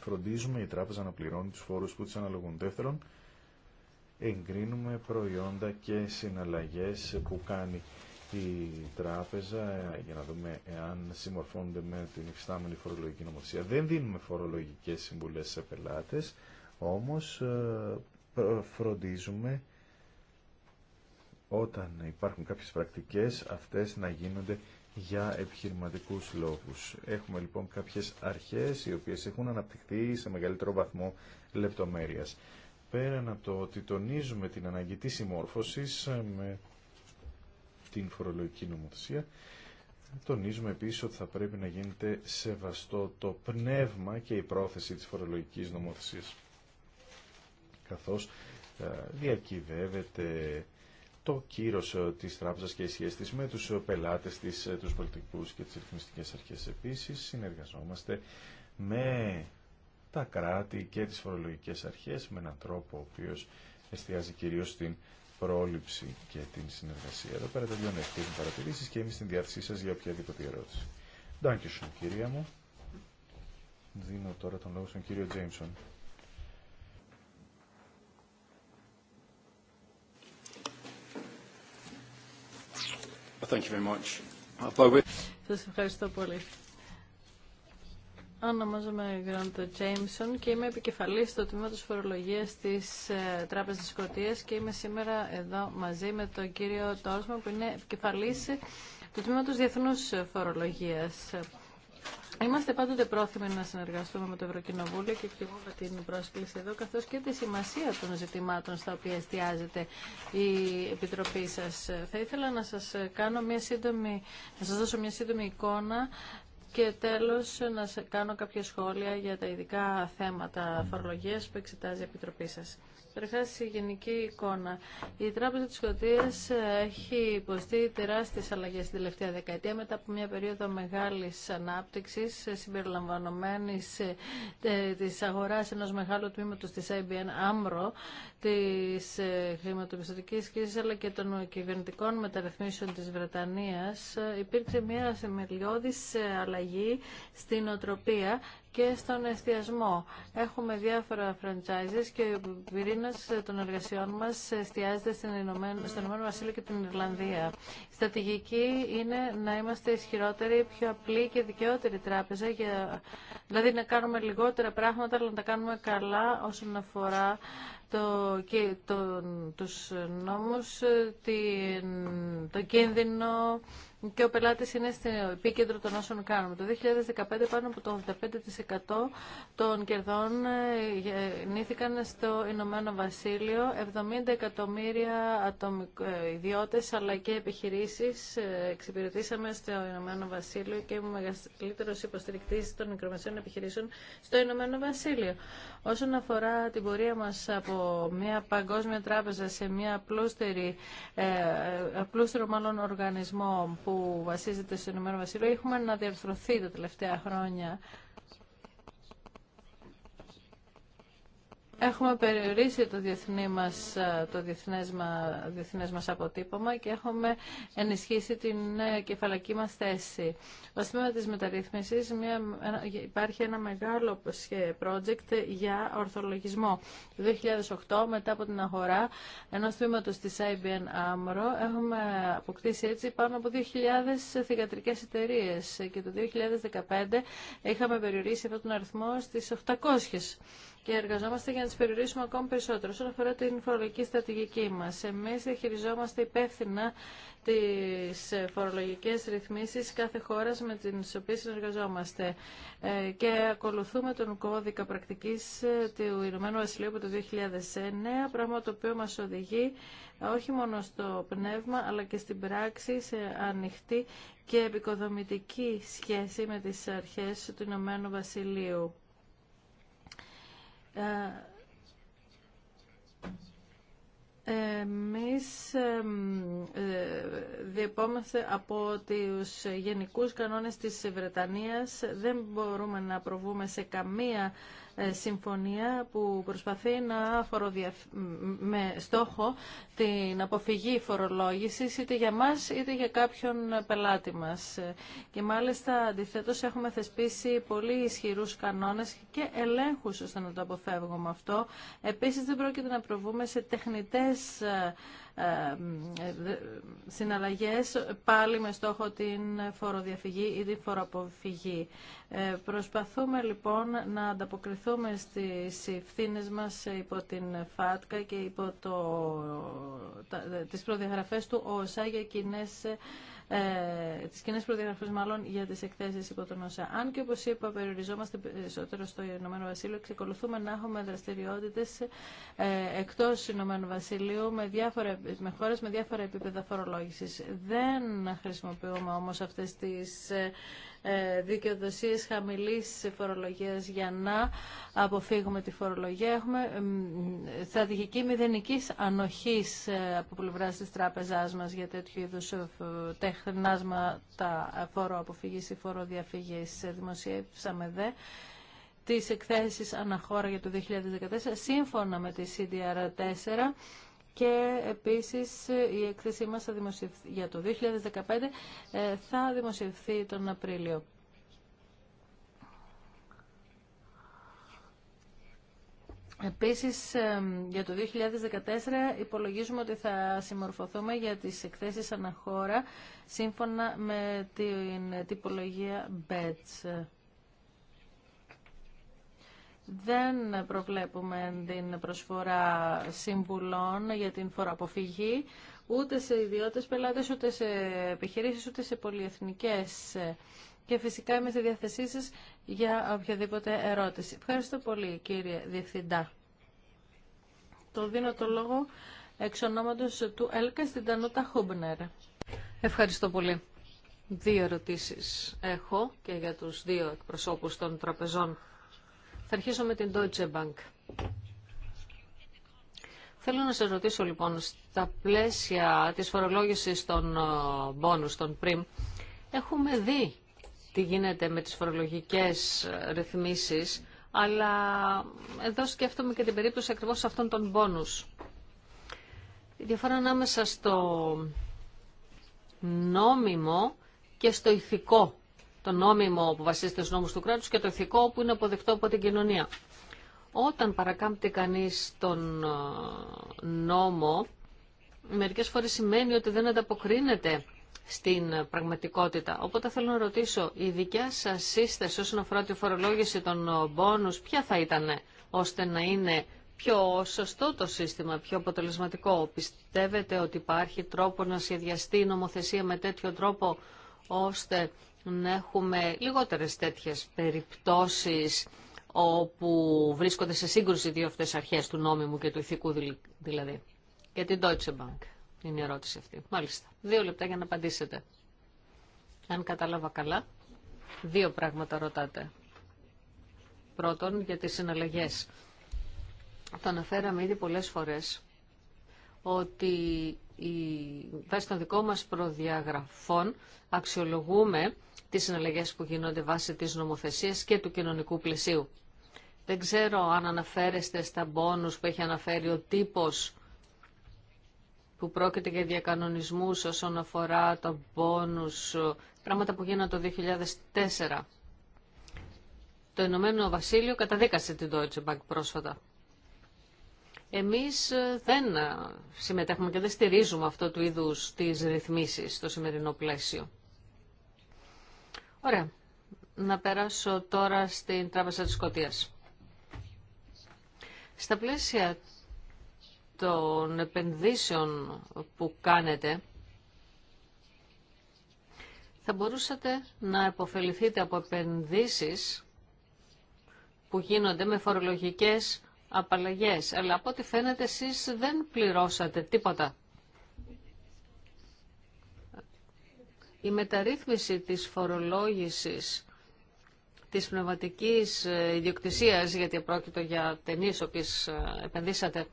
Φροντίζουμε η τράπεζα να πληρώνει τους φόρους που της αναλογούν. Δεύτερον, εγκρίνουμε προϊόντα και συναλλαγές που κάνει η τράπεζα ε, για να δούμε εάν συμμορφώνονται με την υφιστάμενη φορολογική νομοθεσία. Δεν δίνουμε φορολογικές συμβουλές σε πελάτες, όμως ε, φροντίζουμε όταν υπάρχουν κάποιες πρακτικές αυτές να γίνονται για επιχειρηματικούς λόγους. Έχουμε λοιπόν κάποιες αρχές οι οποίες έχουν αναπτυχθεί σε μεγαλύτερο βαθμό λεπτομέρειας πέραν από το ότι τονίζουμε την αναγκητή συμμόρφωση ε, με την φορολογική νομοθεσία, τονίζουμε επίσης ότι θα πρέπει να γίνεται σεβαστό το πνεύμα και η πρόθεση της φορολογικής νομοθεσίας, καθώς ε, διακυβεύεται το κύρος ε, της τράπεζας και η σχέση της με τους πελάτες, της, τους πολιτικούς και τις ρυθμιστικές αρχές. Επίσης, συνεργαζόμαστε με τα κράτη και τις φορολογικές αρχές με έναν τρόπο ο οποίος εστιάζει κυρίως στην πρόληψη και την συνεργασία. Εδώ πέρα τελειώνει αυτή και είμαι στην διάθεσή σας για οποιαδήποτε ερώτηση. Ντάνκισον, κυρία μου. Δίνω τώρα τον λόγο στον κύριο Τζέιμσον. Thank Σας ευχαριστώ πολύ. Ονομάζομαι Γκρόντο Τζέιμσον και είμαι επικεφαλής στο τμήμα της φορολογίας της ε, Τράπεζας της και είμαι σήμερα εδώ μαζί με τον κύριο Τόρσμα που είναι επικεφαλή του Τμήματο Διεθνού φορολογία. Είμαστε πάντοτε πρόθυμοι να συνεργαστούμε με το Ευρωκοινοβούλιο και εκτιμούμε την πρόσκληση εδώ, καθώς και τη σημασία των ζητημάτων στα οποία εστιάζεται η Επιτροπή σας. Θα ήθελα να σας, κάνω μια σύντομη, να σας δώσω μια σύντομη εικόνα και τέλος να κάνω κάποια σχόλια για τα ειδικά θέματα φορολογίας που εξετάζει η Επιτροπή σας. Καταρχά, η γενική εικόνα. Η Τράπεζα τη Σκοτία ε, έχει υποστεί τεράστιε αλλαγέ την τελευταία δεκαετία μετά από μια περίοδο μεγάλη ανάπτυξη ε, συμπεριλαμβανομένη ε, τη αγορά ενό μεγάλου τμήματο τη IBM AMRO, τη χρηματοπιστωτική κρίση αλλά και των κυβερνητικών μεταρρυθμίσεων τη Βρετανία. Υπήρξε μια θεμελιώδη αλλαγή στην οτροπία και στον εστιασμό. Έχουμε διάφορα franchises και ο πυρήνα των εργασιών μα εστιάζεται στον Ηνωμένο Βασίλειο και την Ιρλανδία. Η στρατηγική είναι να είμαστε ισχυρότεροι, πιο απλοί και δικαιότεροι. τράπεζα, για, δηλαδή να κάνουμε λιγότερα πράγματα, αλλά να τα κάνουμε καλά όσον αφορά το, και το, τους νόμους, την, το κίνδυνο, και ο πελάτη είναι στο επίκεντρο των όσων κάνουμε. Το 2015 πάνω από το 85% των κερδών ε, γεννήθηκαν στο Ηνωμένο Βασίλειο. 70 εκατομμύρια ε, ιδιώτε, αλλά και επιχειρήσεις ε, εξυπηρετήσαμε στο Ηνωμένο Βασίλειο και είμαι ο μεγαλύτερος υποστηρικτής των μικρομεσαίων επιχειρήσεων στο Ηνωμένο Βασίλειο. Όσον αφορά την πορεία μα από μια παγκόσμια τράπεζα σε μια απλούστερη, μάλλον οργανισμό που βασίζεται στο Ηνωμένο Βασίλειο έχουμε αναδιαρθρωθεί τα τελευταία χρόνια Έχουμε περιορίσει το, διεθνή μας, το διεθνές, μα, διεθνές μας αποτύπωμα και έχουμε ενισχύσει την ε, κεφαλακή μας θέση. Ως με της μεταρρύθμισης μια, υπάρχει ένα μεγάλο project για ορθολογισμό. Το 2008 μετά από την αγορά ενός τμήματος της IBM AMRO έχουμε αποκτήσει έτσι πάνω από 2.000 θηγατρικές εταιρείε και το 2015 είχαμε περιορίσει αυτόν τον αριθμό στις 800 και εργαζόμαστε για να τι περιορίσουμε ακόμη περισσότερο. Όσον αφορά την φορολογική στρατηγική μα, εμεί διαχειριζόμαστε υπεύθυνα τι φορολογικέ ρυθμίσει κάθε χώρα με τι οποίε συνεργαζόμαστε ε, και ακολουθούμε τον κώδικα πρακτική του Ηνωμένου Βασιλείου από το 2009, πράγμα το οποίο μα οδηγεί όχι μόνο στο πνεύμα αλλά και στην πράξη σε ανοιχτή και επικοδομητική σχέση με τις αρχές του Ηνωμένου Βασιλείου. Ε, εμείς ε, διεπόμεθε από τους γενικούς κανόνες της Βρετανίας. Δεν μπορούμε να προβούμε σε καμία ε, συμφωνία που προσπαθεί να με στόχο την αποφυγή φορολόγησης είτε για μας είτε για κάποιον πελάτη μας. Ε, και μάλιστα αντιθέτως έχουμε θεσπίσει πολύ ισχυρούς κανόνες και ελέγχους ώστε να το αποφεύγουμε αυτό. Επίσης δεν πρόκειται να προβούμε σε τεχνητές ε, ε, ε, συναλλαγές πάλι με στόχο την φοροδιαφυγή ή την φοροαποφυγή. Ε, προσπαθούμε λοιπόν να ανταποκριθούμε στις ευθύνε μας υπό την ΦΑΤΚΑ και υπό το, τα, τις προδιαγραφές του ΩΣΑ για κοινέ ε, τις κοινές προδιαγραφές μάλλον για τις εκθέσεις υπό τον ΩΣΑ. Αν και όπως είπα περιοριζόμαστε περισσότερο στο Ηνωμένο Βασίλειο, εξεκολουθούμε να έχουμε δραστηριότητες ε, εκτός Ηνωμένου Βασιλείου με, διάφορα, με χώρες με διάφορα επίπεδα φορολόγησης. Δεν χρησιμοποιούμε όμως αυτές τις ε, ε, δικαιοδοσίε Χαμηλή φορολογίας για να αποφύγουμε τη φορολογία. Έχουμε στρατηγική μηδενική ανοχής ε, από πλευρά τη Τράπεζα μα για τέτοιου είδους ε, τεχνάσματα φοροαποφυγή ή φοροδιαφυγής. Δημοσιεύσαμε δε τις εκθέσεις αναχώρα για το 2014 σύμφωνα με τη CDR4 και επίσης η έκθεσή μας για το 2015 ε, θα δημοσιευθεί τον Απρίλιο. Επίσης, ε, για το 2014 υπολογίζουμε ότι θα συμμορφωθούμε για τις εκθέσεις αναχώρα σύμφωνα με την τυπολογία BEDS δεν προβλέπουμε την προσφορά σύμβουλων για την φοροαποφυγή ούτε σε ιδιώτες πελάτες, ούτε σε επιχειρήσεις, ούτε σε πολυεθνικές. Και φυσικά είμαι στη διάθεσή για οποιαδήποτε ερώτηση. Ευχαριστώ πολύ κύριε Διευθυντά. Το δίνω το λόγο εξ ονόματος του ΕΛΚΑ στην Τανούτα Χούμπνερ. Ευχαριστώ πολύ. Δύο ερωτήσεις έχω και για τους δύο εκπροσώπους των τραπεζών. Θα αρχίσω με την Deutsche Bank. Θέλω να σας ρωτήσω λοιπόν, στα πλαίσια της φορολόγησης των ε, bonus, των πριμ, έχουμε δει τι γίνεται με τις φορολογικές ε, ρυθμίσεις, αλλά εδώ σκέφτομαι και την περίπτωση ακριβώς αυτών των μπόνους. Η διαφορά ανάμεσα στο νόμιμο και στο ηθικό το νόμιμο που βασίζεται στους νόμους του κράτους και το ηθικό που είναι αποδεκτό από την κοινωνία. Όταν παρακάμπτει κανείς τον ε, νόμο, μερικές φορές σημαίνει ότι δεν ανταποκρίνεται στην πραγματικότητα. Οπότε θέλω να ρωτήσω, η δικιά σας σύσταση όσον αφορά τη φορολόγηση των μπόνους, ποια θα ήταν ώστε να είναι πιο σωστό το σύστημα, πιο αποτελεσματικό. Πιστεύετε ότι υπάρχει τρόπο να σχεδιαστεί η νομοθεσία με τέτοιο τρόπο ώστε να έχουμε λιγότερες τέτοιες περιπτώσεις όπου βρίσκονται σε σύγκρουση δύο αυτές αρχές του νόμιμου και του ηθικού δηλαδή. Για την Deutsche Bank είναι η ερώτηση αυτή. Μάλιστα. Δύο λεπτά για να απαντήσετε. Αν κατάλαβα καλά, δύο πράγματα ρωτάτε. Πρώτον, για τις συναλλαγές. Το αναφέραμε ήδη πολλές φορές ότι η... βάσει των δικών μας προδιαγραφών αξιολογούμε τις συναλλαγές που γίνονται βάσει της νομοθεσίας και του κοινωνικού πλαισίου. Δεν ξέρω αν αναφέρεστε στα μπόνους που έχει αναφέρει ο τύπος που πρόκειται για διακανονισμούς όσον αφορά τα μπόνους, πράγματα που γίνανε το 2004. Το Ηνωμένο Βασίλειο καταδίκασε την Deutsche Bank πρόσφατα. Εμείς ε, δεν ε, συμμετέχουμε και δεν στηρίζουμε αυτό του είδους τις ρυθμίσεις στο σημερινό πλαίσιο. Ωραία. Να περάσω τώρα στην Τράπεζα της Σκοτίας. Στα πλαίσια των επενδύσεων που κάνετε, θα μπορούσατε να επωφεληθείτε από επενδύσεις που γίνονται με φορολογικές απαλλαγές. Αλλά από ό,τι φαίνεται εσείς δεν πληρώσατε τίποτα η μεταρρύθμιση της φορολόγησης της πνευματικής ε, ιδιοκτησίας, γιατί πρόκειται για ταινίες οποίες ε, επενδύσατε,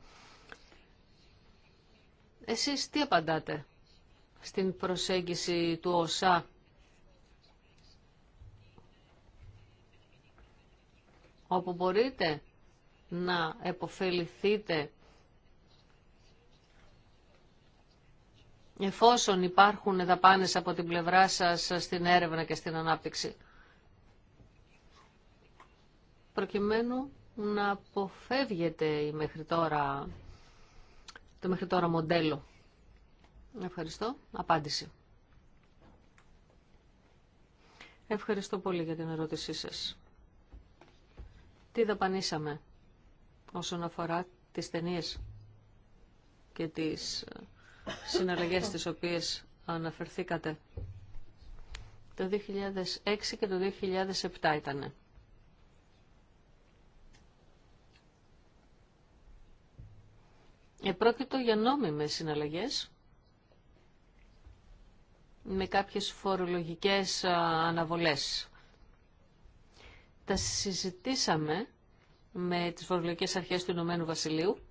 εσείς τι απαντάτε στην προσέγγιση του ΟΣΑ όπου μπορείτε να επωφεληθείτε εφόσον υπάρχουν δαπάνες από την πλευρά σας στην έρευνα και στην ανάπτυξη. Προκειμένου να αποφεύγετε η μέχρι το μέχρι τώρα μοντέλο. Ευχαριστώ. Απάντηση. Ευχαριστώ πολύ για την ερώτησή σας. Τι δαπανίσαμε όσον αφορά τις ταινίε και τις συναλλαγές τις οποίες αναφερθήκατε. Το 2006 και το 2007 ήτανε. Επρόκειτο για νόμιμες συναλλαγές με κάποιες φορολογικές αναβολές. Τα συζητήσαμε με τις φορολογικές αρχές του Ηνωμένου Βασιλείου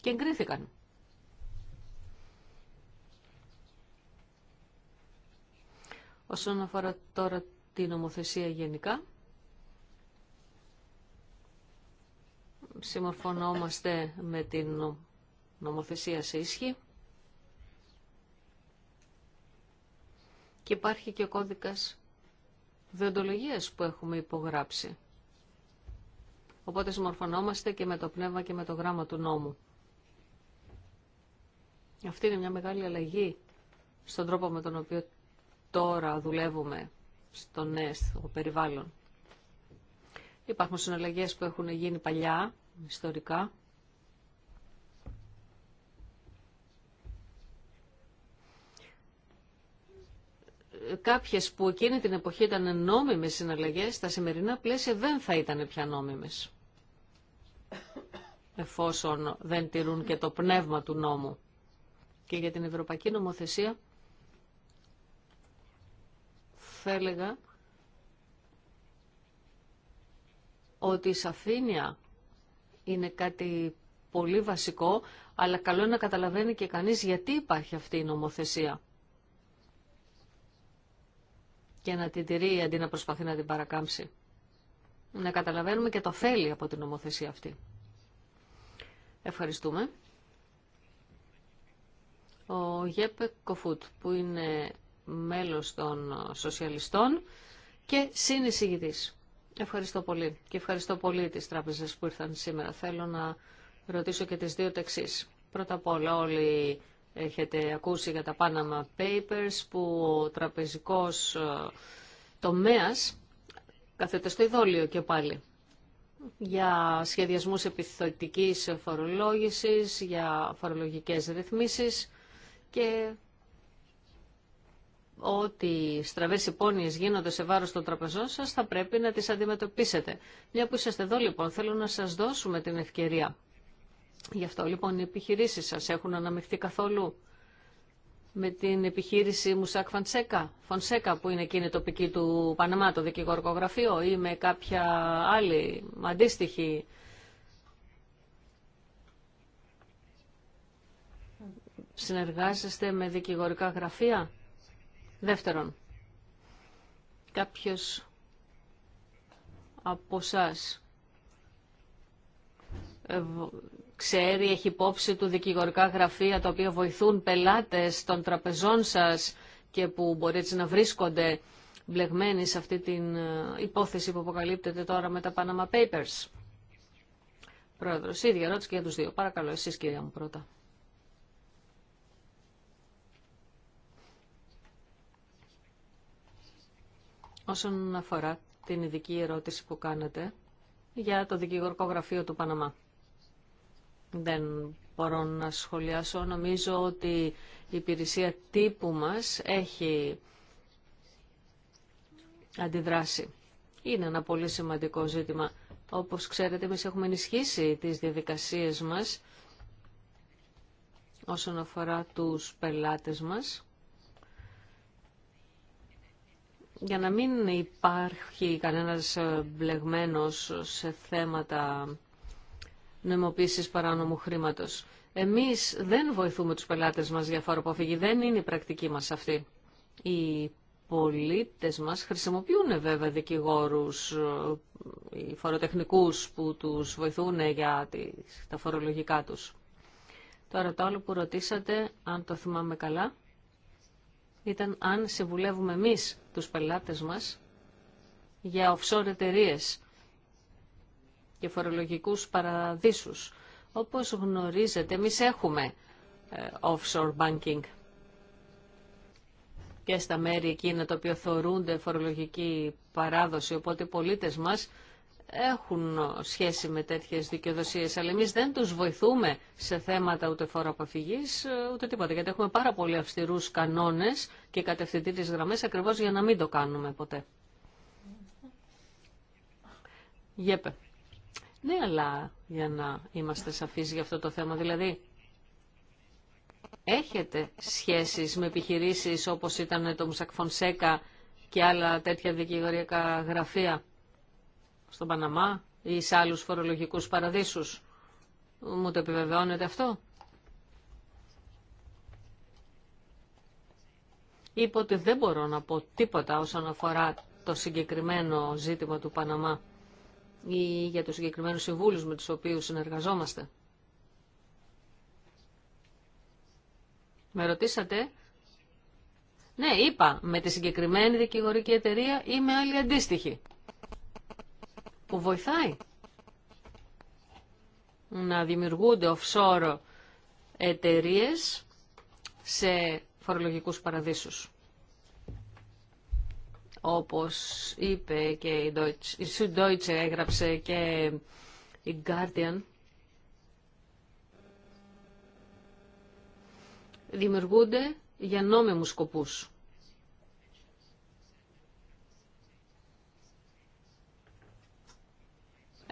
και εγκρίθηκαν. Όσον αφορά τώρα την νομοθεσία γενικά, συμμορφωνόμαστε με την νομοθεσία σε ίσχυ και υπάρχει και ο κώδικας διοντολογίας που έχουμε υπογράψει. Οπότε συμμορφωνόμαστε και με το πνεύμα και με το γράμμα του νόμου. Αυτή είναι μια μεγάλη αλλαγή στον τρόπο με τον οποίο τώρα δουλεύουμε στο ΝΕΣ, το περιβάλλον. Υπάρχουν συναλλαγές που έχουν γίνει παλιά, ιστορικά. Κάποιες που εκείνη την εποχή ήταν νόμιμες συναλλαγές, στα σημερινά πλαίσια δεν θα ήταν πια νόμιμες. Εφόσον δεν τηρούν και το πνεύμα του νόμου και για την Ευρωπαϊκή Νομοθεσία θα έλεγα ότι η σαφήνεια είναι κάτι πολύ βασικό, αλλά καλό είναι να καταλαβαίνει και κανείς γιατί υπάρχει αυτή η νομοθεσία. Και να την τηρεί αντί να προσπαθεί να την παρακάμψει. Να καταλαβαίνουμε και το θέλει από την νομοθεσία αυτή. Ευχαριστούμε ο Γέπε Κοφούτ που είναι μέλος των σοσιαλιστών και συνεισηγητής. Ευχαριστώ πολύ και ευχαριστώ πολύ τις τράπεζες που ήρθαν σήμερα. Θέλω να ρωτήσω και τις δύο τεξής. Πρώτα απ' όλα όλοι έχετε ακούσει για τα Panama Papers που ο τραπεζικός ε, τομέας καθέται στο ειδόλιο και πάλι για σχεδιασμούς επιθετικής φορολόγησης, για φορολογικές ρυθμίσεις και ότι στραβές υπόνοιες γίνονται σε βάρος των τραπεζών σας θα πρέπει να τις αντιμετωπίσετε. Μια που είσαστε εδώ λοιπόν θέλω να σας δώσουμε την ευκαιρία. Γι' αυτό λοιπόν οι επιχειρήσεις σας έχουν αναμειχθεί καθόλου με την επιχείρηση Μουσάκ Φανσέκα, Φονσέκα που είναι εκείνη τοπική του Παναμά, το δικηγορικό γραφείο ή με κάποια άλλη αντίστοιχη συνεργάζεστε με δικηγορικά γραφεία. Δεύτερον, κάποιος από εσά ξέρει, έχει υπόψη του δικηγορικά γραφεία τα οποία βοηθούν πελάτες των τραπεζών σας και που μπορεί έτσι να βρίσκονται μπλεγμένοι σε αυτή την ε, υπόθεση που αποκαλύπτεται τώρα με τα Panama Papers. Πρόεδρος, ίδια ερώτηση και για τους δύο. Παρακαλώ, εσείς κυρία μου πρώτα. όσον αφορά την ειδική ερώτηση που κάνετε για το δικηγορικό γραφείο του Παναμά. Δεν μπορώ να σχολιάσω. Νομίζω ότι η υπηρεσία τύπου μας έχει αντιδράσει. Είναι ένα πολύ σημαντικό ζήτημα. Όπως ξέρετε, εμείς έχουμε ενισχύσει τις διαδικασίες μας όσον αφορά τους πελάτες μας για να μην υπάρχει κανένας ε, μπλεγμένος σε θέματα νομιμοποίησης παράνομου χρήματος. Εμείς δεν βοηθούμε τους πελάτες μας για φοροποφυγή, δεν είναι η πρακτική μας αυτή. Οι πολίτες μας χρησιμοποιούν βέβαια δικηγόρους, ε, οι φοροτεχνικούς που τους βοηθούν για τα φορολογικά τους. Τώρα το άλλο που ρωτήσατε, αν το θυμάμαι καλά, ήταν αν συμβουλεύουμε εμείς τους πελάτες μας για offshore εταιρείε και φορολογικούς παραδείσους. Όπως γνωρίζετε, εμείς έχουμε ε, offshore banking και στα μέρη εκείνα τα οποία θεωρούνται φορολογική παράδοση, οπότε οι πολίτες μας έχουν σχέση με τέτοιες δικαιοδοσίες, αλλά εμείς δεν τους βοηθούμε σε θέματα ούτε φόρο ούτε τίποτα, γιατί έχουμε πάρα πολύ αυστηρούς κανόνες και κατευθυντήριες γραμμές ακριβώς για να μην το κάνουμε ποτέ. Γέπε. Ναι, αλλά για να είμαστε σαφείς για αυτό το θέμα, δηλαδή έχετε σχέσεις με επιχειρήσεις όπως ήταν το Μουσακ Φονσέκα και άλλα τέτοια δικηγοριακά γραφεία στον Παναμά ή σε άλλους φορολογικούς παραδείσους. Μου το επιβεβαιώνετε αυτό. Είπε ότι δεν μπορώ να πω τίποτα όσον αφορά το συγκεκριμένο ζήτημα του Παναμά ή για τους συγκεκριμένους συμβούλους με τους οποίους συνεργαζόμαστε. Με ρωτήσατε. Ναι, είπα, με τη συγκεκριμένη δικηγορική εταιρεία ή με άλλη αντίστοιχη που βοηθάει να δημιουργούνται offshore εταιρείε σε φορολογικούς παραδείσους. Όπως είπε και η Deutsche, η έγραψε και η Guardian, δημιουργούνται για νόμιμους σκοπούς.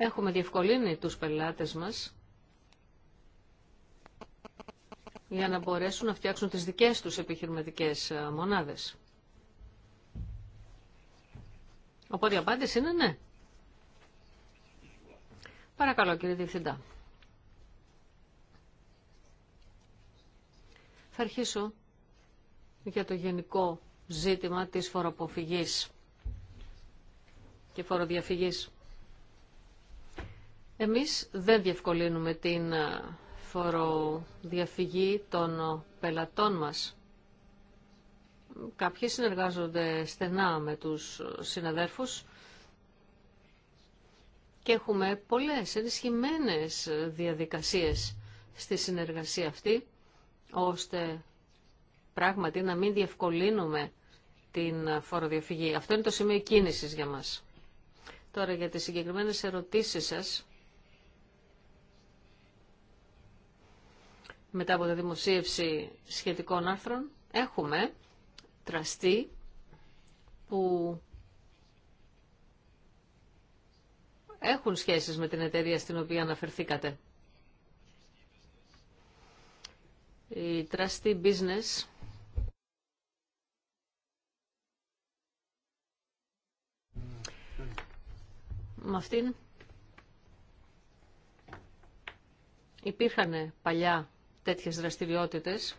Έχουμε διευκολύνει τους πελάτες μας για να μπορέσουν να φτιάξουν τις δικές τους επιχειρηματικές ε, μονάδες. Οπότε η απάντηση είναι ναι. Παρακαλώ κύριε Διευθυντά. Θα αρχίσω για το γενικό ζήτημα της φοροποφυγής και φοροδιαφυγής. Εμείς δεν διευκολύνουμε την ε, φοροδιαφυγή των ε, πελατών μας. Κάποιοι συνεργάζονται στενά με τους ε, συναδέρφους και έχουμε πολλές ενισχυμένες διαδικασίες στη συνεργασία αυτή, ώστε πράγματι να μην διευκολύνουμε την φοροδιαφυγή. Αυτό είναι το σημείο κίνησης για μας. Τώρα για τις συγκεκριμένες ερωτήσεις σας μετά από τη δημοσίευση σχετικών άρθρων, έχουμε τραστή που έχουν σχέσεις με την εταιρεία στην οποία αναφερθήκατε. Η τραστή Business με αυτήν υπήρχαν παλιά τέτοιες δραστηριότητες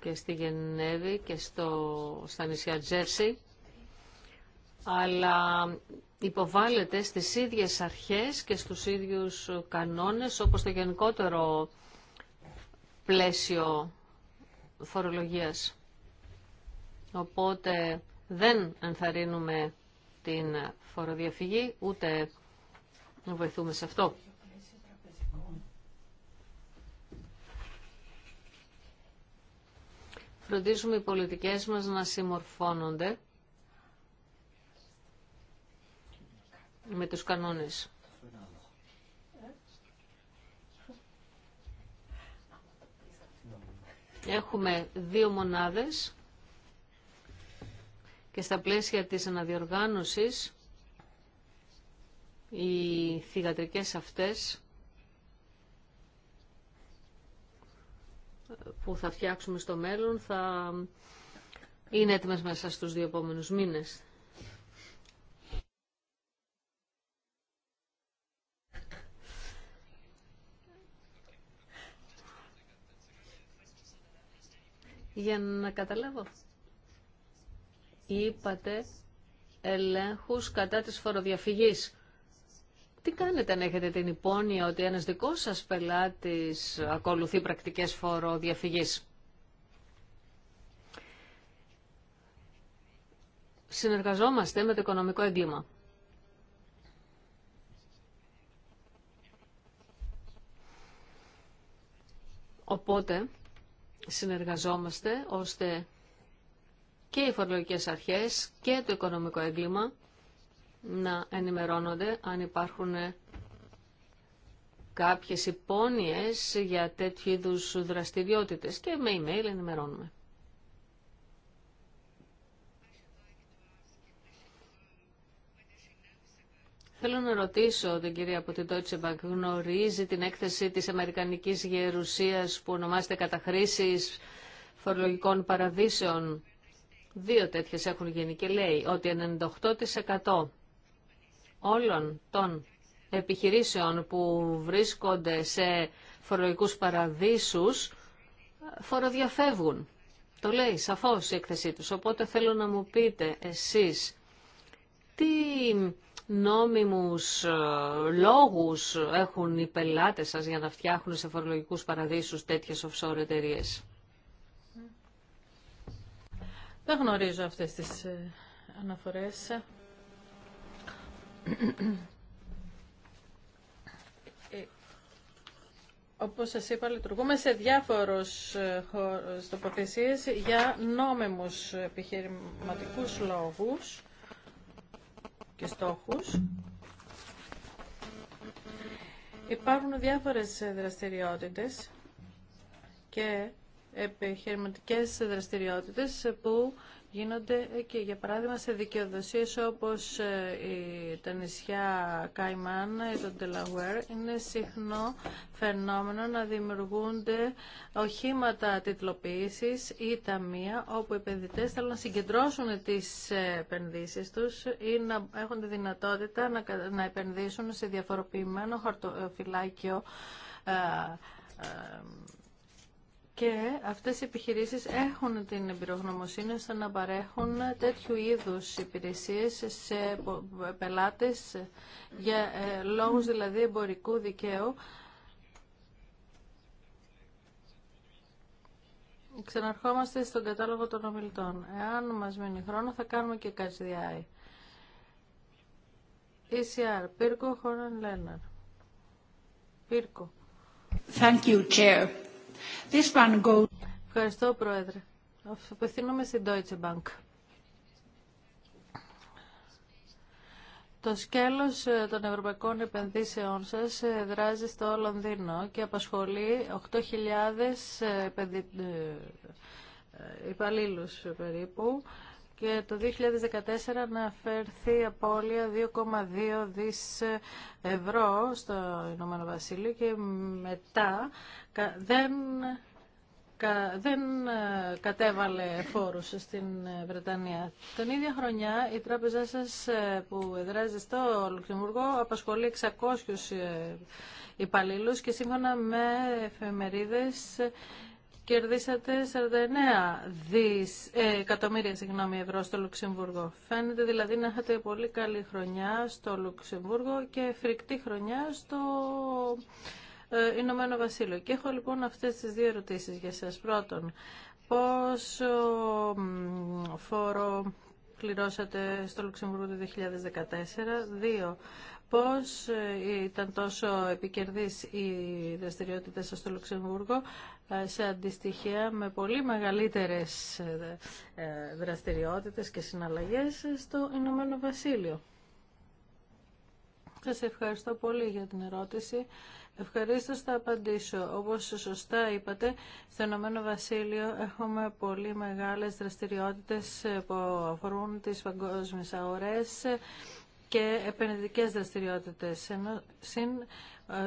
και στη Γενέβη και στο, στα νησιά Τζέρσι, αλλά υποβάλλεται στις ίδιες αρχές και στους ίδιους κανόνες όπως το γενικότερο πλαίσιο φορολογίας. Οπότε δεν ενθαρρύνουμε την φοροδιαφυγή, ούτε βοηθούμε σε αυτό. φροντίζουμε οι πολιτικές μας να συμμορφώνονται με τους κανόνες. Έχουμε δύο μονάδες και στα πλαίσια της αναδιοργάνωσης οι θηγατρικές αυτές που θα φτιάξουμε στο μέλλον θα είναι έτοιμες μέσα στους δύο επόμενους μήνες. Για να καταλάβω. Είπατε ελέγχους κατά της φοροδιαφυγής. Τι κάνετε αν έχετε την υπόνοια ότι ένας δικός σας πελάτης ακολουθεί πρακτικές φοροδιαφυγής. Συνεργαζόμαστε με το οικονομικό έγκλημα. Οπότε συνεργαζόμαστε ώστε και οι φορολογικές αρχές και το οικονομικό έγκλημα να ενημερώνονται αν υπάρχουν κάποιες υπόνοιες για τέτοιου είδου δραστηριότητες και με email ενημερώνουμε. Θέλω να ρωτήσω την κυρία από την Deutsche Bank. Γνωρίζει την έκθεση της Αμερικανικής Γερουσίας που ονομάζεται «Καταχρήσεις φορολογικών παραδείσεων». Δύο τέτοιες έχουν γίνει και λέει ότι 98% όλων των επιχειρήσεων που βρίσκονται σε φορολογικούς παραδείσους φοροδιαφεύγουν. Το λέει σαφώς η έκθεσή τους. Οπότε θέλω να μου πείτε εσείς τι νόμιμους ε, λόγους έχουν οι πελάτες σας για να φτιάχνουν σε φορολογικούς παραδείσους τέτοιες offshore εταιρείε. Δεν γνωρίζω αυτές τις ε, αναφορές. Ε, όπως σας είπα, λειτουργούμε σε διάφορους ε, τοποθεσίες για νόμιμους επιχειρηματικούς λόγους και στόχους. Υπάρχουν διάφορες δραστηριότητες και επιχειρηματικές δραστηριότητες που γίνονται και για παράδειγμα σε δικαιοδοσίες όπως ε, τα νησιά Καϊμάν ή το τελαγουέρ είναι συχνό φαινόμενο να δημιουργούνται οχήματα τιτλοποίησης ή ταμεία όπου οι επενδυτές θέλουν να συγκεντρώσουν τις ε, επενδύσεις τους ή να έχουν τη δυνατότητα να επενδύσουν σε διαφοροποιημένο χαρτοφυλάκιο ε, και αυτές οι επιχειρήσεις έχουν την εμπειρογνωμοσύνη ώστε να παρέχουν τέτοιου είδους υπηρεσίες σε πελάτες για ε, λόγους δηλαδή εμπορικού δικαίου Ξαναρχόμαστε στον κατάλογο των ομιλητών. Εάν μας μείνει χρόνο θα κάνουμε και κατσιδιάι. ECR, Πύρκο Χόραν Λέναρ. Πύρκο. Thank you, Chair. Ευχαριστώ, Πρόεδρε. Απευθύνομαι στην Deutsche Bank. Το σκέλος ε, των ευρωπαϊκών επενδύσεών σας ε, δράζει στο Λονδίνο και απασχολεί 8.000 ε, υπαλλήλους περίπου και το 2014 να φέρθει απώλεια 2,2 δις ευρώ στο Ηνωμένο Βασίλειο και μετά δεν δεν ε, κατέβαλε φόρους στην ε, Βρετανία. Την ίδια χρονιά η τράπεζά σας ε, που εδράζει στο Λουξεμβούργο απασχολεί 600 υπαλλήλους και σύμφωνα με εφημερίδες κερδίσατε 49 δις, ε, εκατομμύρια συγγνώμη, ευρώ στο Λουξεμβούργο. Φαίνεται δηλαδή να είχατε πολύ καλή χρονιά στο Λουξεμβούργο και φρικτή χρονιά στο ε, Ηνωμένο Βασίλειο. Και έχω λοιπόν αυτές τις δύο ερωτήσεις για σας. Πρώτον, πόσο φόρο πληρώσατε στο Λουξεμβούργο το 2014. Δύο, πώς ε, ήταν τόσο επικερδής η δραστηριότητα σας στο Λουξεμβούργο ε, σε αντιστοιχεία με πολύ μεγαλύτερες ε, δραστηριότητες και συναλλαγές στο Ηνωμένο Βασίλειο. Σας ευχαριστώ πολύ για την ερώτηση. Ευχαριστώ θα απαντήσω. Όπως σωστά είπατε, στο Ηνωμένο Βασίλειο έχουμε πολύ μεγάλες δραστηριότητες που αφορούν τις παγκόσμιες αγορές, και επενδυτικές δραστηριότητες, ενώ συν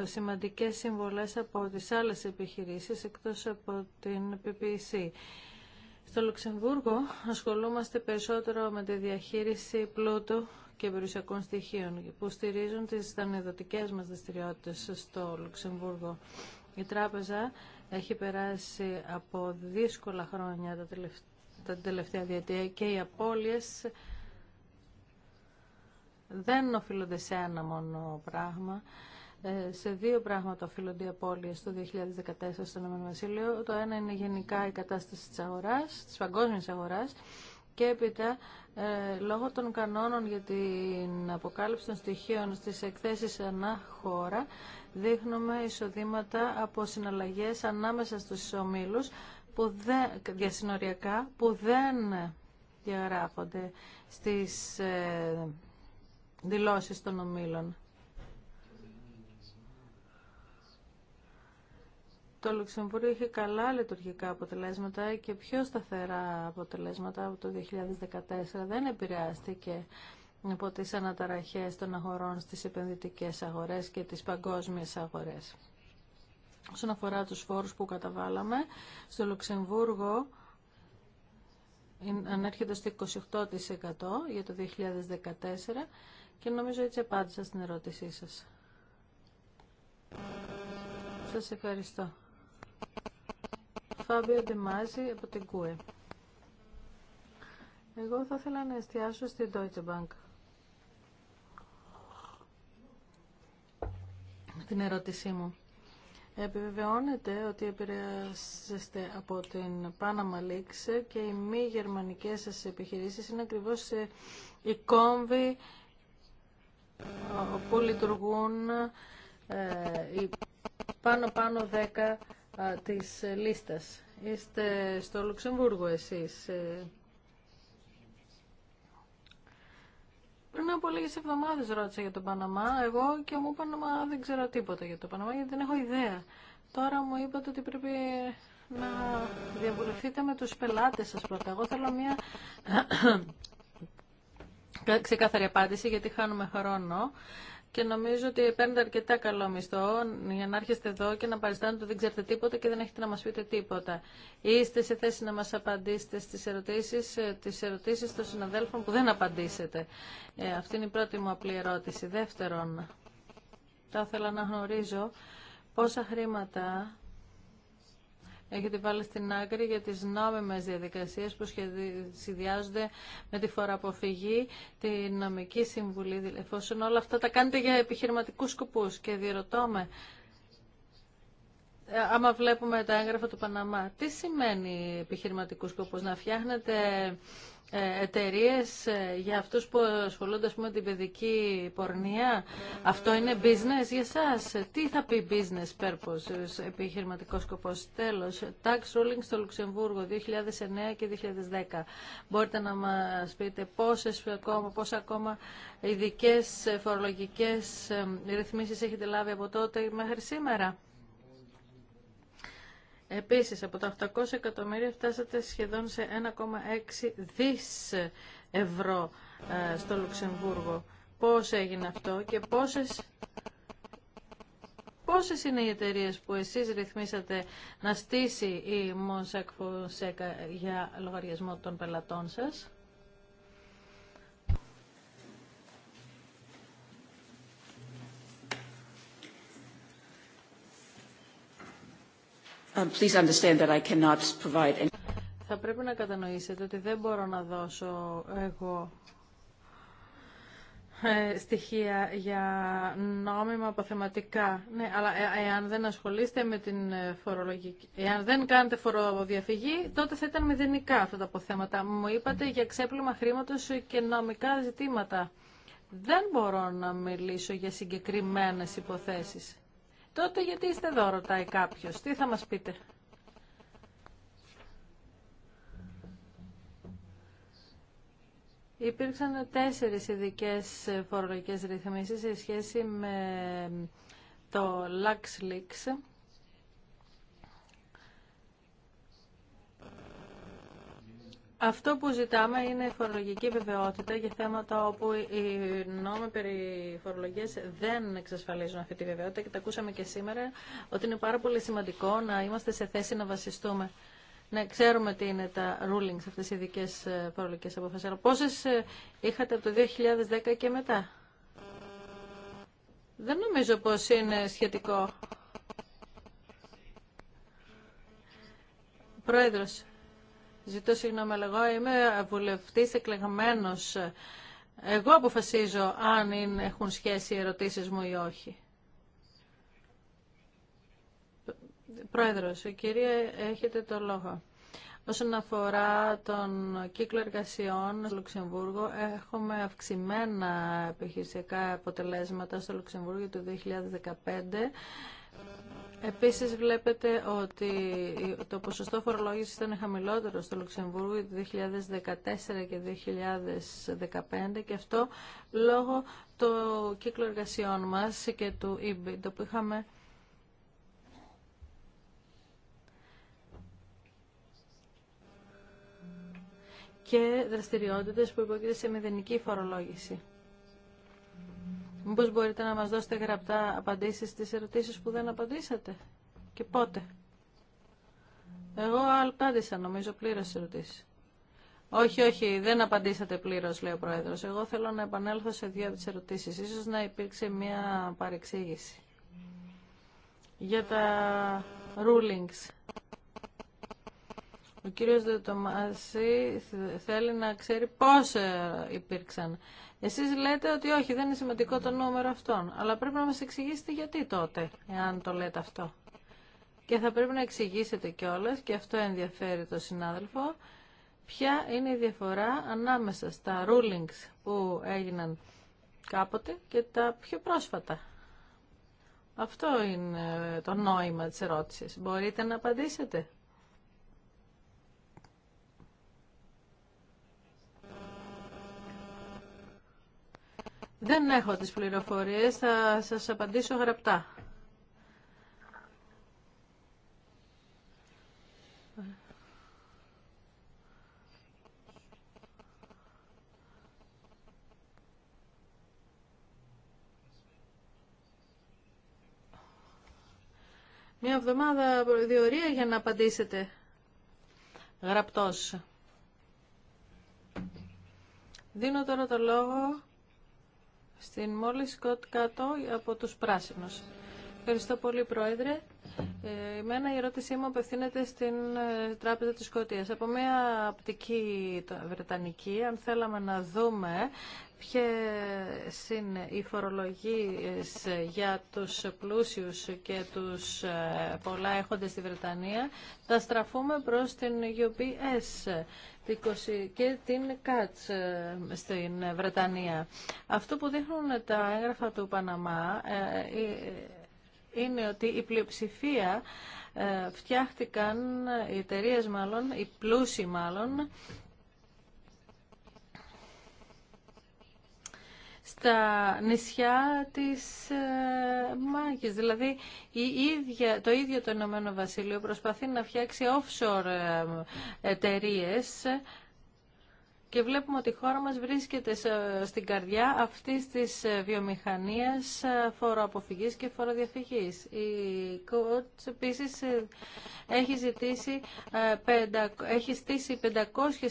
ε, σημαντικές συμβολές από τις άλλες επιχειρήσεις εκτός από την PPC. E στο Λουξεμβούργο ασχολούμαστε περισσότερο με τη διαχείριση πλούτου και περιουσιακών στοιχείων που στηρίζουν τις δανειοδοτικές μας δραστηριότητες στο Λουξεμβούργο. Η τράπεζα έχει περάσει από δύσκολα χρόνια τα τελευταία διετία και οι απώλειες δεν οφείλονται σε ένα μόνο πράγμα. Ε, σε δύο πράγματα οφείλονται οι απώλειε το 2014 στον ΕΒ. Το ένα είναι γενικά η κατάσταση τη αγορά, της παγκόσμια αγορά, και έπειτα ε, λόγω των κανόνων για την αποκάλυψη των στοιχείων στις εκθέσεις ένα χώρα δείχνουμε εισοδήματα από συναλλαγές ανάμεσα στους ομίλους που δεν, διασυνοριακά που δεν διαγράφονται στις ε, δηλώσεις των ομίλων. Το Λουξεμβούργο είχε καλά λειτουργικά αποτελέσματα και πιο σταθερά αποτελέσματα από το 2014. Δεν επηρεάστηκε από τις αναταραχές των αγορών στις επενδυτικές αγορές και τις παγκόσμιες αγορές. Όσον αφορά τους φόρους που καταβάλαμε, στο Λουξεμβούργο ανέρχεται στο 28% για το 2014 και νομίζω έτσι απάντησα στην ερώτησή σας. Σας ευχαριστώ. Φάβιο Ντεμάζη από την ΚΟΕ. Εγώ θα ήθελα να εστιάσω στη Deutsche Bank. Την ερώτησή μου. Επιβεβαιώνεται ότι επηρεάζεστε από την Panama Leaks και οι μη γερμανικές σας επιχειρήσεις είναι ακριβώς η κόμβη που λειτουργούν πάνω-πάνω ε, 10 ε, της λίστας. Είστε στο Λουξεμβούργο εσείς. Ε. Πριν από λίγες εβδομάδες ρώτησα για τον Παναμά, εγώ και μου είπαν μα δεν ξέρω τίποτα για τον Παναμά γιατί δεν έχω ιδέα. Τώρα μου είπατε ότι πρέπει να διαβουλευτείτε με τους πελάτες σας πρώτα. Εγώ θέλω μια ξεκάθαρη απάντηση γιατί χάνουμε χρόνο και νομίζω ότι παίρνετε αρκετά καλό μισθό για να έρχεστε εδώ και να παριστάνετε ότι δεν ξέρετε τίποτα και δεν έχετε να μας πείτε τίποτα. Είστε σε θέση να μας απαντήσετε στις ερωτήσεις, ε, τις ερωτήσεις των συναδέλφων που δεν απαντήσετε. Ε, αυτή είναι η πρώτη μου απλή ερώτηση. Δεύτερον, θα ήθελα να γνωρίζω πόσα χρήματα έχετε βάλει στην άκρη για τις νόμιμες διαδικασίες που σχεδιάζονται με τη φοραποφυγή, τη νομική συμβουλή, δηλαδή, εφόσον όλα αυτά τα κάνετε για επιχειρηματικούς σκοπούς και διερωτώ με, ε, άμα βλέπουμε τα έγγραφα του Παναμά, τι σημαίνει επιχειρηματικούς σκοπούς, να φτιάχνετε ε, εταιρείε ε, για αυτούς που ασχολούνται με την παιδική πορνεία. Αυτό είναι business για σας. Τι θα πει business purpose, επιχειρηματικό σκοπός. Τέλο, tax ruling στο Λουξεμβούργο 2009 και 2010. Μπορείτε να μας πείτε πόσες ακόμα, πόσα ακόμα ειδικέ φορολογικές ε, ρυθμίσει έχετε λάβει από τότε μέχρι σήμερα. Επίσης, από τα 800 εκατομμύρια φτάσατε σχεδόν σε 1,6 δις ευρώ ε, στο Λουξεμβούργο. Πώς έγινε αυτό και πόσες, πόσες είναι οι εταιρείε που εσείς ρυθμίσατε να στήσει η Μονσέκ για λογαριασμό των πελατών σας. Uh, θα πρέπει να κατανοήσετε ότι δεν μπορώ να δώσω εγώ ε, στοιχεία για νόμιμα αποθεματικά. Ναι, αλλά ε, εάν δεν ασχολείστε με την ε, φορολογική, εάν δεν κάνετε φοροδιαφυγή, τότε θα ήταν μηδενικά αυτά τα αποθέματα. Μου είπατε για ξέπλυμα χρήματος και νομικά ζητήματα. Δεν μπορώ να μιλήσω για συγκεκριμένες υποθέσεις. Τότε γιατί είστε εδώ, ρωτάει κάποιο. Τι θα μας πείτε. Υπήρξαν τέσσερις ειδικέ φορολογικές ρυθμίσεις σε σχέση με το LuxLeaks Αυτό που ζητάμε είναι φορολογική βεβαιότητα για θέματα όπου οι νόμοι περί φορολογίας δεν εξασφαλίζουν αυτή τη βεβαιότητα και τα ακούσαμε και σήμερα ότι είναι πάρα πολύ σημαντικό να είμαστε σε θέση να βασιστούμε. να ξέρουμε τι είναι τα rulings, αυτές οι ειδικέ ε, φορολογικές αποφάσεις. Αλλά πόσες ε, είχατε από το 2010 και μετά. Δεν νομίζω πως είναι σχετικό. Πρόεδρος, Ζητώ συγγνώμη, αλλά εγώ είμαι βουλευτής εκλεγμένος. Εγώ αποφασίζω αν είναι, έχουν σχέση οι ερωτήσεις μου ή όχι. Πρόεδρος, η κυρία έχετε το λόγο. Όσον αφορά τον κύκλο εργασιών στο Λουξεμβούργο, έχουμε αυξημένα επιχειρησιακά αποτελέσματα στο Λουξεμβούργο του 2015 Επίσης βλέπετε ότι το ποσοστό φορολόγησης ήταν χαμηλότερο στο Λουξεμβούργο το 2014 και 2015 και αυτό λόγω του κύκλου εργασιών μας και του EBIT, το που είχαμε και δραστηριότητες που υπόκειται σε μηδενική φορολόγηση. Μήπως μπορείτε να μας δώσετε γραπτά απαντήσεις στις ερωτήσεις που δεν απαντήσατε και πότε. Εγώ απάντησα νομίζω πλήρως ερωτήσεις. Όχι, όχι, δεν απαντήσατε πλήρω, λέει ο Πρόεδρο. Εγώ θέλω να επανέλθω σε δύο από τι ερωτήσει. σω να υπήρξε μια παρεξήγηση. Για τα rulings ο κύριος Δετομάση θέλει να ξέρει πώς ε, υπήρξαν. Εσείς λέτε ότι όχι, δεν είναι σημαντικό το νούμερο αυτών. Αλλά πρέπει να μας εξηγήσετε γιατί τότε, εάν το λέτε αυτό. Και θα πρέπει να εξηγήσετε κιόλα και αυτό ενδιαφέρει το συνάδελφο, ποια είναι η διαφορά ανάμεσα στα rulings που έγιναν κάποτε και τα πιο πρόσφατα. Αυτό είναι το νόημα της ερώτησης. Μπορείτε να απαντήσετε. Δεν έχω τις πληροφορίες, θα σας απαντήσω γραπτά. Μια εβδομάδα προδιορία για να απαντήσετε γραπτός. Δίνω τώρα το λόγο στην Μόλι Σκοτ κάτω από τους Πράσινους. Ευχαριστώ πολύ Πρόεδρε. Ε, εμένα η ερώτησή μου απευθύνεται στην ε, Τράπεζα της Σκοτίας. Από μια απτική βρετανική, αν θέλαμε να δούμε ποιε είναι οι φορολογίες ε, για τους πλούσιους και τους πολλά έχοντες στη Βρετανία, θα στραφούμε προς την UBS και την ΚΑΤΣ ε, στην Βρετανία. Αυτό που δείχνουν τα έγγραφα του Παναμά ε, ε, είναι ότι η πλειοψηφία φτιάχτηκαν, οι εταιρείε μάλλον, οι πλούσιοι μάλλον, στα νησιά της ε, Μάγης. Δηλαδή η ίδια, το ίδιο το Ηνωμένο Βασίλειο προσπαθεί να φτιάξει offshore ε, εταιρείε και βλέπουμε ότι η χώρα μας βρίσκεται στην καρδιά αυτής της ε, βιομηχανίας ε, φοροαποφυγής και φοροδιαφυγής. Η ΚΟΤΣ επίσης ε, έχει, ζητήσει, έχει στήσει 500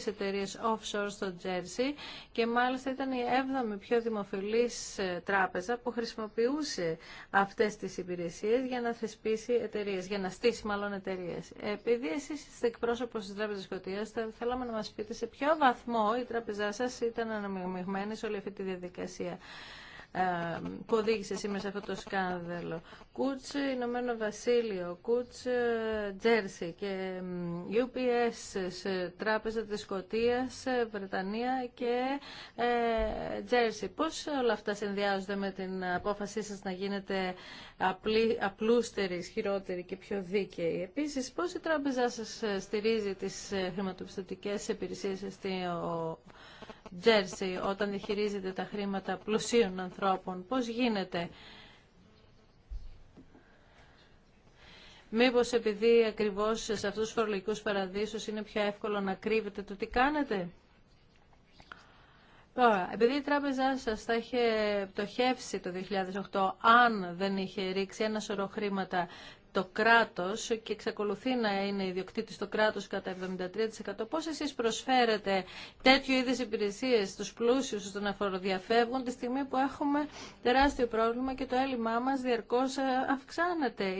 εταιρείες offshore στο Τζέρσι και μάλιστα ήταν η έβδομη πιο δημοφιλής τράπεζα που χρησιμοποιούσε αυτές τις υπηρεσίες για να θεσπίσει εταιρείε, για να στήσει μάλλον εταιρείε. Επειδή εσείς είστε εκπρόσωπος της Τράπεζας Σκοτίας, θα θέλαμε να μας πείτε σε ποιο βαθμό η τράπεζά σας ήταν αναμειγμένη σε όλη αυτή τη διαδικασία. Ε, που οδήγησε σήμερα σε αυτό το σκάνδαλο. Κούτς, Ηνωμένο Βασίλειο, Κούτς, ε, Τζέρσι και UPS, Τράπεζα της Σκοτίας, ε, Βρετανία και Τζέρσι. Πώς όλα αυτά συνδυάζονται με την απόφασή σας να γίνετε απλή, απλούστερη, ισχυρότερη και πιο δίκαιη. Επίσης, πώς η τράπεζά σας στηρίζει τις χρηματοπιστωτικές υπηρεσίες στο Τζέρσι όταν διχειρίζετε τα χρήματα πλουσίων ανθρώπων. Πώς γίνεται. Μήπως επειδή ακριβώς σε αυτούς τους φορολογικούς παραδείσους είναι πιο εύκολο να κρύβετε το τι κάνετε. Τώρα, επειδή η τράπεζά σας θα είχε πτωχεύσει το 2008 αν δεν είχε ρίξει ένα σωρό χρήματα το κράτος και εξακολουθεί να είναι ιδιοκτήτη το κράτος κατά 73%. Πώς εσείς προσφέρετε τέτοιου είδους υπηρεσίες στους πλούσιους στους να τη στιγμή που έχουμε τεράστιο πρόβλημα και το έλλειμμά μας διαρκώς ε, αυξάνεται. Ε,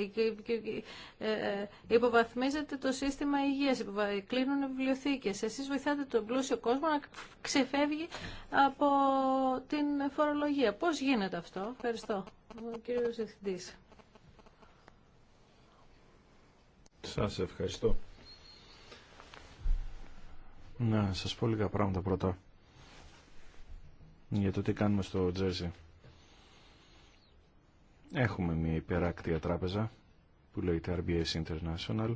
ε, υποβαθμίζεται το σύστημα υγείας, κλείνουν βιβλιοθήκες. Εσείς βοηθάτε τον πλούσιο κόσμο να ξεφεύγει από την φορολογία. Πώς γίνεται αυτό. Ευχαριστώ. Ο κύριος Σας ευχαριστώ. Να σας πω λίγα πράγματα πρώτα για το τι κάνουμε στο Τζέρζι; Έχουμε μια υπεράκτια τράπεζα που λέγεται RBS International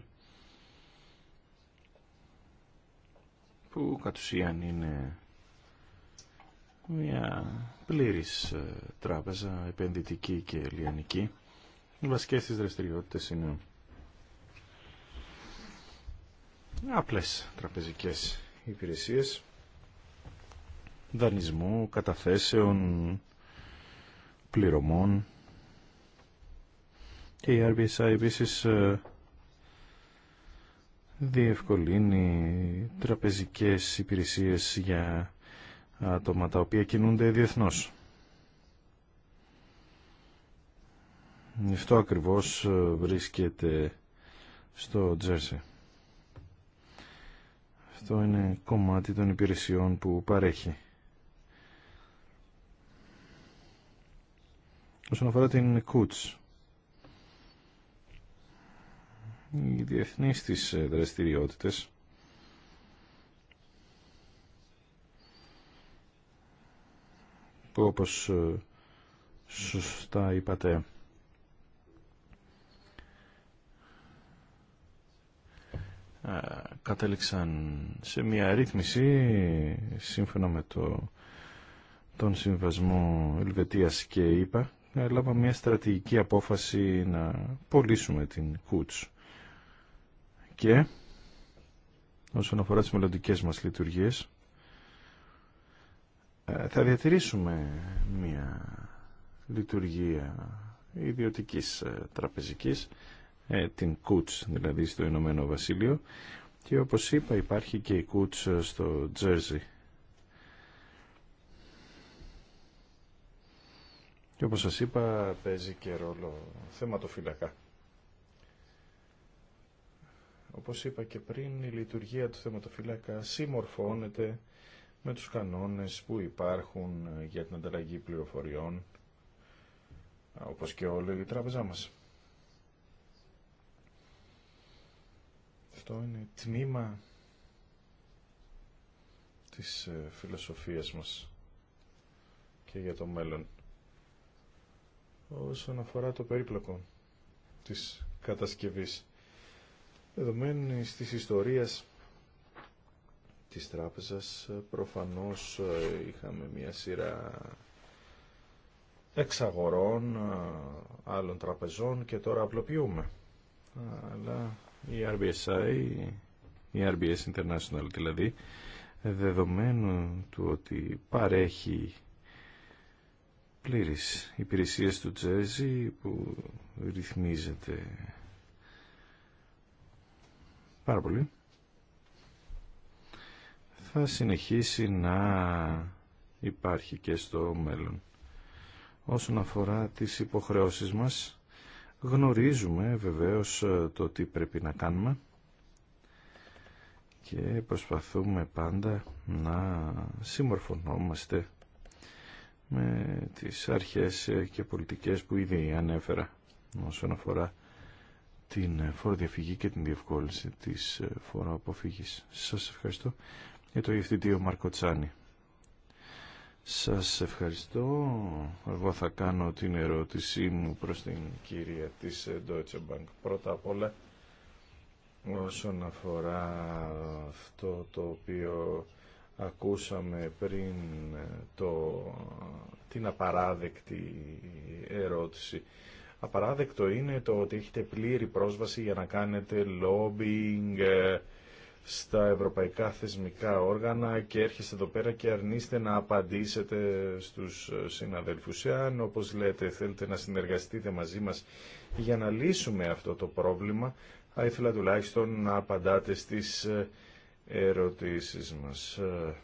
που κατ' ουσίαν είναι μια πλήρης ε, τράπεζα επενδυτική και λιανική. Οι βασικές της δραστηριότητες είναι απλές τραπεζικές υπηρεσίες δανεισμού, καταθέσεων, πληρωμών και η RBSI επίσης ε, διευκολύνει τραπεζικές υπηρεσίες για άτομα τα οποία κινούνται διεθνώς. Αυτό ακριβώς ε, βρίσκεται στο Τζέρσι. Αυτό είναι κομμάτι των υπηρεσιών που παρέχει. Όσον αφορά την ΚΟΥΤΣ, οι διεθνείς της δραστηριότητες που όπως σωστά είπατε κατέληξαν σε μια ρύθμιση σύμφωνα με το, τον Συμβασμό Ελβετίας και ΕΙΠΑ έλαβα ε, μια στρατηγική απόφαση να πωλήσουμε την Κούτς και όσον αφορά τις μελλοντικέ μας λειτουργίες ε, θα διατηρήσουμε μια λειτουργία ιδιωτικής ε, τραπεζικής ε, την Κούτς, δηλαδή στο Ηνωμένο Βασίλειο. Και όπως είπα υπάρχει και η Κούτς ε, στο Τζέρζι. Και όπως σας είπα παίζει και ρόλο θεματοφύλακα. Όπως είπα και πριν, η λειτουργία του θεματοφύλακα συμμορφώνεται με τους κανόνες που υπάρχουν ε, για την ανταλλαγή πληροφοριών, ε, όπως και όλη η τράπεζά μας. αυτό είναι τμήμα της ε, φιλοσοφίας μας και για το μέλλον. Όσον αφορά το περίπλοκο της κατασκευής, Εδωμέν της ιστορίας της τράπεζας, προφανώς ε, είχαμε μια σειρά εξαγορών ε, άλλων τραπεζών και τώρα απλοποιούμε. Αλλά η RBSI, η RBS International δηλαδή, δεδομένου του ότι παρέχει πλήρης υπηρεσίες του Τζέζι που ρυθμίζεται πάρα πολύ θα συνεχίσει να υπάρχει και στο μέλλον. Όσον αφορά τις υποχρεώσεις μας Γνωρίζουμε βεβαίως ε, το τι πρέπει να κάνουμε και προσπαθούμε πάντα να συμμορφωνόμαστε με τις αρχές ε, και πολιτικές που ήδη ανέφερα όσον αφορά την φοροδιαφυγή και την διευκόλυνση της ε, φοροαποφύγης. Σας ευχαριστώ για το διευθυντή ο Μαρκοτσάνη. Σας ευχαριστώ. Εγώ θα κάνω την ερώτησή μου προς την κυρία της Deutsche Bank. Πρώτα απ' όλα, όσον αφορά αυτό το οποίο ακούσαμε πριν το, την απαράδεκτη ερώτηση. Απαράδεκτο είναι το ότι έχετε πλήρη πρόσβαση για να κάνετε lobbying, ε, στα ευρωπαϊκά θεσμικά όργανα και έρχεστε εδώ πέρα και αρνείστε να απαντήσετε στους συναδέλφους. Εάν, όπως λέτε, θέλετε να συνεργαστείτε μαζί μας για να λύσουμε αυτό το πρόβλημα, θα ήθελα τουλάχιστον να απαντάτε στις ε, ερωτήσεις μας. Ε,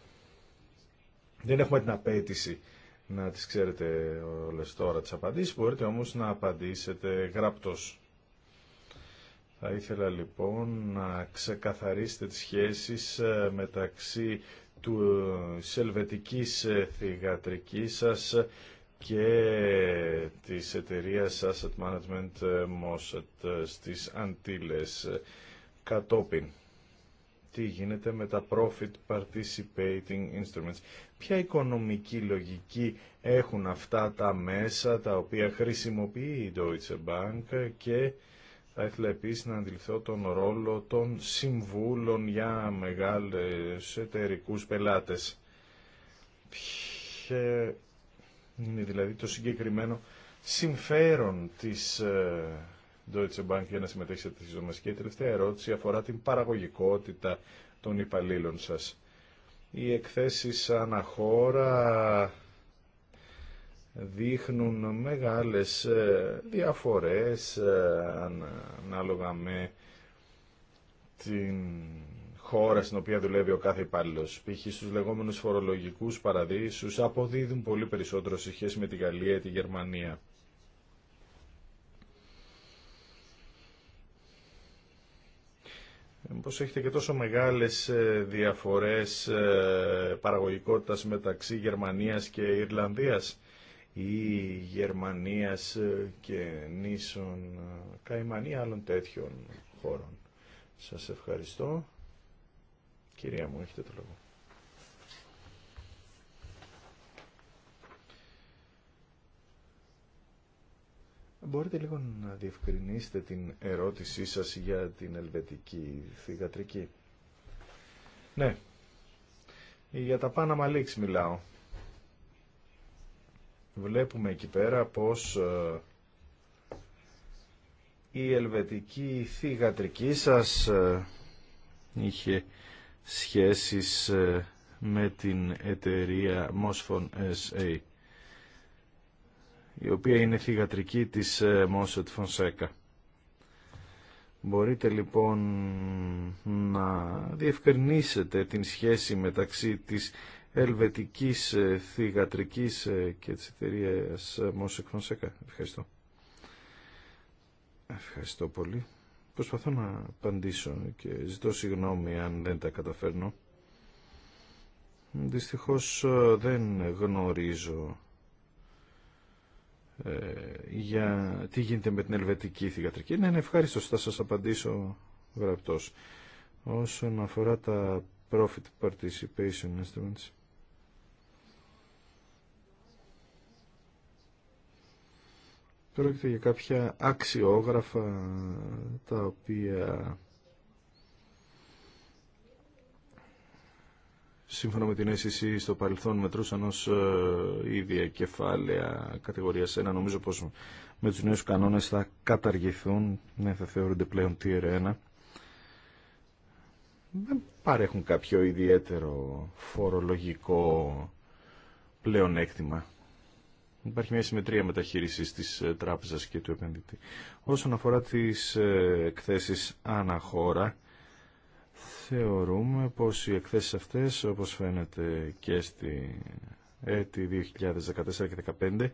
δεν έχουμε την απέτηση να τις ξέρετε όλες τώρα τις απαντήσεις, μπορείτε όμως να απαντήσετε γραπτός. Θα ήθελα λοιπόν να ξεκαθαρίσετε τις σχέσεις ε, μεταξύ του σελβετικής ε, ε, θηγατρικής σας και της εταιρείας Asset Management Mosset στις Αντίλες κατόπιν. Τι γίνεται με τα Profit Participating Instruments. Ποια οικονομική λογική έχουν αυτά τα μέσα τα οποία χρησιμοποιεί η Deutsche Bank και θα ήθελα επίσης να αντιληφθώ τον ρόλο των συμβούλων για μεγάλες εταιρικούς πελάτες. είναι δηλαδή το συγκεκριμένο συμφέρον της ε, Deutsche Bank για να συμμετέχει σε τις μα Και η τελευταία ερώτηση αφορά την παραγωγικότητα των υπαλλήλων σας. Οι εκθέσεις αναχώρα δείχνουν μεγάλες ε, διαφορές ε, ανάλογα με την χώρα στην οποία δουλεύει ο κάθε υπάλληλο. Π.χ. στους λεγόμενους φορολογικούς παραδείσους αποδίδουν πολύ περισσότερο σε σχέση με τη Γαλλία ή τη Γερμανία. Πώς έχετε και τόσο μεγάλες ε, διαφορές παραγωγικότητας μεταξύ Γερμανίας και Ιρλανδίας ή Γερμανίας ε, και νήσων ε, Καϊμανή άλλων τέτοιων χώρων. Σας ευχαριστώ. Κυρία μου, έχετε το λόγο. Μπορείτε λίγο να διευκρινίσετε την ερώτησή σας για την ελβετική θηγατρική. Ναι. Για τα Panama Leaks μιλάω βλέπουμε εκεί πέρα πως ε, η ελβετική θηγατρική σας ε, είχε σχέσεις ε, με την εταιρεία Mosfon SA η οποία είναι θηγατρική της Mosfon Fonseca. Μπορείτε λοιπόν να διευκρινίσετε την σχέση μεταξύ της ελβετικής ε, θηγατρικής ε, και της εταιρεία ε, Mosek Fonseca. Ευχαριστώ. Ευχαριστώ πολύ. Προσπαθώ να απαντήσω και ζητώ συγγνώμη αν δεν τα καταφέρνω. Δυστυχώς δεν γνωρίζω ε, για τι γίνεται με την ελβετική θηγατρική. Ναι, ναι, ευχαριστώ. θα σας απαντήσω γραπτός. Όσον αφορά τα profit participation instruments, Πρόκειται για κάποια αξιόγραφα τα οποία σύμφωνα με την αίσθηση στο παρελθόν μετρούσαν ως ε, ίδια κεφάλαια κατηγορίας 1. Νομίζω πως με τους νέους κανόνες θα καταργηθούν, ναι, θα θεωρούνται πλέον tier 1. Δεν παρέχουν κάποιο ιδιαίτερο φορολογικό πλεονέκτημα. Υπάρχει μια συμμετρία μεταχείρισης της ε, τράπεζας και του επενδυτή. Όσον αφορά τις ε, εκθέσεις αναχώρα, θεωρούμε πως οι εκθέσεις αυτές, όπως φαίνεται και στη έτη 2014 και 2015,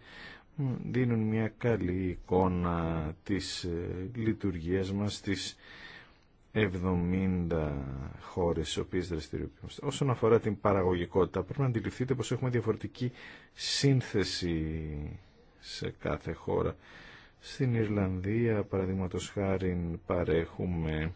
δίνουν μια καλή εικόνα της ε, λειτουργίας μας, της 70 χώρες στις οποίες δραστηριοποιούμαστε. Όσον αφορά την παραγωγικότητα, πρέπει να αντιληφθείτε πως έχουμε διαφορετική σύνθεση σε κάθε χώρα. Στην Ιρλανδία, παραδείγματο χάρη, παρέχουμε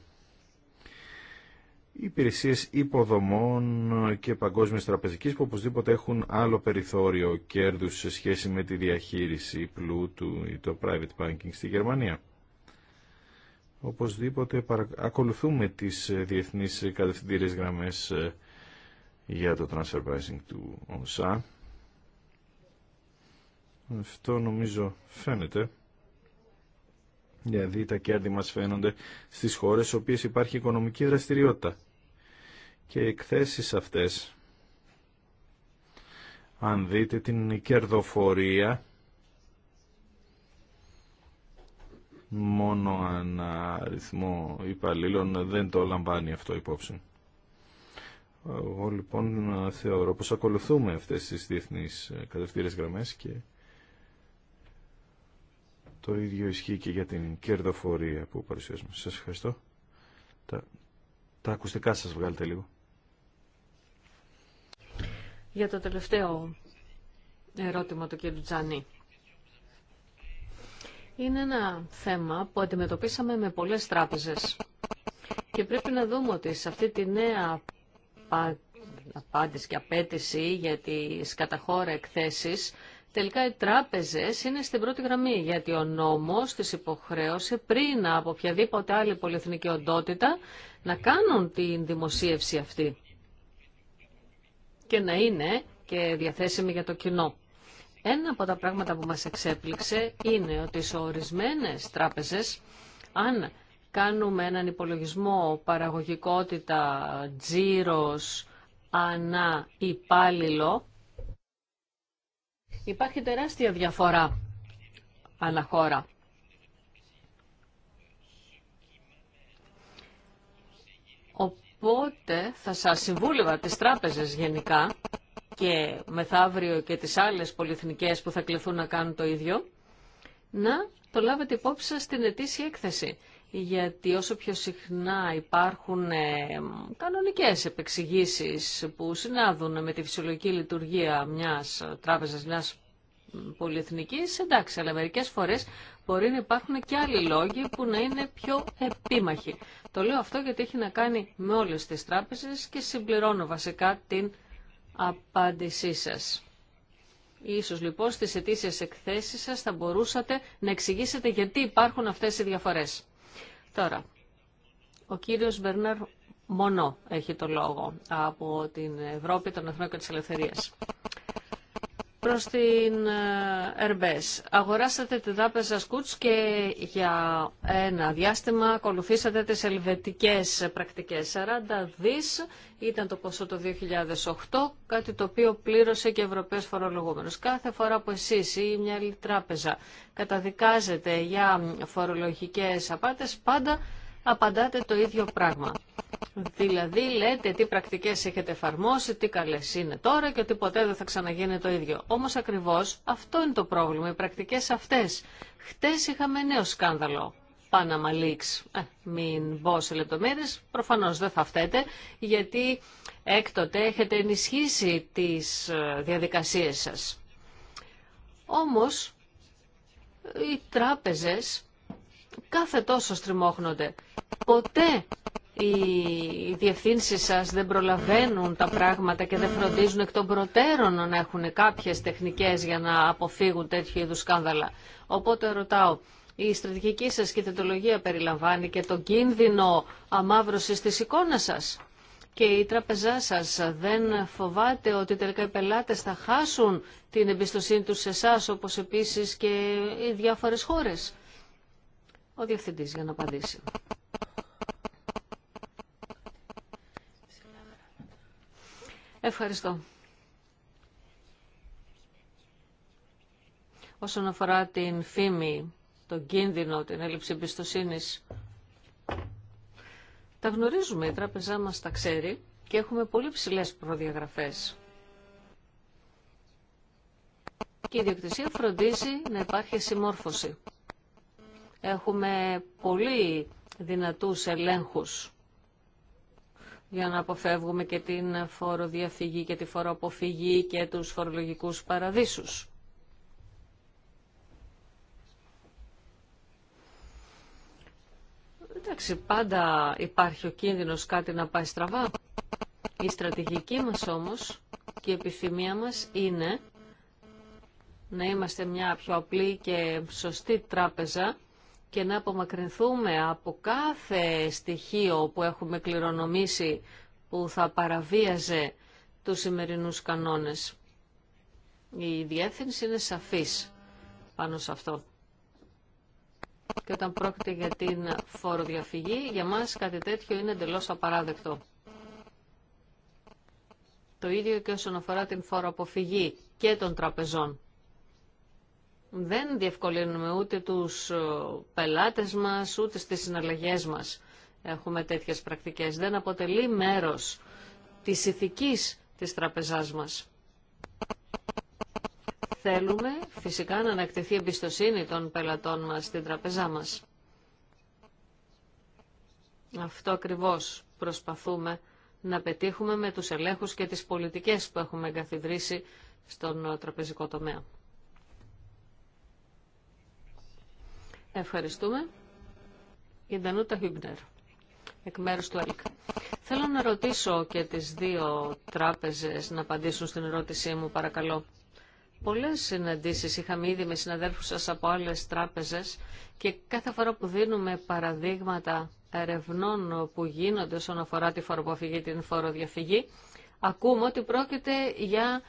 υπηρεσίες υποδομών και παγκόσμιες τραπεζικής που οπωσδήποτε έχουν άλλο περιθώριο κέρδους σε σχέση με τη διαχείριση πλούτου ή το private banking στη Γερμανία οπωσδήποτε ακολουθούμε τις ε, διεθνείς κατευθυντήριες γραμμές ε, για το transfer pricing του ΩΣΑ. Αυτό νομίζω φαίνεται. γιατί τα κέρδη μας φαίνονται στις χώρες στις οποίες υπάρχει οικονομική δραστηριότητα. Και οι εκθέσεις αυτές, αν δείτε την κερδοφορία μόνο ένα αριθμό υπαλλήλων δεν το λαμβάνει αυτό υπόψη. Εγώ λοιπόν θεωρώ πως ακολουθούμε αυτές τις διεθνείς ε, κατευθύνες γραμμές και το ίδιο ισχύει και για την κερδοφορία που παρουσιάζουμε. Σας ευχαριστώ. Τα, τα ακουστικά σας βγάλετε λίγο. Για το τελευταίο ερώτημα του κ. Τζανί είναι ένα θέμα που αντιμετωπίσαμε με πολλές τράπεζες. Και πρέπει να δούμε ότι σε αυτή τη νέα απάντηση και απέτηση για τις καταχώρα εκθέσεις, τελικά οι τράπεζες είναι στην πρώτη γραμμή, γιατί ο νόμος τις υποχρέωσε πριν από οποιαδήποτε άλλη πολυεθνική οντότητα να κάνουν την δημοσίευση αυτή και να είναι και διαθέσιμη για το κοινό. Ένα από τα πράγματα που μας εξέπληξε είναι ότι σε ορισμένες τράπεζες, αν κάνουμε έναν υπολογισμό παραγωγικότητα, τζίρος, ανά υπάλληλο, υπάρχει τεράστια διαφορά χώρα. Οπότε θα σας συμβούλευα τις τράπεζες γενικά και μεθαύριο και τις άλλες πολυεθνικές που θα κληθούν να κάνουν το ίδιο, να το λάβετε υπόψη σας στην ετήσια έκθεση. Γιατί όσο πιο συχνά υπάρχουν ε, κανονικές επεξηγήσεις που συνάδουν με τη φυσιολογική λειτουργία μιας τράπεζας, μιας πολυεθνικής, εντάξει, αλλά μερικές φορές μπορεί να υπάρχουν και άλλοι λόγοι που να είναι πιο επίμαχοι. Το λέω αυτό γιατί έχει να κάνει με όλες τις τράπεζες και συμπληρώνω βασικά την απάντησή σας. Ίσως λοιπόν στις ετήσιες εκθέσεις σας θα μπορούσατε να εξηγήσετε γιατί υπάρχουν αυτές οι διαφορές. Τώρα, ο κύριος Μπερνάρ Μονό έχει το λόγο από την Ευρώπη των Εθνών και τη Ελευθερίας προς την ε, Ερμπές. Αγοράσατε την τράπεζα Σκούτς και για ένα διάστημα ακολουθήσατε τις ελβετικές πρακτικές. 40 δις ήταν το ποσό το 2008, κάτι το οποίο πλήρωσε και Ευρωπαίος φορολογούμενος. Κάθε φορά που εσείς ή μια άλλη τράπεζα καταδικάζετε για φορολογικές απάτες, πάντα απαντάτε το ίδιο πράγμα. Δηλαδή λέτε τι πρακτικές έχετε εφαρμόσει, τι καλές είναι τώρα και ότι ποτέ δεν θα ξαναγίνει το ίδιο. Όμως ακριβώς αυτό είναι το πρόβλημα, οι πρακτικές αυτές. Χτες είχαμε νέο σκάνδαλο, Panama Leaks. Ε, μην μπω σε λεπτομέρειες, προφανώς δεν θα φταίτε, γιατί έκτοτε έχετε ενισχύσει τις ε, διαδικασίες σας. Όμως, οι τράπεζες κάθε τόσο στριμώχνονται ποτέ οι διευθύνσεις σας δεν προλαβαίνουν τα πράγματα και δεν φροντίζουν εκ των προτέρων να έχουν κάποιες τεχνικές για να αποφύγουν τέτοιου είδους σκάνδαλα. Οπότε ρωτάω, η στρατηγική σας τετολογία περιλαμβάνει και τον κίνδυνο αμαύρωσης της εικόνας σας. Και η τράπεζά σας δεν φοβάται ότι τελικά οι πελάτες θα χάσουν την εμπιστοσύνη τους σε εσά, όπως επίσης και οι διάφορες χώρες. Ο Διευθυντής για να απαντήσει. Ευχαριστώ. Όσον αφορά την φήμη, τον κίνδυνο, την έλλειψη εμπιστοσύνη. Τα γνωρίζουμε, η τράπεζά μας τα ξέρει και έχουμε πολύ ψηλές προδιαγραφές. Και η Διοκτησία φροντίζει να υπάρχει συμμόρφωση. Έχουμε πολύ δυνατούς ελέγχους για να αποφεύγουμε και την φοροδιαφυγή και τη φοροαποφυγή και τους φορολογικούς παραδείσους. Εντάξει, πάντα υπάρχει ο κίνδυνος κάτι να πάει στραβά. Η στρατηγική μας όμως και η επιθυμία μας είναι να είμαστε μια πιο απλή και σωστή τράπεζα και να απομακρυνθούμε από κάθε στοιχείο που έχουμε κληρονομήσει που θα παραβίαζε τους σημερινούς κανόνες. Η διεύθυνση είναι σαφής πάνω σε αυτό. Και όταν πρόκειται για την φοροδιαφυγή, για μας κάτι τέτοιο είναι εντελώς απαράδεκτο. Το ίδιο και όσον αφορά την φοροαποφυγή και των τραπεζών δεν διευκολύνουμε ούτε τους ε, πελάτες μας, ούτε στις συναλλαγές μας έχουμε τέτοιες πρακτικές. Δεν αποτελεί μέρος της ηθικής της τραπεζάς μας. Θέλουμε φυσικά να ανακτηθεί η εμπιστοσύνη των πελατών μας στην τραπεζά μας. Αυτό ακριβώς προσπαθούμε να πετύχουμε με τους ελέγχους και τις πολιτικές που έχουμε εγκαθιδρύσει στον τραπεζικό τομέα. Ευχαριστούμε. Η Ντανούτα Χιμπνερ, εκ μέρους του ΑΛΚ. Θέλω να ρωτήσω και τις δύο τράπεζες να απαντήσουν στην ερώτησή μου, παρακαλώ. Πολλές συναντήσεις είχαμε ήδη με συναδέλφους σας από άλλες τράπεζες και κάθε φορά που δίνουμε παραδείγματα ερευνών που γίνονται όσον αφορά τη φοροποφυγή την φοροδιαφυγή, ακούμε ότι πρόκειται για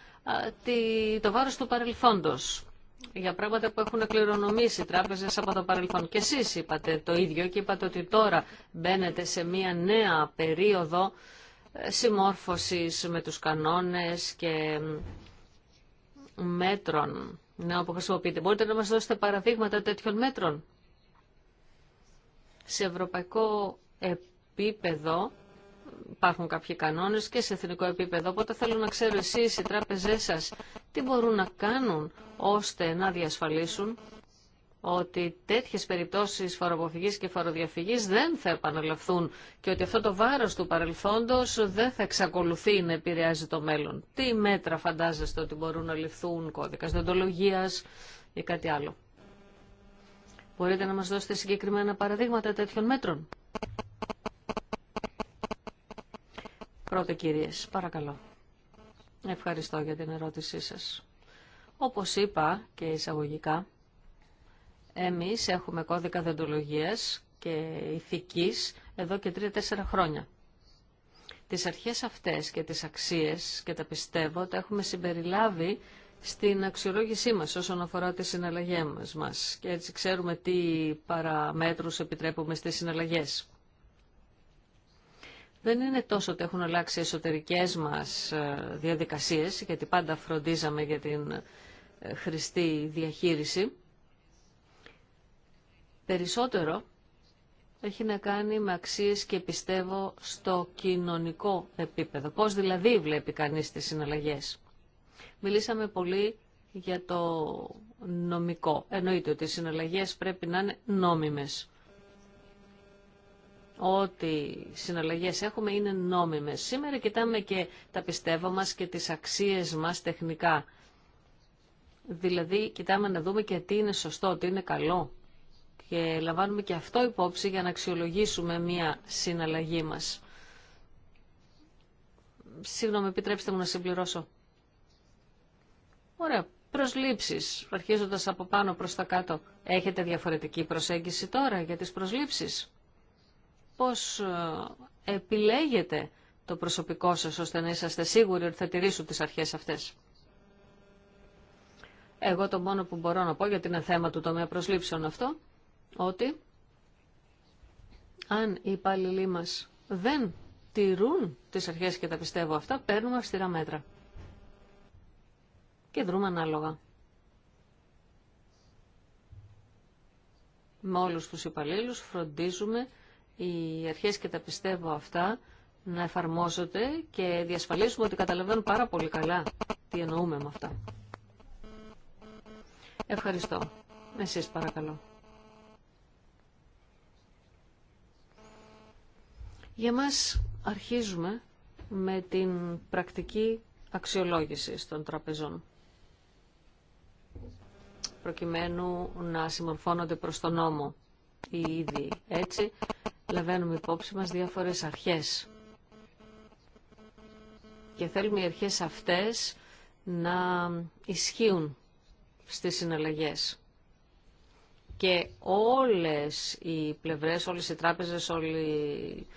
το βάρος του παρελθόντος για πράγματα που έχουν κληρονομήσει τράπεζες από το παρελθόν. Και εσείς είπατε το ίδιο και είπατε ότι τώρα μπαίνετε σε μια νέα περίοδο ε, συμμόρφωσης με τους κανόνες και μέτρων να που Μπορείτε να μας δώσετε παραδείγματα τέτοιων μέτρων. Σε ευρωπαϊκό επίπεδο υπάρχουν κάποιοι κανόνες και σε εθνικό επίπεδο. Οπότε θέλω να ξέρω εσείς οι τράπεζές σας τι μπορούν να κάνουν ώστε να διασφαλίσουν ότι τέτοιες περιπτώσεις φοροαποφυγής και φοροδιαφυγής δεν θα επαναλαφθούν και ότι αυτό το βάρος του παρελθόντος δεν θα εξακολουθεί να επηρεάζει το μέλλον. Τι μέτρα φαντάζεστε ότι μπορούν να ληφθούν κώδικας δοντολογίας ή κάτι άλλο. Μπορείτε να μας δώσετε συγκεκριμένα παραδείγματα τέτοιων μέτρων. Πρώτε κυρίες, παρακαλώ. Ευχαριστώ για την ερώτησή σας. Όπως είπα και εισαγωγικά, εμείς έχουμε κώδικα δεντολογίας και ηθικής εδώ και τρία-τέσσερα χρόνια. Τις αρχές αυτές και τις αξίες και τα πιστεύω τα έχουμε συμπεριλάβει στην αξιολόγησή μας όσον αφορά τις συναλλαγές μας και έτσι ξέρουμε τι παραμέτρους επιτρέπουμε στις συναλλαγές δεν είναι τόσο ότι έχουν αλλάξει οι εσωτερικές μας ε, διαδικασίες, γιατί πάντα φροντίζαμε για την ε, χρηστή διαχείριση. Περισσότερο έχει να κάνει με αξίες και πιστεύω στο κοινωνικό επίπεδο. Πώς δηλαδή βλέπει κανείς τις συναλλαγές. Μιλήσαμε πολύ για το νομικό. Εννοείται ότι οι συναλλαγές πρέπει να είναι νόμιμες ό,τι συναλλαγές έχουμε είναι νόμιμες. Σήμερα κοιτάμε και τα πιστεύω μας και τις αξίες μας τεχνικά. Δηλαδή κοιτάμε να δούμε και τι είναι σωστό, τι είναι καλό. Και λαμβάνουμε και αυτό υπόψη για να αξιολογήσουμε μία συναλλαγή μας. Συγγνώμη, επιτρέψτε μου να συμπληρώσω. Ωραία, προσλήψεις, αρχίζοντας από πάνω προς τα κάτω. Έχετε διαφορετική προσέγγιση τώρα για τις προσλήψεις πώς ε, επιλέγετε το προσωπικό σας ώστε να είσαστε σίγουροι ότι θα τηρήσουν τις αρχές αυτές. Εγώ το μόνο που μπορώ να πω, για είναι θέμα του τομέα προσλήψεων αυτό, ότι αν οι υπάλληλοι μας δεν τηρούν τις αρχές και τα πιστεύω αυτά, παίρνουμε αυστηρά μέτρα. Και δρούμε ανάλογα. Με όλους τους υπαλλήλους φροντίζουμε οι αρχές και τα πιστεύω αυτά να εφαρμόζονται και διασφαλίζουμε ότι καταλαβαίνουν πάρα πολύ καλά τι εννοούμε με αυτά. Ευχαριστώ. Εσείς παρακαλώ. Για μας αρχίζουμε με την πρακτική αξιολόγηση των τραπεζών προκειμένου να συμμορφώνονται προς τον νόμο οι ίδιοι έτσι λαβαίνουμε υπόψη μας διάφορες αρχές. Και θέλουμε οι αρχές αυτές να ισχύουν στις συναλλαγές. Και όλες οι πλευρές, όλες οι τράπεζες, όλοι,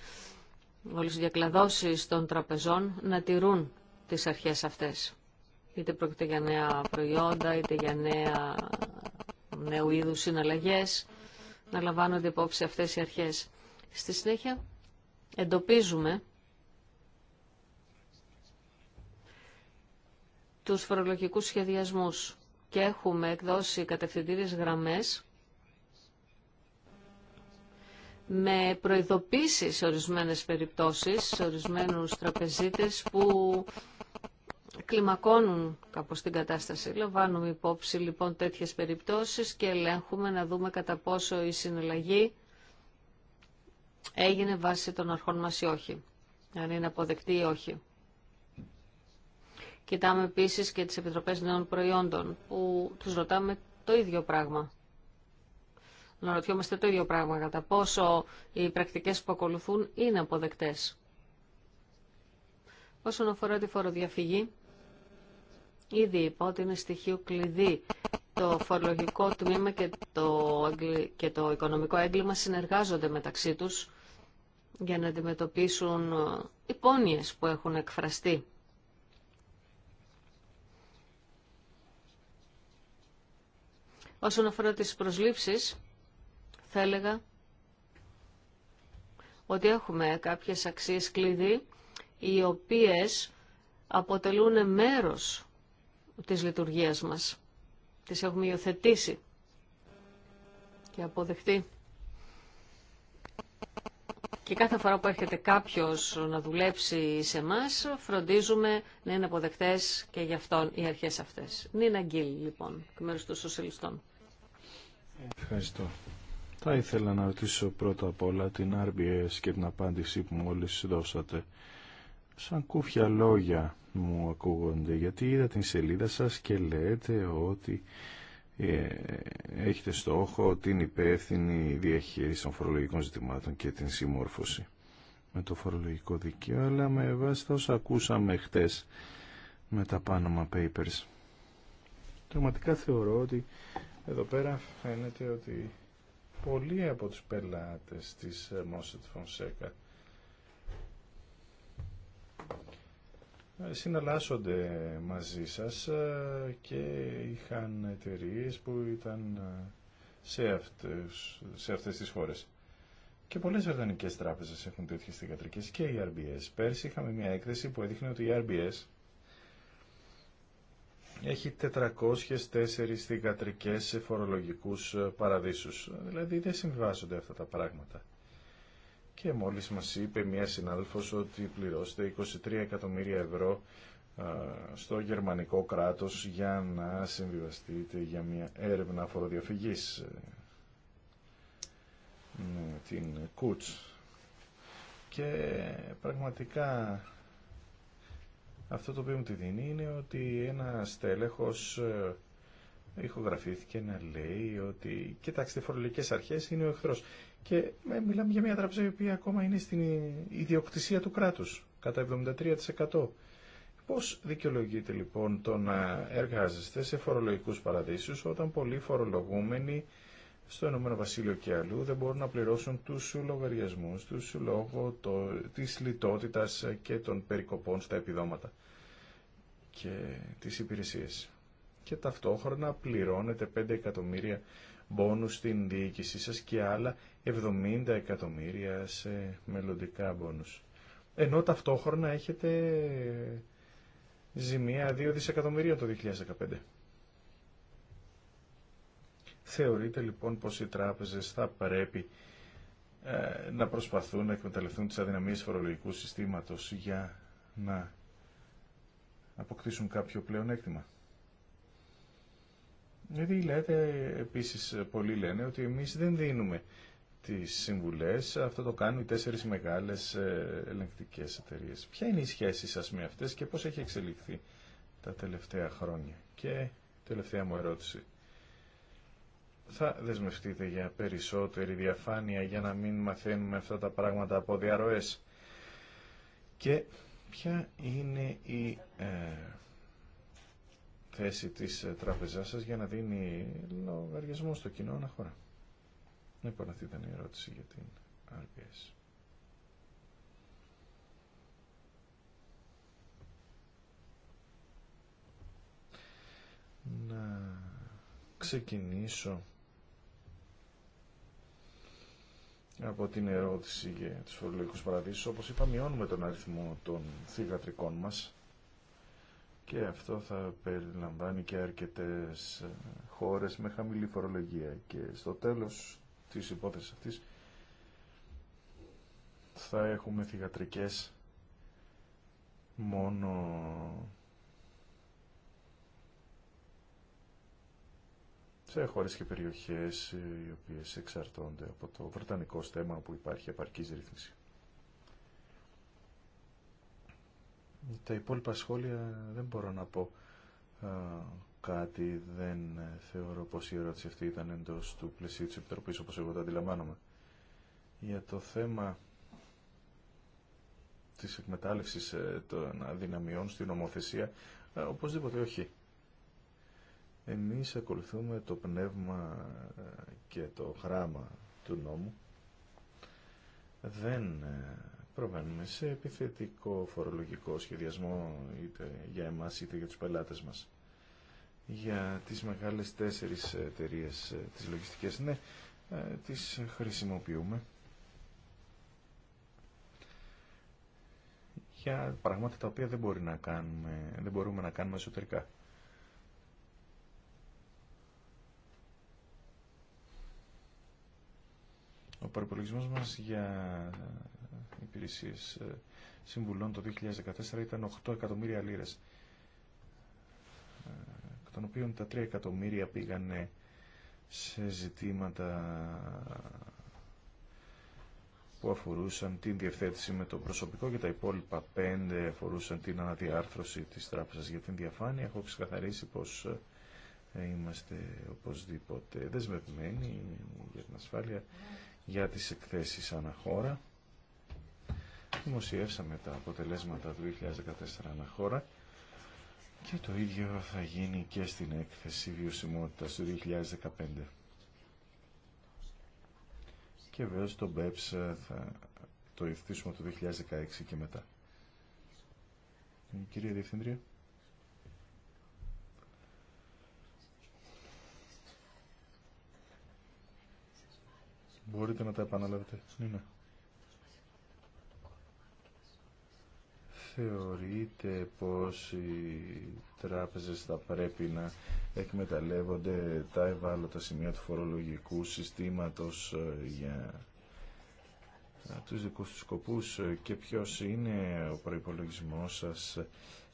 όλες οι διακλαδώσεις των τραπεζών να τηρούν τις αρχές αυτές. Είτε πρόκειται για νέα προϊόντα, είτε για νέα, νέου είδους συναλλαγές, να λαμβάνονται υπόψη αυτές οι αρχές. Στη συνέχεια εντοπίζουμε τους φορολογικούς σχεδιασμούς και έχουμε εκδώσει κατευθυντήριες γραμμές με προειδοποίησεις σε ορισμένες περιπτώσεις, σε ορισμένους τραπεζίτες που κλιμακώνουν κάπως την κατάσταση. Λαμβάνουμε υπόψη λοιπόν τέτοιες περιπτώσεις και ελέγχουμε να δούμε κατά πόσο η συναλλαγή έγινε βάσει των αρχών μας ή όχι. Αν είναι αποδεκτή ή όχι. Κοιτάμε επίσης και τις Επιτροπές Νέων Προϊόντων που τους ρωτάμε το ίδιο πράγμα. Να ρωτιόμαστε το ίδιο πράγμα κατά πόσο οι πρακτικές που ακολουθούν είναι αποδεκτές. Όσον αφορά τη φοροδιαφυγή, ήδη είπα ότι είναι στοιχείο κλειδί το φορολογικό τμήμα και το, και το οικονομικό έγκλημα συνεργάζονται μεταξύ τους για να αντιμετωπίσουν ε, υπόνοιες που έχουν εκφραστεί. Όσον αφορά τις προσλήψεις, θα έλεγα ότι έχουμε κάποιες αξίες κλειδί, οι οποίες αποτελούν μέρος της λειτουργίας μας. Τις έχουμε υιοθετήσει και αποδεχτεί. Και κάθε φορά που έρχεται κάποιος να δουλέψει σε εμά, φροντίζουμε να είναι αποδεκτές και γι' αυτόν οι αρχές αυτές. Νίνα Γκίλ, λοιπόν, εκ μέρους των σοσιαλιστών. Ευχαριστώ. Θα ήθελα να ρωτήσω πρώτα απ' όλα την RBS και την απάντηση που μόλις δώσατε. Σαν κούφια λόγια μου ακούγονται γιατί είδα την σελίδα σας και λέτε ότι ε, έχετε στόχο την υπεύθυνη διαχείριση των φορολογικών ζητημάτων και την συμμόρφωση με το φορολογικό δικαίωμα αλλά με βάση τα όσα ακούσαμε χτες με τα Panama Papers πραγματικά θεωρώ ότι εδώ πέρα φαίνεται ότι πολλοί από τους πελάτες της Mosset Fonseca συναλλάσσονται μαζί σας ε, και είχαν εταιρείε που ήταν ε, σε, αυτές, σε αυτές τις χώρες. Και πολλές αρδανικές τράπεζες έχουν τέτοιες θηγατρικές και οι RBS. Πέρσι είχαμε μια έκθεση που έδειχνε ότι η RBS έχει 404 θηγατρικές σε φορολογικούς ε, παραδείσους. Δηλαδή δεν συμβάζονται αυτά τα πράγματα και μόλις μας είπε μια συνάδελφος ότι πληρώστε 23 εκατομμύρια ευρώ στο γερμανικό κράτος για να συμβιβαστείτε για μια έρευνα φοροδιαφυγής ναι, την Κούτς και πραγματικά αυτό το οποίο μου τη δίνει είναι ότι ένα στέλεχος ε, ηχογραφήθηκε να λέει ότι κοιτάξτε οι φορολογικές αρχές είναι ο εχθρός και ε, μιλάμε για μια τράπεζα η οποία ακόμα είναι στην ιδιοκτησία του κράτους, κατά 73%. Πώς δικαιολογείται λοιπόν το να εργάζεστε σε φορολογικούς παραδείσους όταν πολλοί φορολογούμενοι στο Ηνωμένο Βασίλειο και αλλού δεν μπορούν να πληρώσουν τους λογαριασμούς τους λόγω το, της λιτότητας και των περικοπών στα επιδόματα και τις υπηρεσίες. Και ταυτόχρονα πληρώνεται 5 εκατομμύρια μπόνους στην διοίκησή σας και άλλα 70 εκατομμύρια σε μελλοντικά μπόνους. Ενώ ταυτόχρονα έχετε ζημία 2 δισεκατομμύρια το 2015. Θεωρείτε λοιπόν πως οι τράπεζες θα πρέπει ε, να προσπαθούν να εκμεταλλευτούν τις αδυναμίες φορολογικού συστήματος για να αποκτήσουν κάποιο πλέον έκτημα. Γιατί λέτε, επίσης πολλοί λένε ότι εμείς δεν δίνουμε τις συμβουλές, αυτό το κάνουν οι τέσσερις μεγάλες ε, ελεγκτικές εταιρείε. Ποια είναι η σχέση σας με αυτές και πώς έχει εξελιχθεί τα τελευταία χρόνια. Και τελευταία μου ερώτηση. Θα δεσμευτείτε για περισσότερη διαφάνεια για να μην μαθαίνουμε αυτά τα πράγματα από διαρροές. Και ποια είναι η ε, θέση της ε, τράπεζάς σας για να δίνει λογαριασμό στο κοινό αναχώρα. Λοιπόν, αυτή ήταν η ερώτηση για την RBS. Να ξεκινήσω από την ερώτηση για τους φορολογικούς παραδείσους. Όπως είπα, μειώνουμε τον αριθμό των θηγατρικών μας και αυτό θα περιλαμβάνει και αρκετές ε, χώρες με χαμηλή φορολογία και στο τέλος της υπόθεσης αυτής θα έχουμε θυγατρικές μόνο σε χώρες και περιοχές ε, οι οποίες εξαρτώνται από το βρετανικό στέμα που υπάρχει επαρκής ρύθμιση. Τα υπόλοιπα σχόλια δεν μπορώ να πω ε, κάτι. Δεν ε, θεωρώ πως η ερώτηση αυτή ήταν εντός του πλαισίου της Επιτροπής όπως εγώ το αντιλαμβάνομαι. Για το θέμα της εκμετάλλευσης ε, των αδυναμιών στην νομοθεσία, οπωσδήποτε όχι. Εμείς ακολουθούμε το πνεύμα και το γράμμα του νόμου. Δεν προβάλλουμε σε επιθετικό φορολογικό σχεδιασμό είτε για εμάς είτε για τους πελάτες μας. Για τις μεγάλες τέσσερις εταιρείε ε, τις λογιστικές, ναι, ε, τις χρησιμοποιούμε. για πράγματα τα οποία δεν, μπορεί να κάνουμε, δεν μπορούμε να κάνουμε εσωτερικά. Ο προπολογισμό μας για υπηρεσίε ε, συμβουλών το 2014 ήταν 8 εκατομμύρια λίρες ε, εκ των οποίων τα 3 εκατομμύρια πήγαν σε ζητήματα που αφορούσαν την διευθέτηση με το προσωπικό και τα υπόλοιπα 5 αφορούσαν την αναδιάρθρωση της τράπεζας για την διαφάνεια. Έχω ξεκαθαρίσει πως ε, είμαστε οπωσδήποτε δεσμευμένοι για την ασφάλεια για τις εκθέσεις αναχώρα δημοσιεύσαμε τα αποτελέσματα του 2014 αναχώρα και το ίδιο θα γίνει και στην έκθεση βιωσιμότητας του 2015. Και βέβαια το BEPS ε θα το υφθήσουμε το 2016 και μετά. Κύριε Διευθυντρία. Μπορείτε να τα επαναλάβετε. Ναι, ναι. θεωρείτε πως οι τράπεζες θα πρέπει να εκμεταλλεύονται τα ευάλωτα σημεία του φορολογικού συστήματος ε, για ε, τους δικούς τους σκοπούς ε, και ποιος είναι ο προϋπολογισμός σας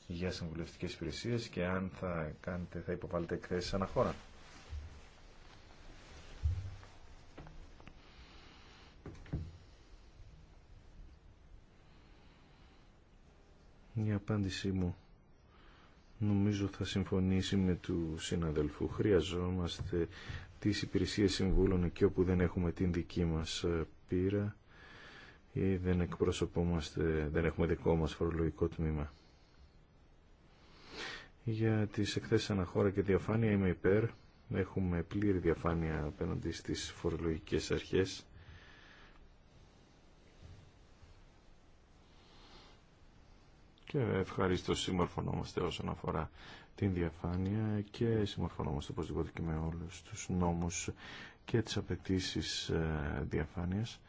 για συμβουλευτικές υπηρεσίες και αν θα, κάνετε, θα υποβάλλετε εκθέσεις χώρα; Η απάντησή μου νομίζω θα συμφωνήσει με του συναδελφού. Χρειαζόμαστε τις υπηρεσίες συμβούλων εκεί όπου δεν έχουμε την δική μας ε, πείρα ή δεν εκπροσωπόμαστε, δεν έχουμε δικό μας φορολογικό τμήμα. Για τις εκθέσεις αναχώρα και διαφάνεια είμαι υπέρ. Έχουμε πλήρη διαφάνεια απέναντι στις φορολογικές αρχές και ευχαρίστω συμμορφωνόμαστε όσον αφορά την διαφάνεια και συμμορφωνόμαστε οπωσδήποτε και με όλους τους νόμους και τις απαιτήσει ε, διαφάνειας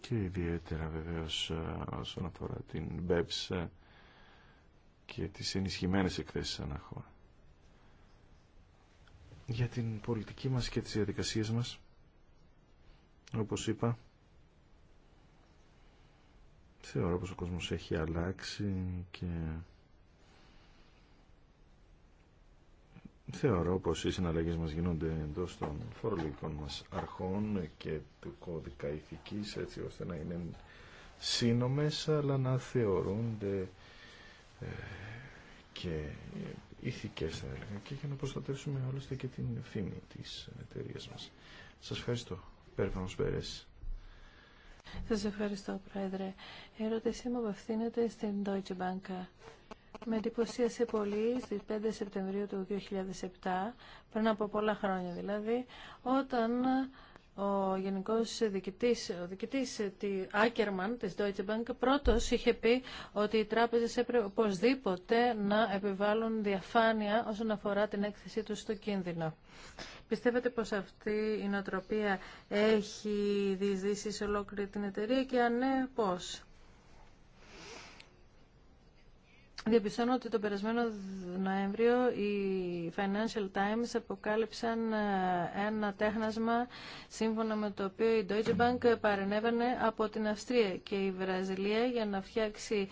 και ιδιαίτερα βεβαίω ε, όσον αφορά την BEPS ε, και τις ενισχυμένες εκθέσεις αναχώρα. Για την πολιτική μας και τις διαδικασίες μας, όπως είπα, Θεωρώ πως ο κόσμος έχει αλλάξει και θεωρώ πως οι συναλλαγές μας γίνονται εντός των φορολογικών μας αρχών και του κώδικα ηθικής έτσι ώστε να είναι σύνομες αλλά να θεωρούνται ε, και ηθικές θα έλεγα και για να προστατεύσουμε όλες και την φήμη της εταιρεία μας. Σας ευχαριστώ. Πέρφανος Πέρες. Σα ευχαριστώ, Πρόεδρε. Η ερώτησή μου απευθύνεται στην Deutsche Bank. Με εντυπωσίασε πολύ στι 5 Σεπτεμβρίου του 2007, πριν από πολλά χρόνια δηλαδή, όταν ο γενικός διοικητής, ο ε, τη Άκερμαν της Deutsche Bank πρώτος είχε πει ότι οι τράπεζες έπρεπε οπωσδήποτε να επιβάλλουν διαφάνεια όσον αφορά την έκθεσή τους στο κίνδυνο. Πιστεύετε πως αυτή η νοοτροπία έχει διεισδύσει σε ολόκληρη την εταιρεία και αν ναι, πώς. Διαπιστώνω ότι το περασμένο Νοέμβριο οι Financial Times αποκάλυψαν ε, ένα τέχνασμα σύμφωνα με το οποίο η Deutsche Bank παρενέβαινε από την Αυστρία και η Βραζιλία για να φτιάξει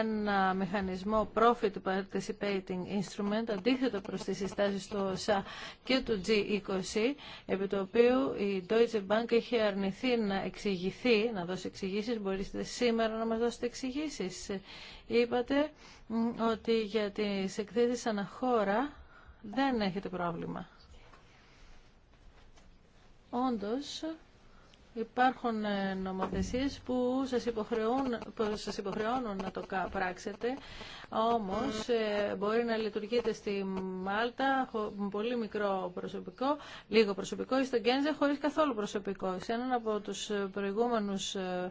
ένα μηχανισμό Profit Participating Instrument αντίθετο προς τις συστάσεις του ΩΣΑ και του G20 επί το οποίο η Deutsche Bank είχε αρνηθεί να εξηγηθεί, να δώσει εξηγήσεις, μπορείτε σήμερα να μας δώσετε εξηγήσεις. Είπατε ότι για τις εκθέσεις αναχώρα δεν έχετε πρόβλημα. Όντως, Υπάρχουν ε, νομοθεσίες που σας, υποχρεώνουν, υποχρεώνουν να το πράξετε, όμως ε, μπορεί να λειτουργείτε στη Μάλτα πολύ μικρό προσωπικό, λίγο προσωπικό ή στο Γκένζε χωρίς καθόλου προσωπικό. Σε έναν από τους προηγούμενους ε,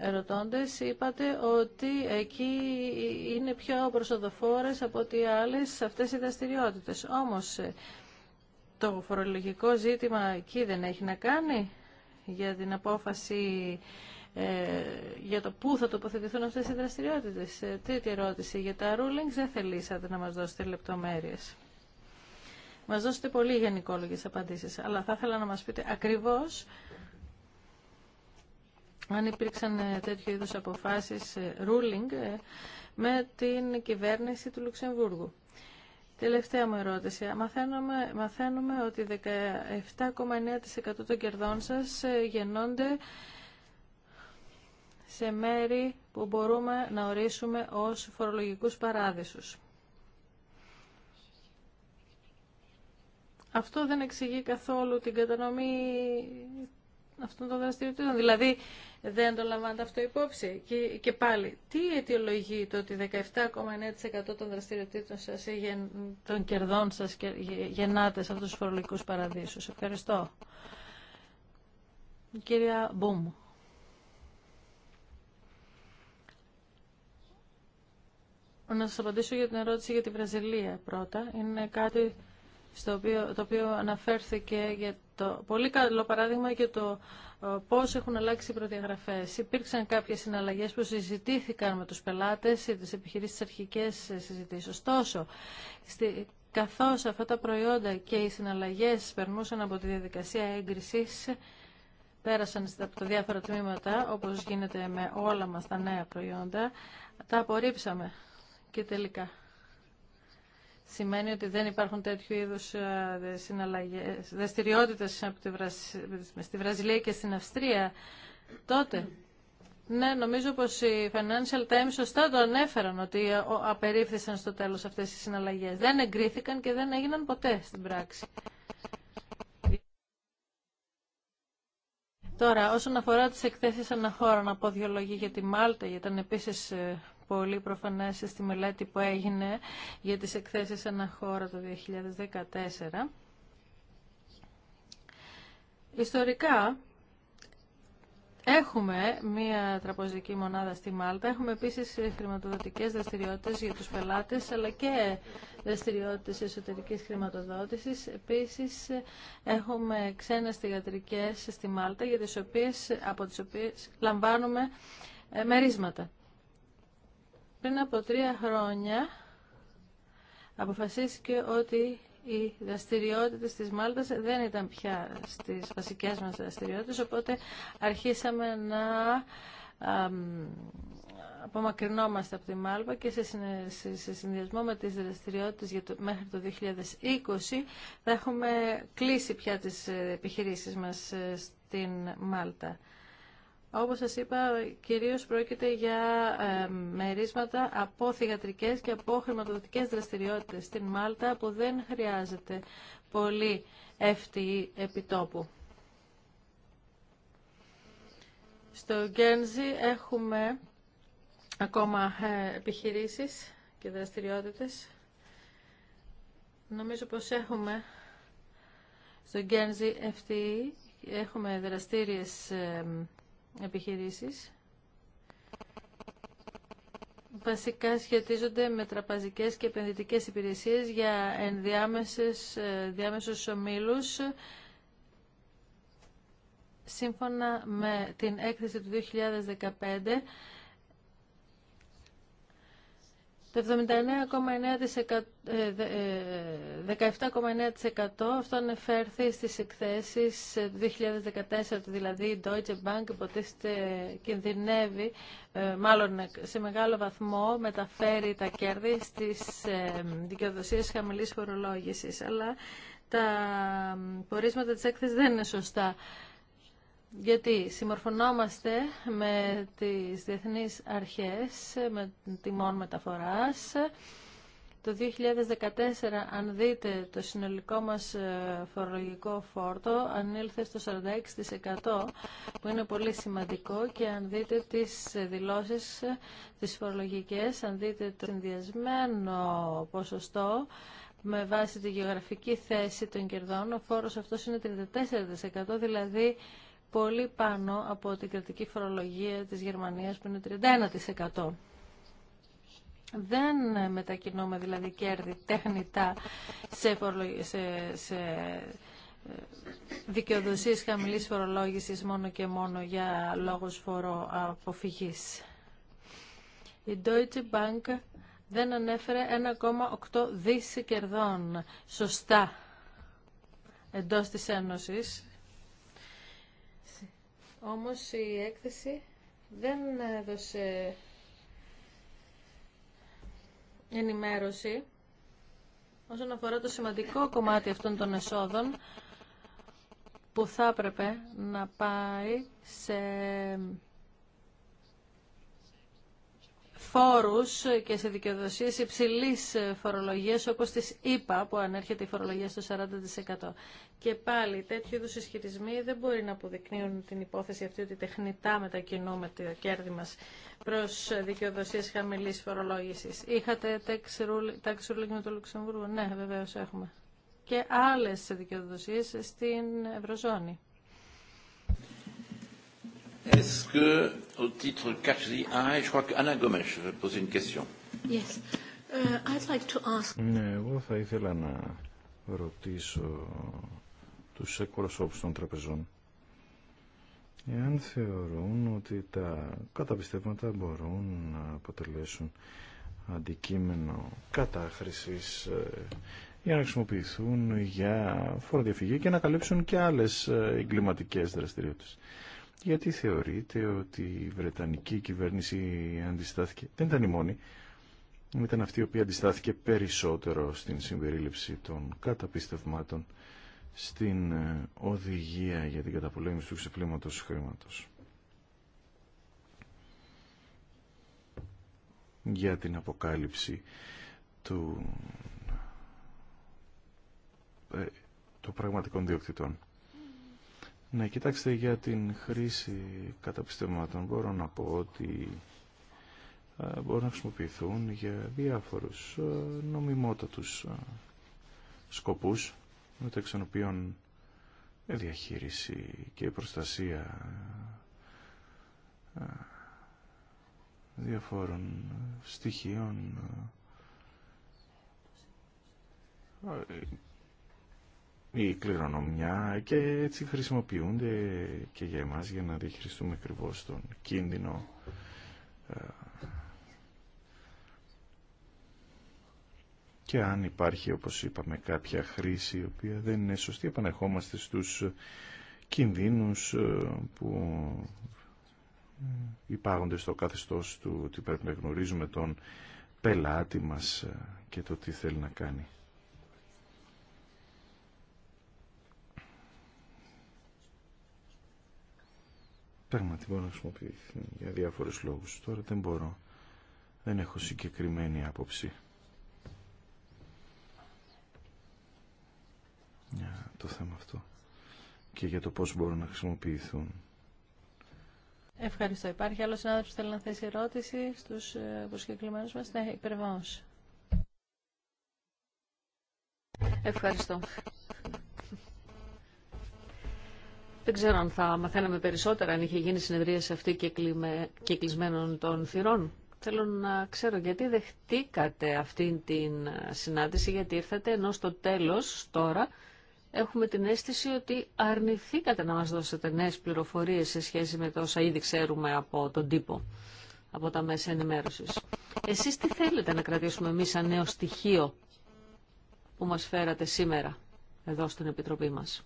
ερωτώντες είπατε ότι εκεί είναι πιο προσοδοφόρες από ότι άλλες αυτές οι δραστηριότητε. Όμως το φορολογικό ζήτημα εκεί δεν έχει να κάνει για την απόφαση ε, για το πού θα τοποθετηθούν αυτές οι δραστηριότητες. Ε, τρίτη ερώτηση. Για τα rulings δεν θελήσατε να μας δώσετε λεπτομέρειες. Μας δώσετε πολύ γενικόλογες απαντήσεις, αλλά θα ήθελα να μας πείτε ακριβώς αν υπήρξαν ε, τέτοιου είδους αποφάσεις ε, ruling ε, με την κυβέρνηση του Λουξεμβούργου. Τελευταία μου ερώτηση. Μαθαίνουμε, μαθαίνουμε ότι 17,9% των κερδών σας γεννώνται σε μέρη που μπορούμε να ορίσουμε ως φορολογικούς παράδεισους. Αυτό δεν εξηγεί καθόλου την κατανομή αυτών των δραστηριοτήτων. Δηλαδή δεν το λαμβάνετε αυτό υπόψη. Και, και πάλι, τι αιτιολογεί το ότι 17,9% των δραστηριοτήτων σας ή των κερδών σας γεννάτε σε αυτούς τους φορολογικούς παραδείσους. Ευχαριστώ. Η κυρία φορολογικους παραδεισους ευχαριστω κυρια Μπούμου. Να σας απαντήσω για την ερώτηση για τη Βραζιλία πρώτα. Είναι κάτι στο οποίο, το οποίο αναφέρθηκε για το πολύ καλό παράδειγμα για το ε, πώς έχουν αλλάξει οι προδιαγραφές. Υπήρξαν κάποιες συναλλαγές που συζητήθηκαν με τους πελάτες ή τις επιχειρήσεις αρχικές συζητήσεις. Ωστόσο, στη, καθώς αυτά τα προϊόντα και οι συναλλαγές περνούσαν από τη διαδικασία έγκρισης, πέρασαν από τα διάφορα τμήματα, όπως γίνεται με όλα μας τα νέα προϊόντα, τα απορρίψαμε και τελικά σημαίνει ότι δεν υπάρχουν τέτοιου είδου ε, δραστηριότητε στη Βραζιλία και στην Αυστρία. Τότε, ναι, νομίζω πως οι Financial Times σωστά το ανέφεραν ότι ε, απερίφθησαν στο τέλος αυτές οι συναλλαγές. Δεν εγκρίθηκαν και δεν έγιναν ποτέ στην πράξη. Τώρα, όσον αφορά τις εκθέσεις αναχώρων, να πω δύο λόγια για τη Μάλτα, γιατί ήταν επίσης ε, πολύ προφανές στη μελέτη που έγινε για τις εκθέσεις αναχώρα το 2014. Ιστορικά, Έχουμε μία τραποζική μονάδα στη Μάλτα. Έχουμε επίσης χρηματοδοτικές δραστηριότητε για τους πελάτες, αλλά και δραστηριότητε εσωτερικής χρηματοδότησης. Επίσης έχουμε ξένες θηγατρικές στη Μάλτα, για τις οποίες, από τις οποίες λαμβάνουμε ε, μερίσματα. Πριν από τρία χρόνια αποφασίστηκε ότι οι δραστηριότητε της Μάλτας δεν ήταν πια στις βασικές μας δραστηριότητες, οπότε αρχίσαμε να απομακρυνόμαστε από τη Μάλτα και σε συνδυασμό με τις δραστηριότητες για το, μέχρι το 2020 θα έχουμε κλείσει πια τις επιχειρήσεις μας ε, στην Μάλτα. Όπως σας είπα, κυρίως πρόκειται για ε, μερίσματα από θηγατρικές και από χρηματοδοτικές δραστηριότητες στην Μάλτα που δεν χρειάζεται πολύ FTE επιτόπου. Στο Γκένζι έχουμε ακόμα ε, επιχειρήσεις και δραστηριότητες. Νομίζω πως έχουμε στο Γκένζι FTE, έχουμε δραστήριες ε, επιχειρήσεις βασικά σχετίζονται με τραπεζικές και επενδυτικές υπηρεσίες για ενδιάμεσες, ε, ομίλου. σύμφωνα με την έκθεση του 2015 το 17,9% αυτό ανεφέρθη στις εκθέσεις 2014, ε, δηλαδή η Deutsche Bank υποτίθεται κινδυνεύει, ε, μάλλον σε μεγάλο βαθμό μεταφέρει τα κέρδη στις ε, δικαιοδοσίες χαμηλής φορολόγησης. Αλλά τα πορίσματα της έκθεσης δεν είναι σωστά γιατί συμμορφωνόμαστε με τις διεθνείς αρχές, με τιμών μεταφοράς. Το 2014, αν δείτε το συνολικό μας ε, φορολογικό φόρτο, ανήλθε στο 46% που είναι πολύ σημαντικό και αν δείτε τις ε, δηλώσεις ε, τις φορολογικές, αν δείτε το συνδυασμένο ποσοστό, με βάση τη γεωγραφική θέση των κερδών, ο φόρος αυτός είναι 34%, δηλαδή πολύ πάνω από την κρατική φορολογία της Γερμανίας που είναι 31%. Δεν μετακινούμε δηλαδή κέρδη τεχνητά σε, σε, σε ε, δικαιοδοσίες χαμηλής φορολόγησης μόνο και μόνο για λόγους φοροαποφυγής. Η Deutsche Bank δεν ανέφερε 1,8 δις κερδών σωστά εντός της Ένωσης όμως η έκθεση δεν έδωσε ενημέρωση όσον αφορά το σημαντικό κομμάτι αυτών των εσόδων που θα έπρεπε να πάει σε φόρους και σε δικαιοδοσίες υψηλής φορολογίας όπως τις είπα, που ανέρχεται η φορολογία στο 40%. Και πάλι τέτοιου είδους ισχυρισμοί δεν μπορεί να αποδεικνύουν την υπόθεση αυτή ότι τεχνητά μετακινούμε το κέρδη μας προς δικαιοδοσίες χαμηλής φορολόγησης. Είχατε τα ruling με το Λουξεμβούργο. Ναι, βεβαίως έχουμε. Και άλλες δικαιοδοσίες στην Ευρωζώνη. Est-ce que, au titre Ναι, εγώ θα ήθελα να ρωτήσω τους εκπροσώπους των τραπεζών εάν θεωρούν ότι τα καταπιστεύματα μπορούν να αποτελέσουν αντικείμενο κατάχρησης ε, για να χρησιμοποιηθούν για φοροδιαφυγή και να καλύψουν και άλλες ε, εγκληματικές δραστηριότητες γιατί θεωρείτε ότι η Βρετανική κυβέρνηση αντιστάθηκε. Δεν ήταν η μόνη. Ήταν αυτή η οποία αντιστάθηκε περισσότερο στην συμπερίληψη των καταπιστευμάτων στην ε, οδηγία για την καταπολέμηση του ξεφλήματος χρήματος. Για την αποκάλυψη του, ε, των πραγματικών διοκτητών. Ναι, κοιτάξτε για την χρήση καταπιστευμάτων μπορώ να πω ότι ε, μπορούν να χρησιμοποιηθούν για διάφορους ε, νομιμότατους ε, σκοπούς μεταξύ των οποίων διαχείριση και προστασία διαφόρων στοιχείων η κληρονομιά και έτσι χρησιμοποιούνται και για εμάς για να διαχειριστούμε ακριβώ τον κίνδυνο ε, και αν υπάρχει όπως είπαμε κάποια χρήση η οποία δεν είναι σωστή επανερχόμαστε στους κινδύνους ε, που ε, υπάγονται στο καθεστώς του ότι πρέπει να γνωρίζουμε τον πελάτη μας και το τι θέλει να κάνει. Πράγματι μπορούν να χρησιμοποιηθεί για διάφορους λόγους. Τώρα δεν μπορώ. Δεν έχω συγκεκριμένη άποψη. Για το θέμα αυτό. Και για το πώς μπορούν να χρησιμοποιηθούν. Ευχαριστώ. Υπάρχει άλλος συνάδελφος που θέλει να θέσει ερώτηση στους ε, προσκεκλημένους μας. Ναι, Ευχαριστώ. Δεν ξέρω αν θα μαθαίναμε περισσότερα αν είχε γίνει συνεδρία σε αυτή και, κλεισμένων των θυρών. Θέλω να ξέρω γιατί δεχτήκατε αυτήν την συνάντηση, γιατί ήρθατε, ενώ στο τέλος τώρα έχουμε την αίσθηση ότι αρνηθήκατε να μας δώσετε νέες πληροφορίες σε σχέση με όσα ήδη ξέρουμε από τον τύπο, από τα μέσα ενημέρωσης. Εσείς τι θέλετε να κρατήσουμε εμείς σαν νέο στοιχείο που μας φέρατε σήμερα εδώ στην Επιτροπή μας.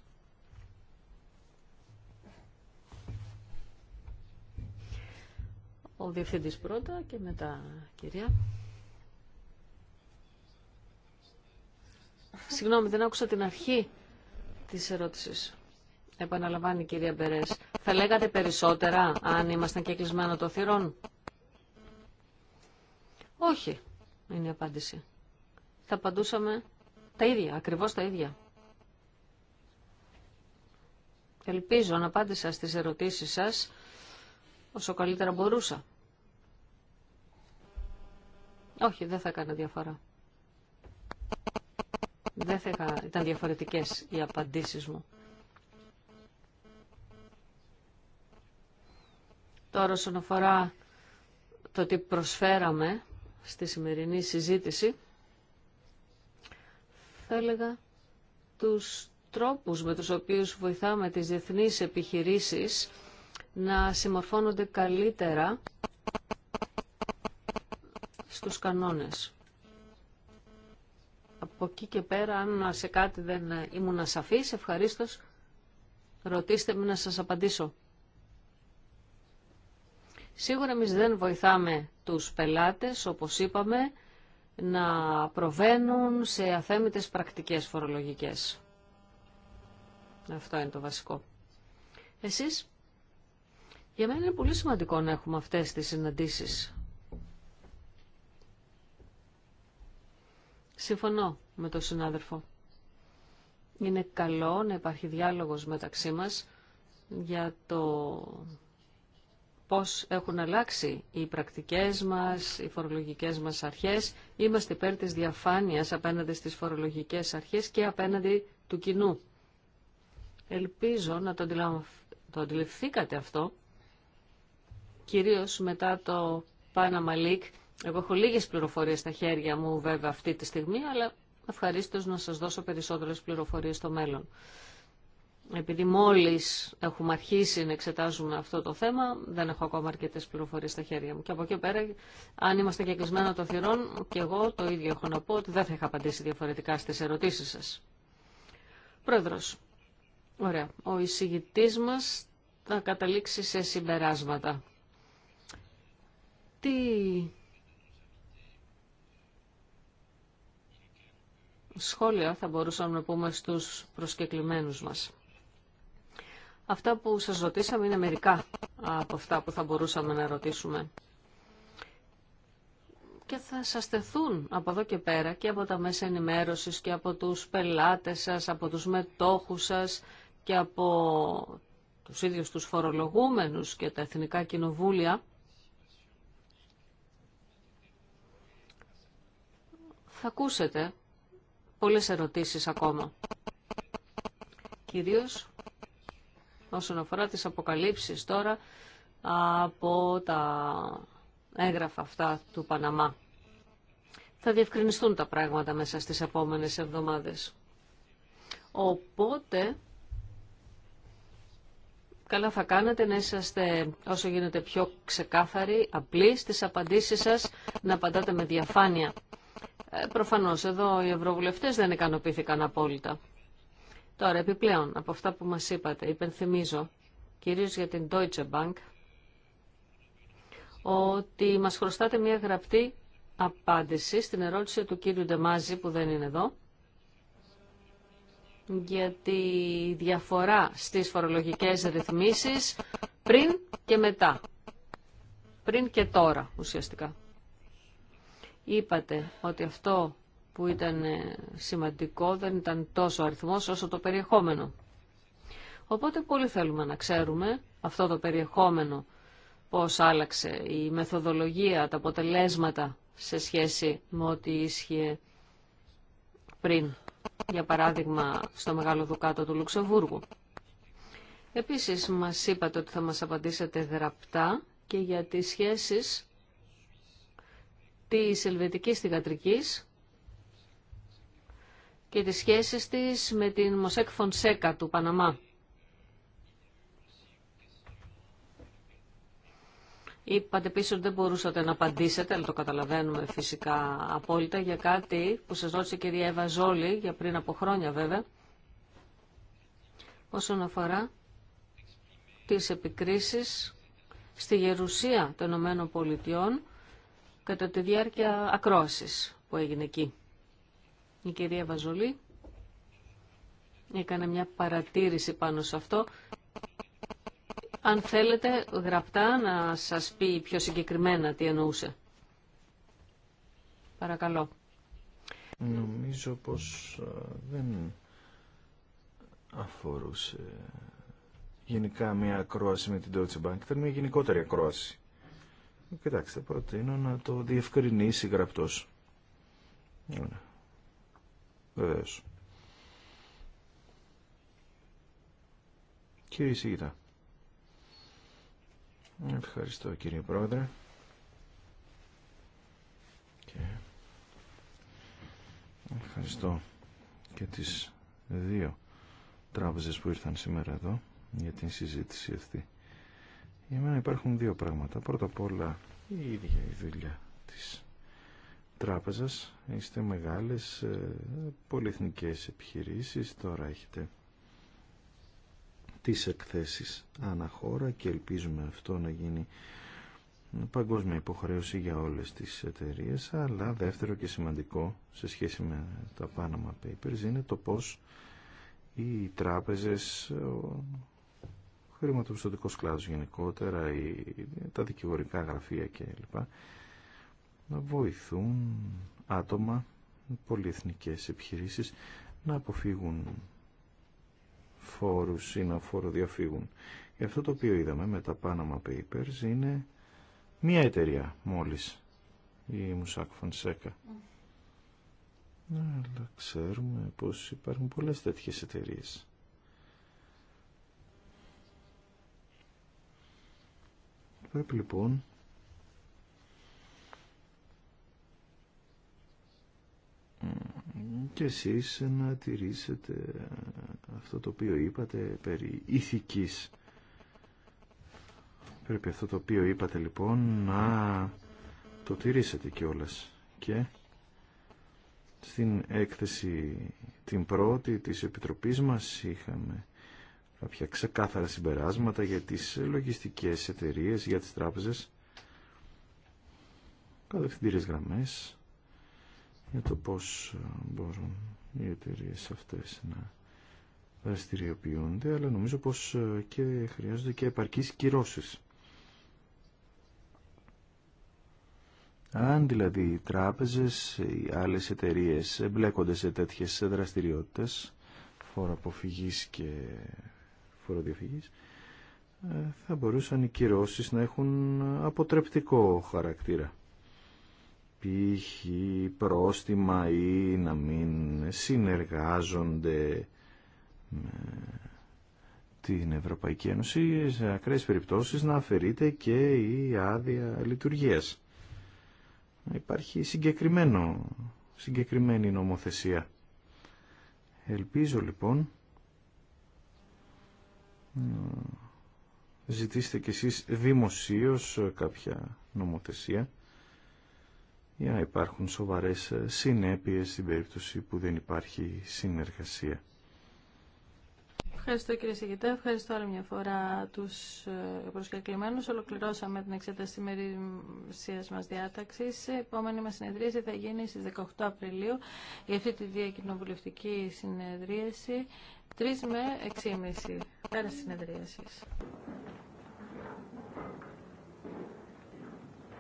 Ο Διευθυντής πρώτα και μετά κυρία. Συγγνώμη, δεν άκουσα την αρχή της ερώτησης. Επαναλαμβάνει η κυρία Μπερές. Θα λέγατε περισσότερα αν ήμασταν και κλεισμένο το θυρών. Όχι, είναι η απάντηση. Θα απαντούσαμε τα ίδια, ακριβώς τα ίδια. Ελπίζω να απάντησα στις ερωτήσεις σας όσο καλύτερα μπορούσα. Όχι, δεν θα έκανα διαφορά. Δεν θα Ήταν διαφορετικές οι απαντήσεις μου. Τώρα όσον αφορά το τι προσφέραμε στη σημερινή συζήτηση, θα έλεγα τους τρόπους με τους οποίους βοηθάμε τις διεθνείς επιχειρήσεις να συμμορφώνονται καλύτερα στους κανόνες. Από εκεί και πέρα, αν σε κάτι δεν ήμουν ασαφής, ευχαρίστως, ρωτήστε με να σας απαντήσω. Σίγουρα εμεί δεν βοηθάμε τους πελάτες, όπως είπαμε, να προβαίνουν σε αθέμητες πρακτικές φορολογικές. Αυτό είναι το βασικό. Εσείς, για μένα είναι πολύ σημαντικό να έχουμε αυτές τις συναντήσεις Συμφωνώ με τον συνάδελφο. Είναι καλό να υπάρχει διάλογος μεταξύ μας για το πώς έχουν αλλάξει οι πρακτικές μας, οι φορολογικές μας αρχές. Είμαστε υπέρ της διαφάνειας απέναντι στις φορολογικές αρχές και απέναντι του κοινού. Ελπίζω να το, αντιληφθήκατε αυτό, κυρίως μετά το Panama League... Εγώ έχω λίγε πληροφορίες στα χέρια μου βέβαια αυτή τη στιγμή, αλλά ευχαρίστω να σας δώσω περισσότερες πληροφορίες στο μέλλον. Επειδή μόλις έχουμε αρχίσει να εξετάζουμε αυτό το θέμα, δεν έχω ακόμα αρκετέ πληροφορίες στα χέρια μου. Και από εκεί πέρα, αν είμαστε και κλεισμένα των θυρών, και εγώ το ίδιο έχω να πω ότι δεν θα είχα απαντήσει διαφορετικά στι ερωτήσει σα. Προεδρό. ωραία, ο εισηγητή μα θα καταλήξει σε συμπεράσματα. Τι σχόλια θα μπορούσαμε να πούμε στους προσκεκλημένους μας. Αυτά που σας ρωτήσαμε είναι μερικά από αυτά που θα μπορούσαμε να ρωτήσουμε. Και θα σας τεθούν από εδώ και πέρα και από τα μέσα ενημέρωσης και από τους πελάτες σας, από τους μετόχους σας και από τους ίδιους τους φορολογούμενους και τα εθνικά κοινοβούλια. Θα ακούσετε πολλές ερωτήσεις ακόμα. Κυρίως όσον αφορά τις αποκαλύψεις τώρα από τα έγγραφα αυτά του Παναμά. Θα διευκρινιστούν τα πράγματα μέσα στις επόμενες εβδομάδες. Οπότε, καλά θα κάνετε να είσαστε όσο γίνεται πιο ξεκάθαροι, απλοί στις απαντήσεις σας, να απαντάτε με διαφάνεια. Ε, προφανώς εδώ οι ευρωβουλευτές δεν ικανοποιήθηκαν απόλυτα. Τώρα επιπλέον από αυτά που μας είπατε, υπενθυμίζω κυρίως για την Deutsche Bank ότι μας χρωστάτε μια γραπτή απάντηση στην ερώτηση του κύριου Ντεμάζη που δεν είναι εδώ για τη διαφορά στις φορολογικές ρυθμίσεις πριν και μετά. Πριν και τώρα ουσιαστικά. Είπατε ότι αυτό που ήταν ε, σημαντικό δεν ήταν τόσο αριθμός όσο το περιεχόμενο. Οπότε πολύ θέλουμε να ξέρουμε αυτό το περιεχόμενο, πώς άλλαξε η μεθοδολογία, τα αποτελέσματα σε σχέση με ό,τι ίσχυε πριν, για παράδειγμα στο Μεγάλο Δουκάτο του Λουξεμβούργου. Επίσης μας είπατε ότι θα μας απαντήσετε γραπτά και για τις σχέσεις της Ελβετικής Θηγατρικής και τις σχέσεις της με την Μοσέκ Φονσέκα του Παναμά. Είπατε πίσω ότι δεν μπορούσατε να απαντήσετε, αλλά το καταλαβαίνουμε φυσικά απόλυτα, για κάτι που σας ρώτησε η κυρία Εύα Ζόλη, για πριν από χρόνια βέβαια, όσον αφορά τις επικρίσεις στη γερουσία των Ηνωμένων Πολιτειών κατά τη διάρκεια ακρόασης που έγινε εκεί. Η κυρία Βαζολή έκανε μια παρατήρηση πάνω σε αυτό. Αν θέλετε γραπτά να σας πει πιο συγκεκριμένα τι εννοούσε. Παρακαλώ. Νομίζω πως ε, δεν αφορούσε γενικά μια ακρόαση με την Deutsche Bank. Ήταν μια γενικότερη ακρόαση. Κοιτάξτε, προτείνω να το διευκρινίσει γραπτός. Βεβαίω. Κύριε Σίγητα. Ευχαριστώ κύριε Πρόεδρε. Και ευχαριστώ και τις δύο τράπεζες που ήρθαν σήμερα εδώ για την συζήτηση αυτή. Για μένα υπάρχουν δύο πράγματα. Πρώτα απ' όλα η ίδια η δουλειά της τράπεζας. Είστε μεγάλες ε, πολυεθνικές επιχειρήσεις. Τώρα έχετε τις εκθέσεις αναχώρα και ελπίζουμε αυτό να γίνει παγκόσμια υποχρέωση για όλες τις εταιρείες αλλά δεύτερο και σημαντικό σε σχέση με τα Panama Papers είναι το πως οι τράπεζες χρηματοπιστωτικός κλάδος γενικότερα, η, τα δικηγορικά γραφεία κλπ. να βοηθούν άτομα, πολυεθνικές επιχειρήσεις να αποφύγουν φόρους ή να φοροδιαφύγουν. αυτό το οποίο είδαμε με τα Panama Papers είναι μία εταιρεία μόλις, η Μουσάκ Fonseca. Mm. Ναι, αλλά ξέρουμε πως υπάρχουν πολλές τέτοιες εταιρείες. πρέπει λοιπόν και εσείς να τηρήσετε αυτό το οποίο είπατε περί ηθικής. Πρέπει αυτό το οποίο είπατε λοιπόν να το τηρήσετε κιόλας. Και στην έκθεση την πρώτη της Επιτροπής μας είχαμε κάποια ξεκάθαρα συμπεράσματα για τις λογιστικές εταιρείες, για τις τράπεζες, κατευθυντήρες γραμμές, για το πώς ε, μπορούν οι εταιρείε αυτές να δραστηριοποιούνται, αλλά νομίζω πως ε, και χρειάζονται και επαρκείς κυρώσεις. Αν δηλαδή οι τράπεζες ή άλλες εταιρείες εμπλέκονται σε τέτοιες δραστηριότητες, αποφυγής και φοροδιαφυγής ε, θα μπορούσαν οι κυρώσεις να έχουν αποτρεπτικό χαρακτήρα. Π.χ. πρόστιμα ή να μην συνεργάζονται με την Ευρωπαϊκή Ένωση σε ακραίες περιπτώσεις να αφαιρείται και η άδεια λειτουργίας. Υπάρχει συγκεκριμένο, συγκεκριμένη νομοθεσία. Ελπίζω λοιπόν ζητήστε κι εσείς δημοσίως ε, κάποια νομοθεσία για να υπάρχουν σοβαρές ε, συνέπειες στην περίπτωση που δεν υπάρχει συνεργασία. Ευχαριστώ κύριε Σιγητέ, Ευχαριστώ άλλη μια φορά τους ε, προσκεκλημένου. Ολοκληρώσαμε την εξέταση ημερησία μας διάταξης. Η επόμενη μας συνεδρίαση θα γίνει στις 18 Απριλίου για αυτή τη διακοινοβουλευτική συνεδρίαση 3 με 6.30. Πέρα συνεδρίαση.